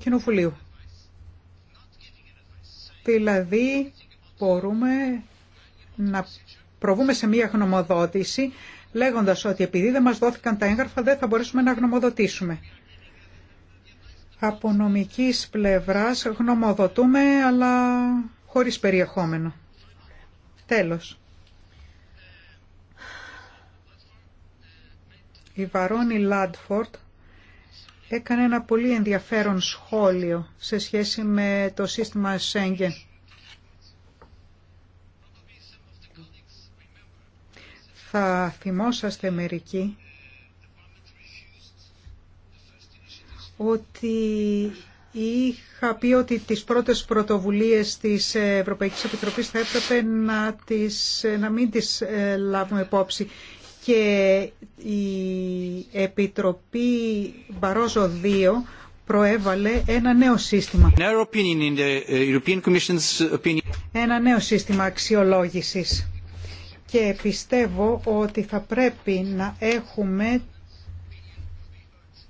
Κοινοβουλίου. Δηλαδή μπορούμε να προβούμε σε μία γνωμοδότηση λέγοντας ότι επειδή δεν μας δόθηκαν τα έγγραφα δεν θα μπορέσουμε να γνωμοδοτήσουμε. Από νομικής πλευράς γνωμοδοτούμε αλλά χωρίς περιεχόμενο. Τέλος. Η Βαρόνι Λάντφορτ έκανε ένα πολύ ενδιαφέρον σχόλιο σε σχέση με το σύστημα Σέγγεν. Θα θυμόσαστε μερικοί ότι είχα πει ότι τις πρώτες πρωτοβουλίες της Ευρωπαϊκής Επιτροπής θα έπρεπε να, τις, να μην τις ε, λάβουμε υπόψη και η Επιτροπή Μπαρόζο 2 προέβαλε ένα νέο σύστημα. Uh, ένα νέο σύστημα αξιολόγησης. Και πιστεύω ότι θα πρέπει να έχουμε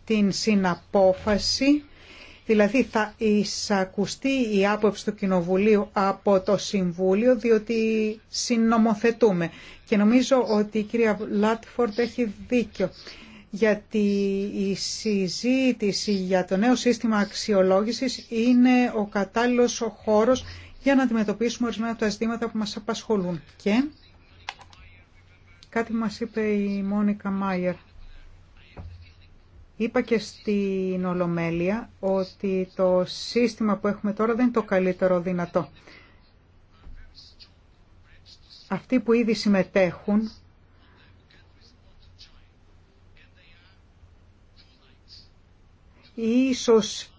την συναπόφαση Δηλαδή θα εισακουστεί η άποψη του Κοινοβουλίου από το Συμβούλιο διότι συνομοθετούμε. Και νομίζω ότι η κυρία Λάτφορντ έχει δίκιο γιατί η συζήτηση για το νέο σύστημα αξιολόγησης είναι ο κατάλληλος ο χώρος για να αντιμετωπίσουμε ορισμένα τα ζητήματα που μας απασχολούν. Και κάτι μας είπε η Μόνικα Μάιερ Είπα και στην Ολομέλεια ότι το σύστημα που έχουμε τώρα δεν είναι το καλύτερο δυνατό. Αυτοί που ήδη συμμετέχουν ίσως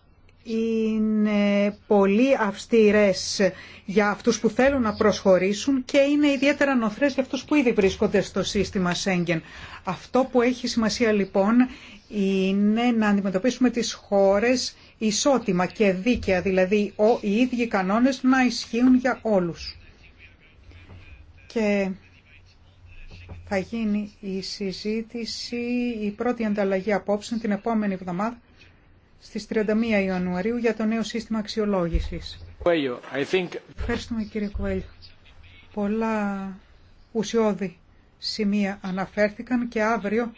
είναι πολύ αυστηρές για αυτούς που θέλουν να προσχωρήσουν και είναι ιδιαίτερα νοθρές για αυτούς που ήδη βρίσκονται στο σύστημα Σέγγεν. Αυτό που έχει σημασία λοιπόν είναι να αντιμετωπίσουμε τις χώρες ισότιμα και δίκαια, δηλαδή ο, οι ίδιοι κανόνες να ισχύουν για όλους. Και θα γίνει η συζήτηση, η πρώτη ανταλλαγή απόψε την επόμενη εβδομάδα στις 31 Ιανουαρίου για το νέο σύστημα αξιολόγησης. Ευχαριστούμε κύριε Κουέλιο. Πολλά ουσιώδη σημεία αναφέρθηκαν και αύριο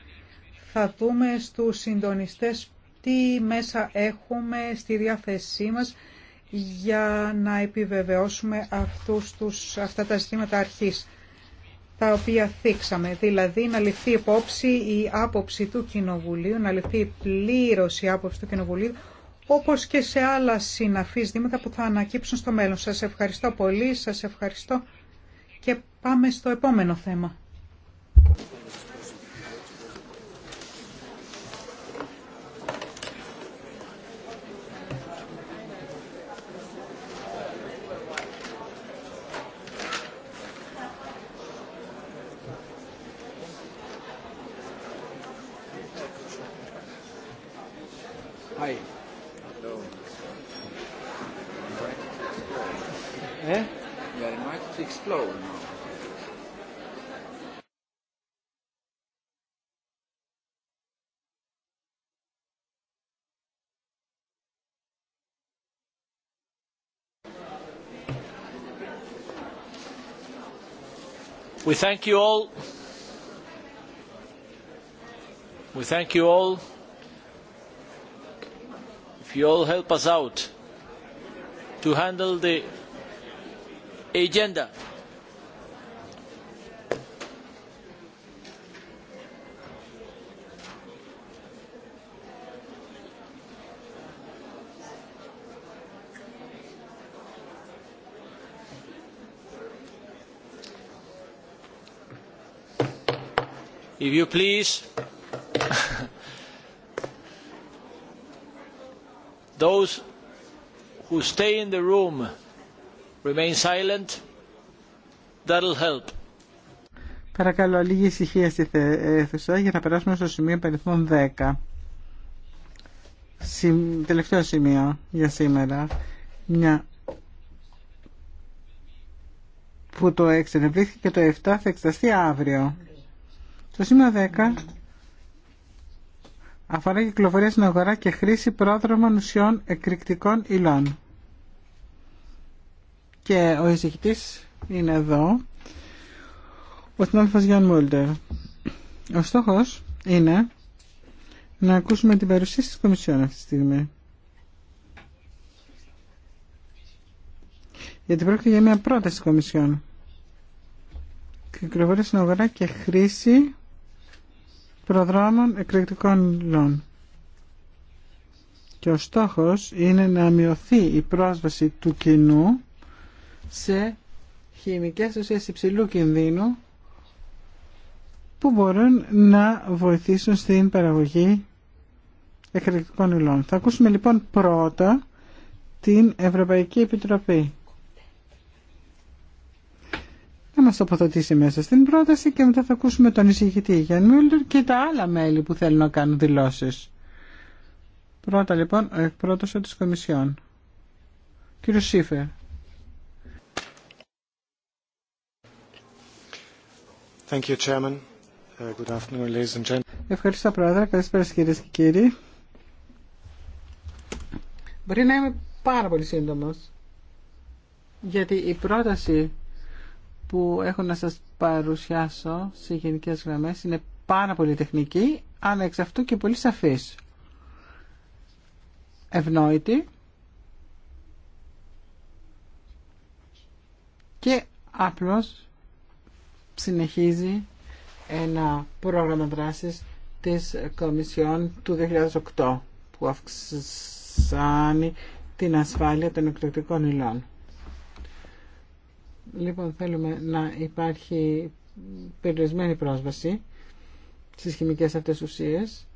θα δούμε στους συντονιστές τι μέσα έχουμε στη διάθεσή μας για να επιβεβαιώσουμε αυτούς τους, αυτά τα ζητήματα αρχής τα οποία θίξαμε, δηλαδή να ληφθεί υπόψη η άποψη του Κοινοβουλίου, να ληφθεί πλήρως η άποψη του Κοινοβουλίου, όπως και σε άλλα συναφή ζητήματα που θα ανακύψουν στο μέλλον. Σας ευχαριστώ πολύ, σας ευχαριστώ και πάμε στο επόμενο θέμα. We thank you all. We thank you all. If you all help us out to handle the agenda. If you please, those who stay in the room remain silent. help. Παρακαλώ λίγη ησυχία στη αίθουσα για να περάσουμε στο σημείο περιθμών 10. Τελευταίο σημείο για σήμερα. που το 6 και το 7 θα εξεταστεί αύριο. Το σήμα 10 αφορά κυκλοφορία στην αγορά και χρήση πρόδρομων ουσιών εκρηκτικών υλών. Και ο εισηγητής είναι εδώ, ο συνάδελφος Γιάνν Μούλτερ. Ο στόχος είναι να ακούσουμε την παρουσία της Κομισιόν αυτή τη στιγμή. Γιατί πρόκειται για μια πρόταση της Κομισιόν. Κυκλοφορία στην αγορά και χρήση προδρόμων εκλεκτικών υλών. Και ο στόχος είναι να μειωθεί η πρόσβαση του κοινού σε χημικές ουσίες υψηλού κινδύνου που μπορούν να βοηθήσουν στην παραγωγή εκλεκτικών υλών. Θα ακούσουμε λοιπόν πρώτα την Ευρωπαϊκή Επιτροπή να μας τοποθετήσει μέσα στην πρόταση και μετά θα ακούσουμε τον εισηγητή Γιάνν Μιούλτερ και τα άλλα μέλη που θέλουν να κάνουν δηλώσεις. Πρώτα λοιπόν ο εκπρότωσος της Κομισιόν. Κύριο Σίφερ. Uh, Ευχαριστώ πρόεδρε. Καλησπέρα κύριε και κύριοι. Μπορεί να είμαι πάρα πολύ σύντομο. Γιατί η πρόταση που έχω να σας παρουσιάσω σε γενικές γραμμές είναι πάρα πολύ τεχνική, αλλά εξ αυτού και πολύ σαφής. Ευνόητη και απλώς συνεχίζει ένα πρόγραμμα δράσης της Κομισιόν του 2008 που αυξάνει την ασφάλεια των εκλογικών υλών. Λοιπόν, θέλουμε να υπάρχει περιορισμένη πρόσβαση στις χημικές αυτές ουσίες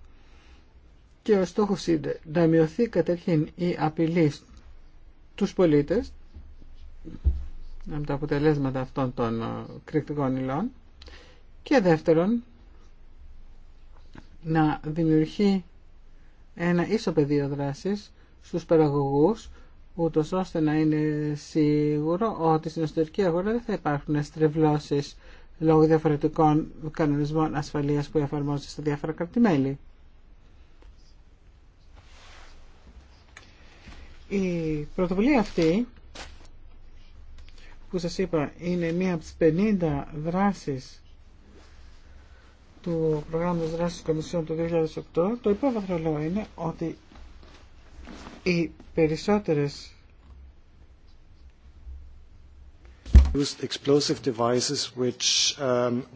και ο στόχος είναι να μειωθεί κατερχήν η απειλή τους πολίτες από τα αποτελέσματα αυτών των ε, κρυκτικών υλών και δεύτερον να δημιουργεί ένα ίσο πεδίο δράσης στους παραγωγούς ούτω ώστε να είναι σίγουρο ότι στην εσωτερική αγορά δεν θα υπάρχουν στρεβλώσει λόγω διαφορετικών κανονισμών ασφαλεία που εφαρμόζονται στα διάφορα κρατημέλη. Η πρωτοβουλία αυτή που σας είπα είναι μία από τις 50 δράσεις του προγράμματος δράσης της Κομισιόν του 2008 το υπόβαθρο λέω είναι ότι οι περισσότερες um,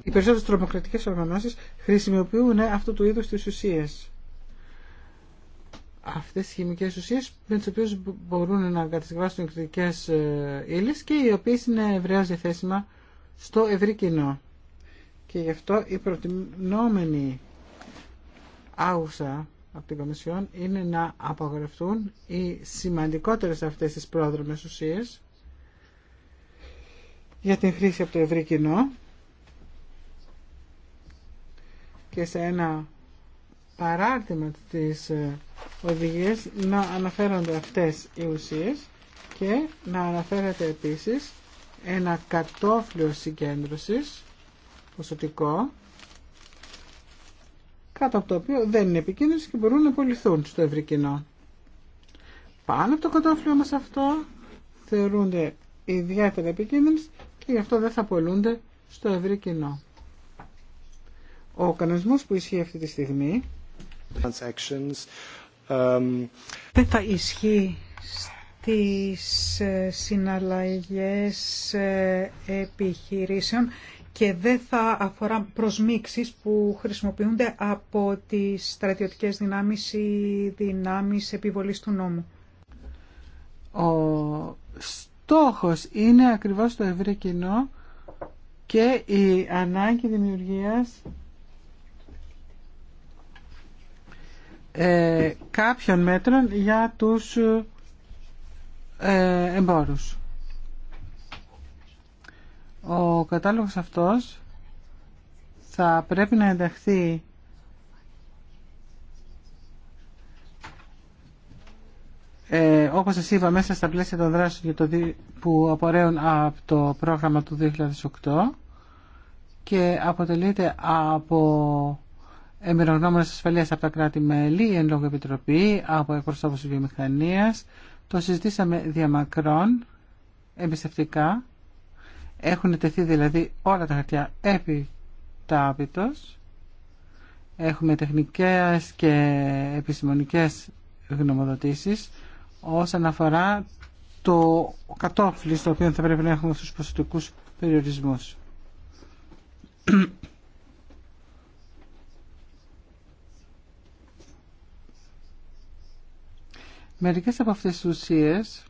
οι περισσότερες τρομοκρατικές οργανώσεις χρησιμοποιούν αυτού του είδους τις ουσίες. Αυτές οι χημικές ουσίες με τις οποίες μπορούν να κατασκευάσουν κριτικές ε, ύλες και οι οποίες είναι ευρέως διαθέσιμα στο ευρύ κοινό. Και γι' αυτό η προτινόμενη άουσα από την Κομισιόν είναι να απαγορευτούν οι σημαντικότερες αυτές τις πρόδρομες ουσίες για την χρήση από το ευρύ κοινό και σε ένα παράρτημα της ε, οδηγίας να αναφέρονται αυτές οι ουσίες και να αναφέρεται επίσης ένα κατόφλιο συγκέντρωσης ποσοτικό κάτω από το οποίο δεν είναι επικίνδυνες και μπορούν να πολιθούν στο ευρύ κοινό. Πάνω από το κατόφλιο μας αυτό θεωρούνται ιδιαίτερα επικίνδυνες και γι' αυτό δεν θα πολλούνται στο ευρύ κοινό. Ο κανονισμός που ισχύει αυτή τη στιγμή um, δεν θα ισχύει στις ε, συναλλαγές ε, επιχειρήσεων και δεν θα αφορά προσμίξεις που χρησιμοποιούνται από τις στρατιωτικές δυνάμεις ή δυνάμεις επιβολής του νόμου. Ο στόχος είναι ακριβώς το ευρύ κοινό και η ανάγκη δημιουργίας ε, κάποιων μέτρων για τους ε, εμπόρους. Ο κατάλογος αυτός θα πρέπει να ενταχθεί ε, όπως σας είπα μέσα στα πλαίσια των δράσεων για το, που απορρέουν από το πρόγραμμα του 2008 και αποτελείται από εμπειρογνώμονες ασφαλεία από τα κράτη-μέλη, η Εν Επιτροπή, από εκπροσώπους Βιομηχανία. Το συζητήσαμε διαμακρών, εμπιστευτικά, έχουν τεθεί δηλαδή όλα τα χαρτιά επί τάπητος. Έχουμε τεχνικές και επιστημονικές γνωμοδοτήσεις όσον αφορά το κατόφλι στο οποίο θα πρέπει να έχουμε στους ποσοτικούς περιορισμούς. Μερικές από αυτές τις ουσίες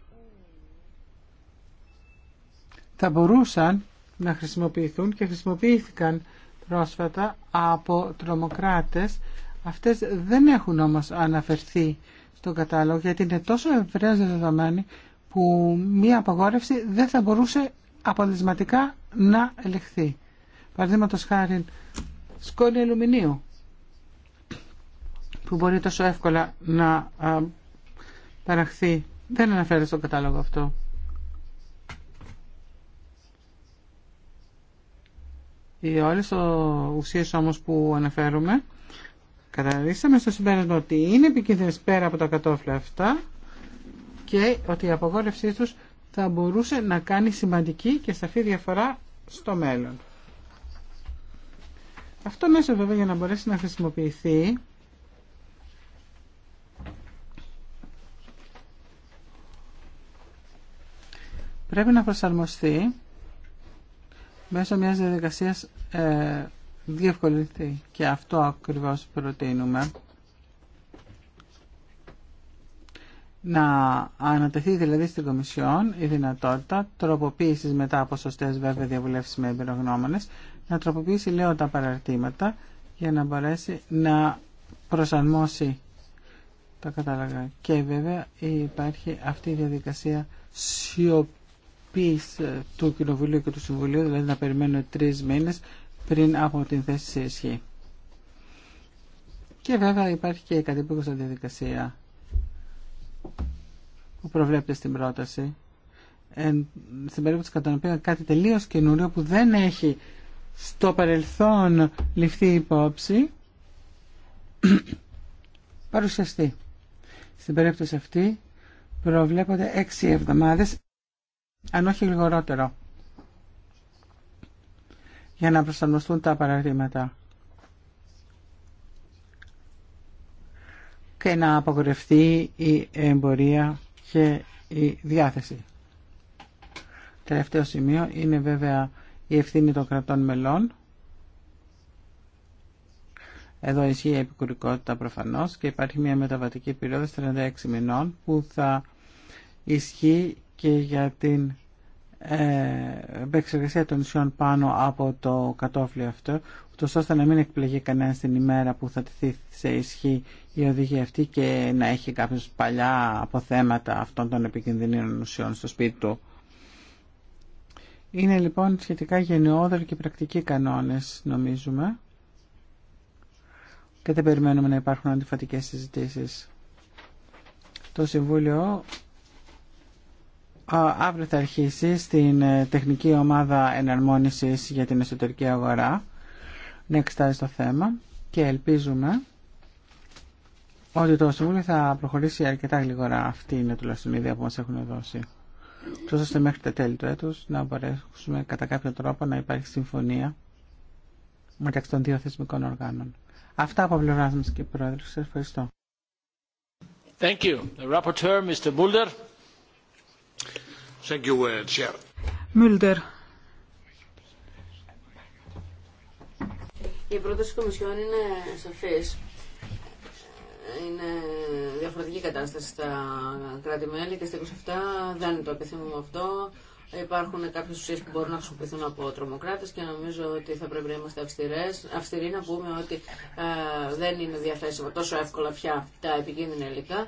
θα μπορούσαν να χρησιμοποιηθούν και χρησιμοποιήθηκαν πρόσφατα από τρομοκράτες. Αυτές δεν έχουν όμως αναφερθεί στον κατάλογο γιατί είναι τόσο ευρέως δεδομένοι που μία απογόρευση δεν θα μπορούσε αποδεισματικά να ελεχθεί. Παραδείγματο χάρη σκόνη αλουμινίου που μπορεί τόσο εύκολα να παραχθεί. Δεν αναφέρεται στον κατάλογο αυτό. Οι όλες ουσίες όμως που αναφέρουμε καταλήξαμε στο συμπέρασμα ότι είναι επικίνδυνες πέρα από τα κατόφλα αυτά και ότι η απογόρευσή τους θα μπορούσε να κάνει σημαντική και σαφή διαφορά στο μέλλον. Αυτό μέσα βέβαια για να μπορέσει να χρησιμοποιηθεί πρέπει να προσαρμοστεί μέσω μιας διαδικασίας ε, διευκολυνθεί. Και αυτό ακριβώς προτείνουμε. Να ανατεθεί δηλαδή στην Κομισιόν η δυνατότητα τροποποίησης μετά από σωστές βέβαια διαβουλεύσεις με εμπειρογνώμονες να τροποποιήσει λέω τα παραρτήματα για να μπορέσει να προσαρμόσει τα κατάλαγα. Και βέβαια υπάρχει αυτή η διαδικασία σιωπή ε, του Κοινοβουλίου και του Συμβουλίου, δηλαδή να περιμένω τρεις μήνες πριν από την θέση σε ισχύ. Και βέβαια υπάρχει και η κατεπίγουσα διαδικασία που προβλέπεται στην πρόταση. στην περίπτωση κατά την οποία κάτι τελείως καινούριο που δεν έχει στο παρελθόν ληφθεί υπόψη παρουσιαστεί. Στην περίπτωση αυτή προβλέπονται έξι εβδομάδες αν όχι λιγορότερο. για να προσαρμοστούν τα παραδείγματα και να απογορευτεί η εμπορία και η διάθεση. Τελευταίο σημείο είναι βέβαια η ευθύνη των κρατών μελών. Εδώ ισχύει η επικουρικότητα προφανώς και υπάρχει μια μεταβατική περίοδος 36 μηνών που θα ισχύει και για την ε, επεξεργασία των νησιών πάνω από το κατόφλι αυτό, ούτως ώστε να μην εκπληγεί κανένα την ημέρα που θα τεθεί σε ισχύ η οδηγία αυτή και να έχει κάποιους παλιά αποθέματα αυτών των επικίνδυνων ουσιών στο σπίτι του. Είναι λοιπόν σχετικά γενναιόδοροι και πρακτικοί κανόνες, νομίζουμε, και δεν περιμένουμε να υπάρχουν αντιφατικές συζητήσεις. Το Συμβούλιο Αύριο θα αρχίσει στην ε, τεχνική ομάδα εναρμόνισης για την εσωτερική αγορά να εξετάζει το θέμα και ελπίζουμε ότι το Συμβούλιο θα προχωρήσει αρκετά γλυκόρα. Αυτή είναι τουλάχιστον η ιδέα που μας έχουν δώσει. Τόσο ώστε μέχρι τα τέλη του έτους να μπορέσουμε κατά κάποιο τρόπο να υπάρχει συμφωνία μεταξύ των δύο θεσμικών οργάνων. Αυτά από πλευρά μα και πρόεδρε. Σα ευχαριστώ. Thank you. The rapporteur, Mr. Thank uh, Η πρόταση του Κομισιόν είναι σαφή. Είναι διαφορετική κατάσταση στα κράτη-μέλη και στα 27 δεν το επιθυμούμε αυτό. Υπάρχουν κάποιε ουσίε που μπορούν να χρησιμοποιηθούν από τρομοκράτε και νομίζω ότι θα πρέπει να είμαστε αυστηρές, αυστηροί να πούμε ότι ε, δεν είναι διαθέσιμα τόσο εύκολα πια τα επικίνδυνα υλικά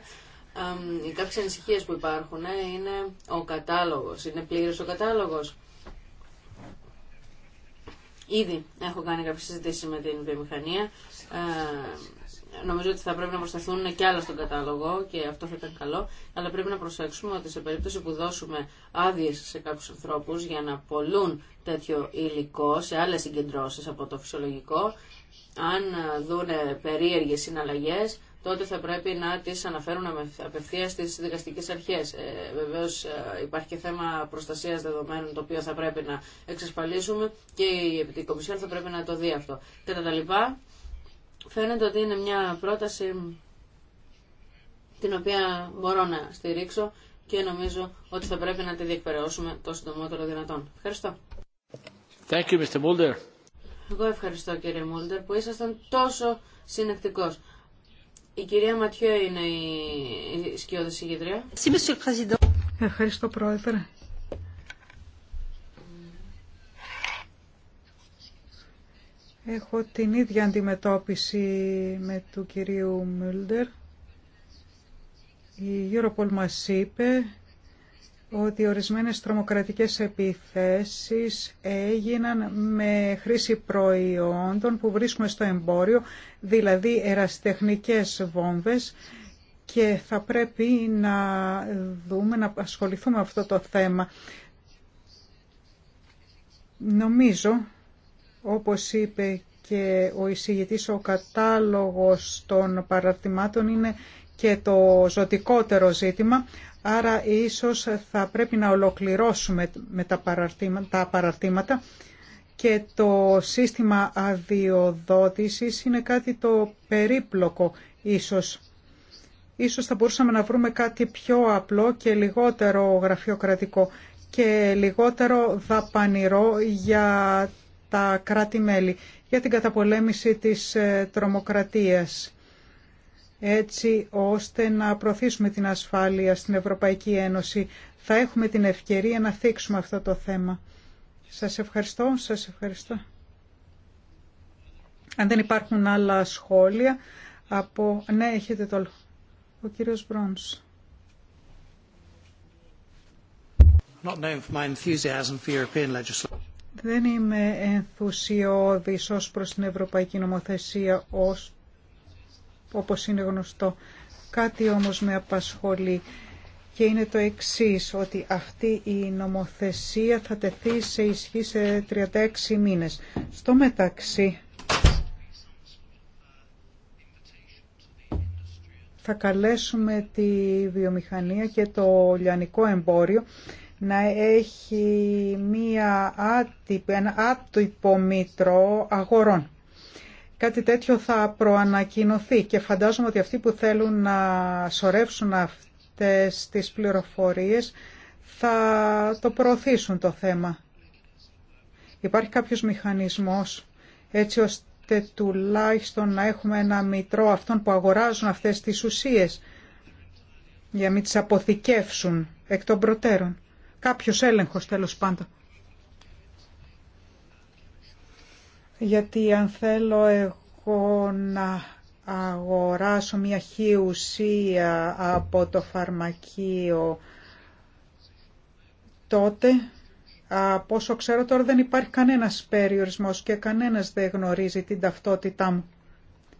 κάποιες ανησυχίες που υπάρχουν ε, είναι ο κατάλογος. Είναι πλήρως ο κατάλογος. Ήδη έχω κάνει κάποιες συζητήσεις με την βιομηχανία. Ε, νομίζω ότι θα πρέπει να προσταθούν και άλλα στον κατάλογο και αυτό θα ήταν καλό. Αλλά πρέπει να προσέξουμε ότι σε περίπτωση που δώσουμε άδειε σε κάποιου ανθρώπου για να πολλούν τέτοιο υλικό σε άλλε συγκεντρώσει από το φυσιολογικό, αν ε, δούνε περίεργε συναλλαγέ, τότε θα πρέπει να τις αναφέρουν απευθείας στις δικαστικές αρχές. Ε, βεβαίως ε, υπάρχει και θέμα προστασίας δεδομένων το οποίο θα πρέπει να εξασφαλίσουμε και η Επιτικομισία θα πρέπει να το δει αυτό. Κατά τα λοιπά, φαίνεται ότι είναι μια πρόταση την οποία μπορώ να στηρίξω και νομίζω ότι θα πρέπει να τη διεκπαιρεώσουμε το συντομότερο δυνατόν. Ευχαριστώ. Thank you, Mr. Εγώ ευχαριστώ κύριε Μούλτερ που ήσασταν τόσο συνεκτικός. Η κυρία Ματιό είναι η σκιώδη συγκεντρία. Ευχαριστώ πρόεδρε. Έχω την ίδια αντιμετώπιση με του κυρίου Μιλντερ. Η Europol μας είπε ότι ορισμένες τρομοκρατικές επιθέσεις έγιναν με χρήση προϊόντων που βρίσκουμε στο εμπόριο, δηλαδή εραστεχνικές βόμβες και θα πρέπει να δούμε, να ασχοληθούμε με αυτό το θέμα. Νομίζω, όπως είπε και ο εισηγητής, ο κατάλογος των παραρτημάτων είναι και το ζωτικότερο ζήτημα, Άρα ίσως θα πρέπει να ολοκληρώσουμε με τα παραρτήματα, τα παραρτήματα και το σύστημα αδειοδότησης είναι κάτι το περίπλοκο ίσως. Ίσως θα μπορούσαμε να βρούμε κάτι πιο απλό και λιγότερο γραφειοκρατικό και λιγότερο δαπανηρό για τα κράτη-μέλη, για την καταπολέμηση της ε, τρομοκρατίας έτσι ώστε να προωθήσουμε την ασφάλεια στην Ευρωπαϊκή Ένωση. Θα έχουμε την ευκαιρία να θίξουμε αυτό το θέμα. Σας ευχαριστώ, σας ευχαριστώ. Αν δεν υπάρχουν άλλα σχόλια, από... ναι, έχετε το λόγο. Ο κύριος Μπρόνς. Δεν είμαι ενθουσιώδης ως προς την Ευρωπαϊκή Νομοθεσία ως όπως είναι γνωστό. Κάτι όμως με απασχολεί και είναι το εξής, ότι αυτή η νομοθεσία θα τεθεί σε ισχύ σε 36 μήνες. Στο μεταξύ, θα καλέσουμε τη βιομηχανία και το λιανικό εμπόριο να έχει μία άτυπη, ένα άτυπο μήτρο αγορών κάτι τέτοιο θα προανακοινωθεί και φαντάζομαι ότι αυτοί που θέλουν να σωρεύσουν αυτές τις πληροφορίες θα το προωθήσουν το θέμα. Υπάρχει κάποιος μηχανισμός έτσι ώστε τουλάχιστον να έχουμε ένα μητρό αυτών που αγοράζουν αυτές τις ουσίες για να μην τις αποθηκεύσουν εκ των προτέρων. Κάποιος έλεγχος τέλος πάντων. Γιατί αν θέλω εγώ να αγοράσω μια χιουσία από το φαρμακείο, τότε, από όσο ξέρω τώρα δεν υπάρχει κανένας περιορισμός και κανένας δεν γνωρίζει την ταυτότητά μου.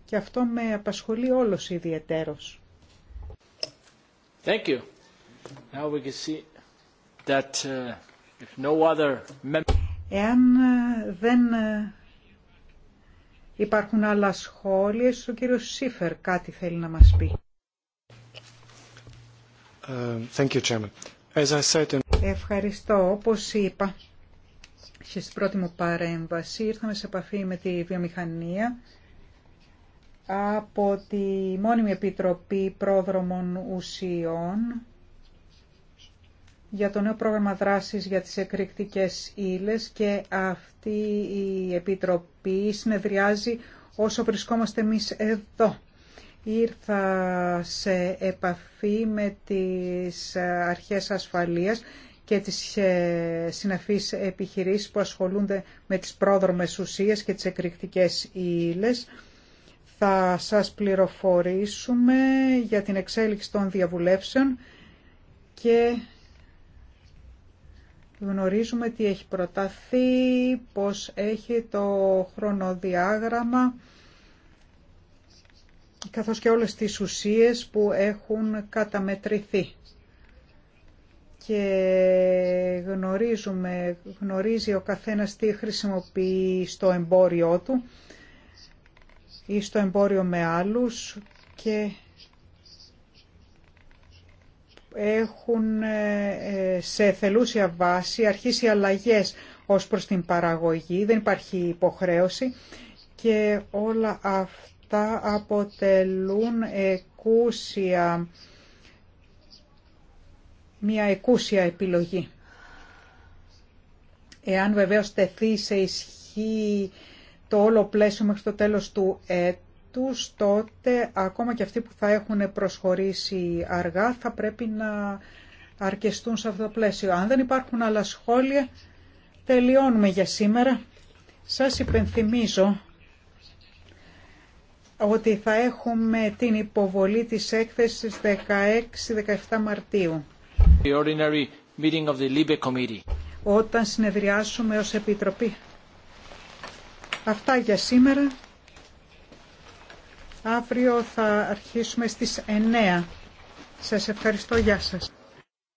Και αυτό με απασχολεί όλος ιδιαιτέρως. Thank you. Εάν δεν Υπάρχουν άλλα σχόλια. Ο κύριο Σίφερ κάτι θέλει να μας πει. Uh, Ευχαριστώ. Όπως είπα στην πρώτη μου παρέμβαση, ήρθαμε σε επαφή με τη βιομηχανία από τη Μόνιμη Επιτροπή Πρόδρομων Ουσιών για το νέο πρόγραμμα δράσης για τις εκρηκτικές ύλες και αυτή η Επιτροπή συνεδριάζει όσο βρισκόμαστε εμείς εδώ. Ήρθα σε επαφή με τις αρχές ασφαλείας και τις ε, συναφείς επιχειρήσεις που ασχολούνται με τις πρόδρομες ουσίες και τις εκρηκτικές ύλες. Θα σας πληροφορήσουμε για την εξέλιξη των διαβουλεύσεων και Γνωρίζουμε τι έχει προταθεί, πώς έχει το χρονοδιάγραμμα, καθώς και όλες τις ουσίες που έχουν καταμετρηθεί. Και γνωρίζουμε, γνωρίζει ο καθένας τι χρησιμοποιεί στο εμπόριό του ή στο εμπόριο με άλλους και έχουν ε, ε, σε θελούσια βάση αρχίσει αλλαγές ως προς την παραγωγή, δεν υπάρχει υποχρέωση και όλα αυτά αποτελούν εκούσια, μια εκούσια επιλογή. Εάν βεβαίως τεθεί σε ισχύ το όλο πλαίσιο μέχρι το τέλος του έτου τους, τότε ακόμα και αυτοί που θα έχουν προσχωρήσει αργά θα πρέπει να αρκεστούν σε αυτό το πλαίσιο. Αν δεν υπάρχουν άλλα σχόλια, τελειώνουμε για σήμερα. Σας υπενθυμίζω ότι θα έχουμε την υποβολή της έκθεσης 16-17 Μαρτίου. of the Libe Όταν συνεδριάσουμε ως Επιτροπή. Αυτά για σήμερα. Αύριο θα αρχίσουμε στις 9. Σας ευχαριστώ. Γεια σας.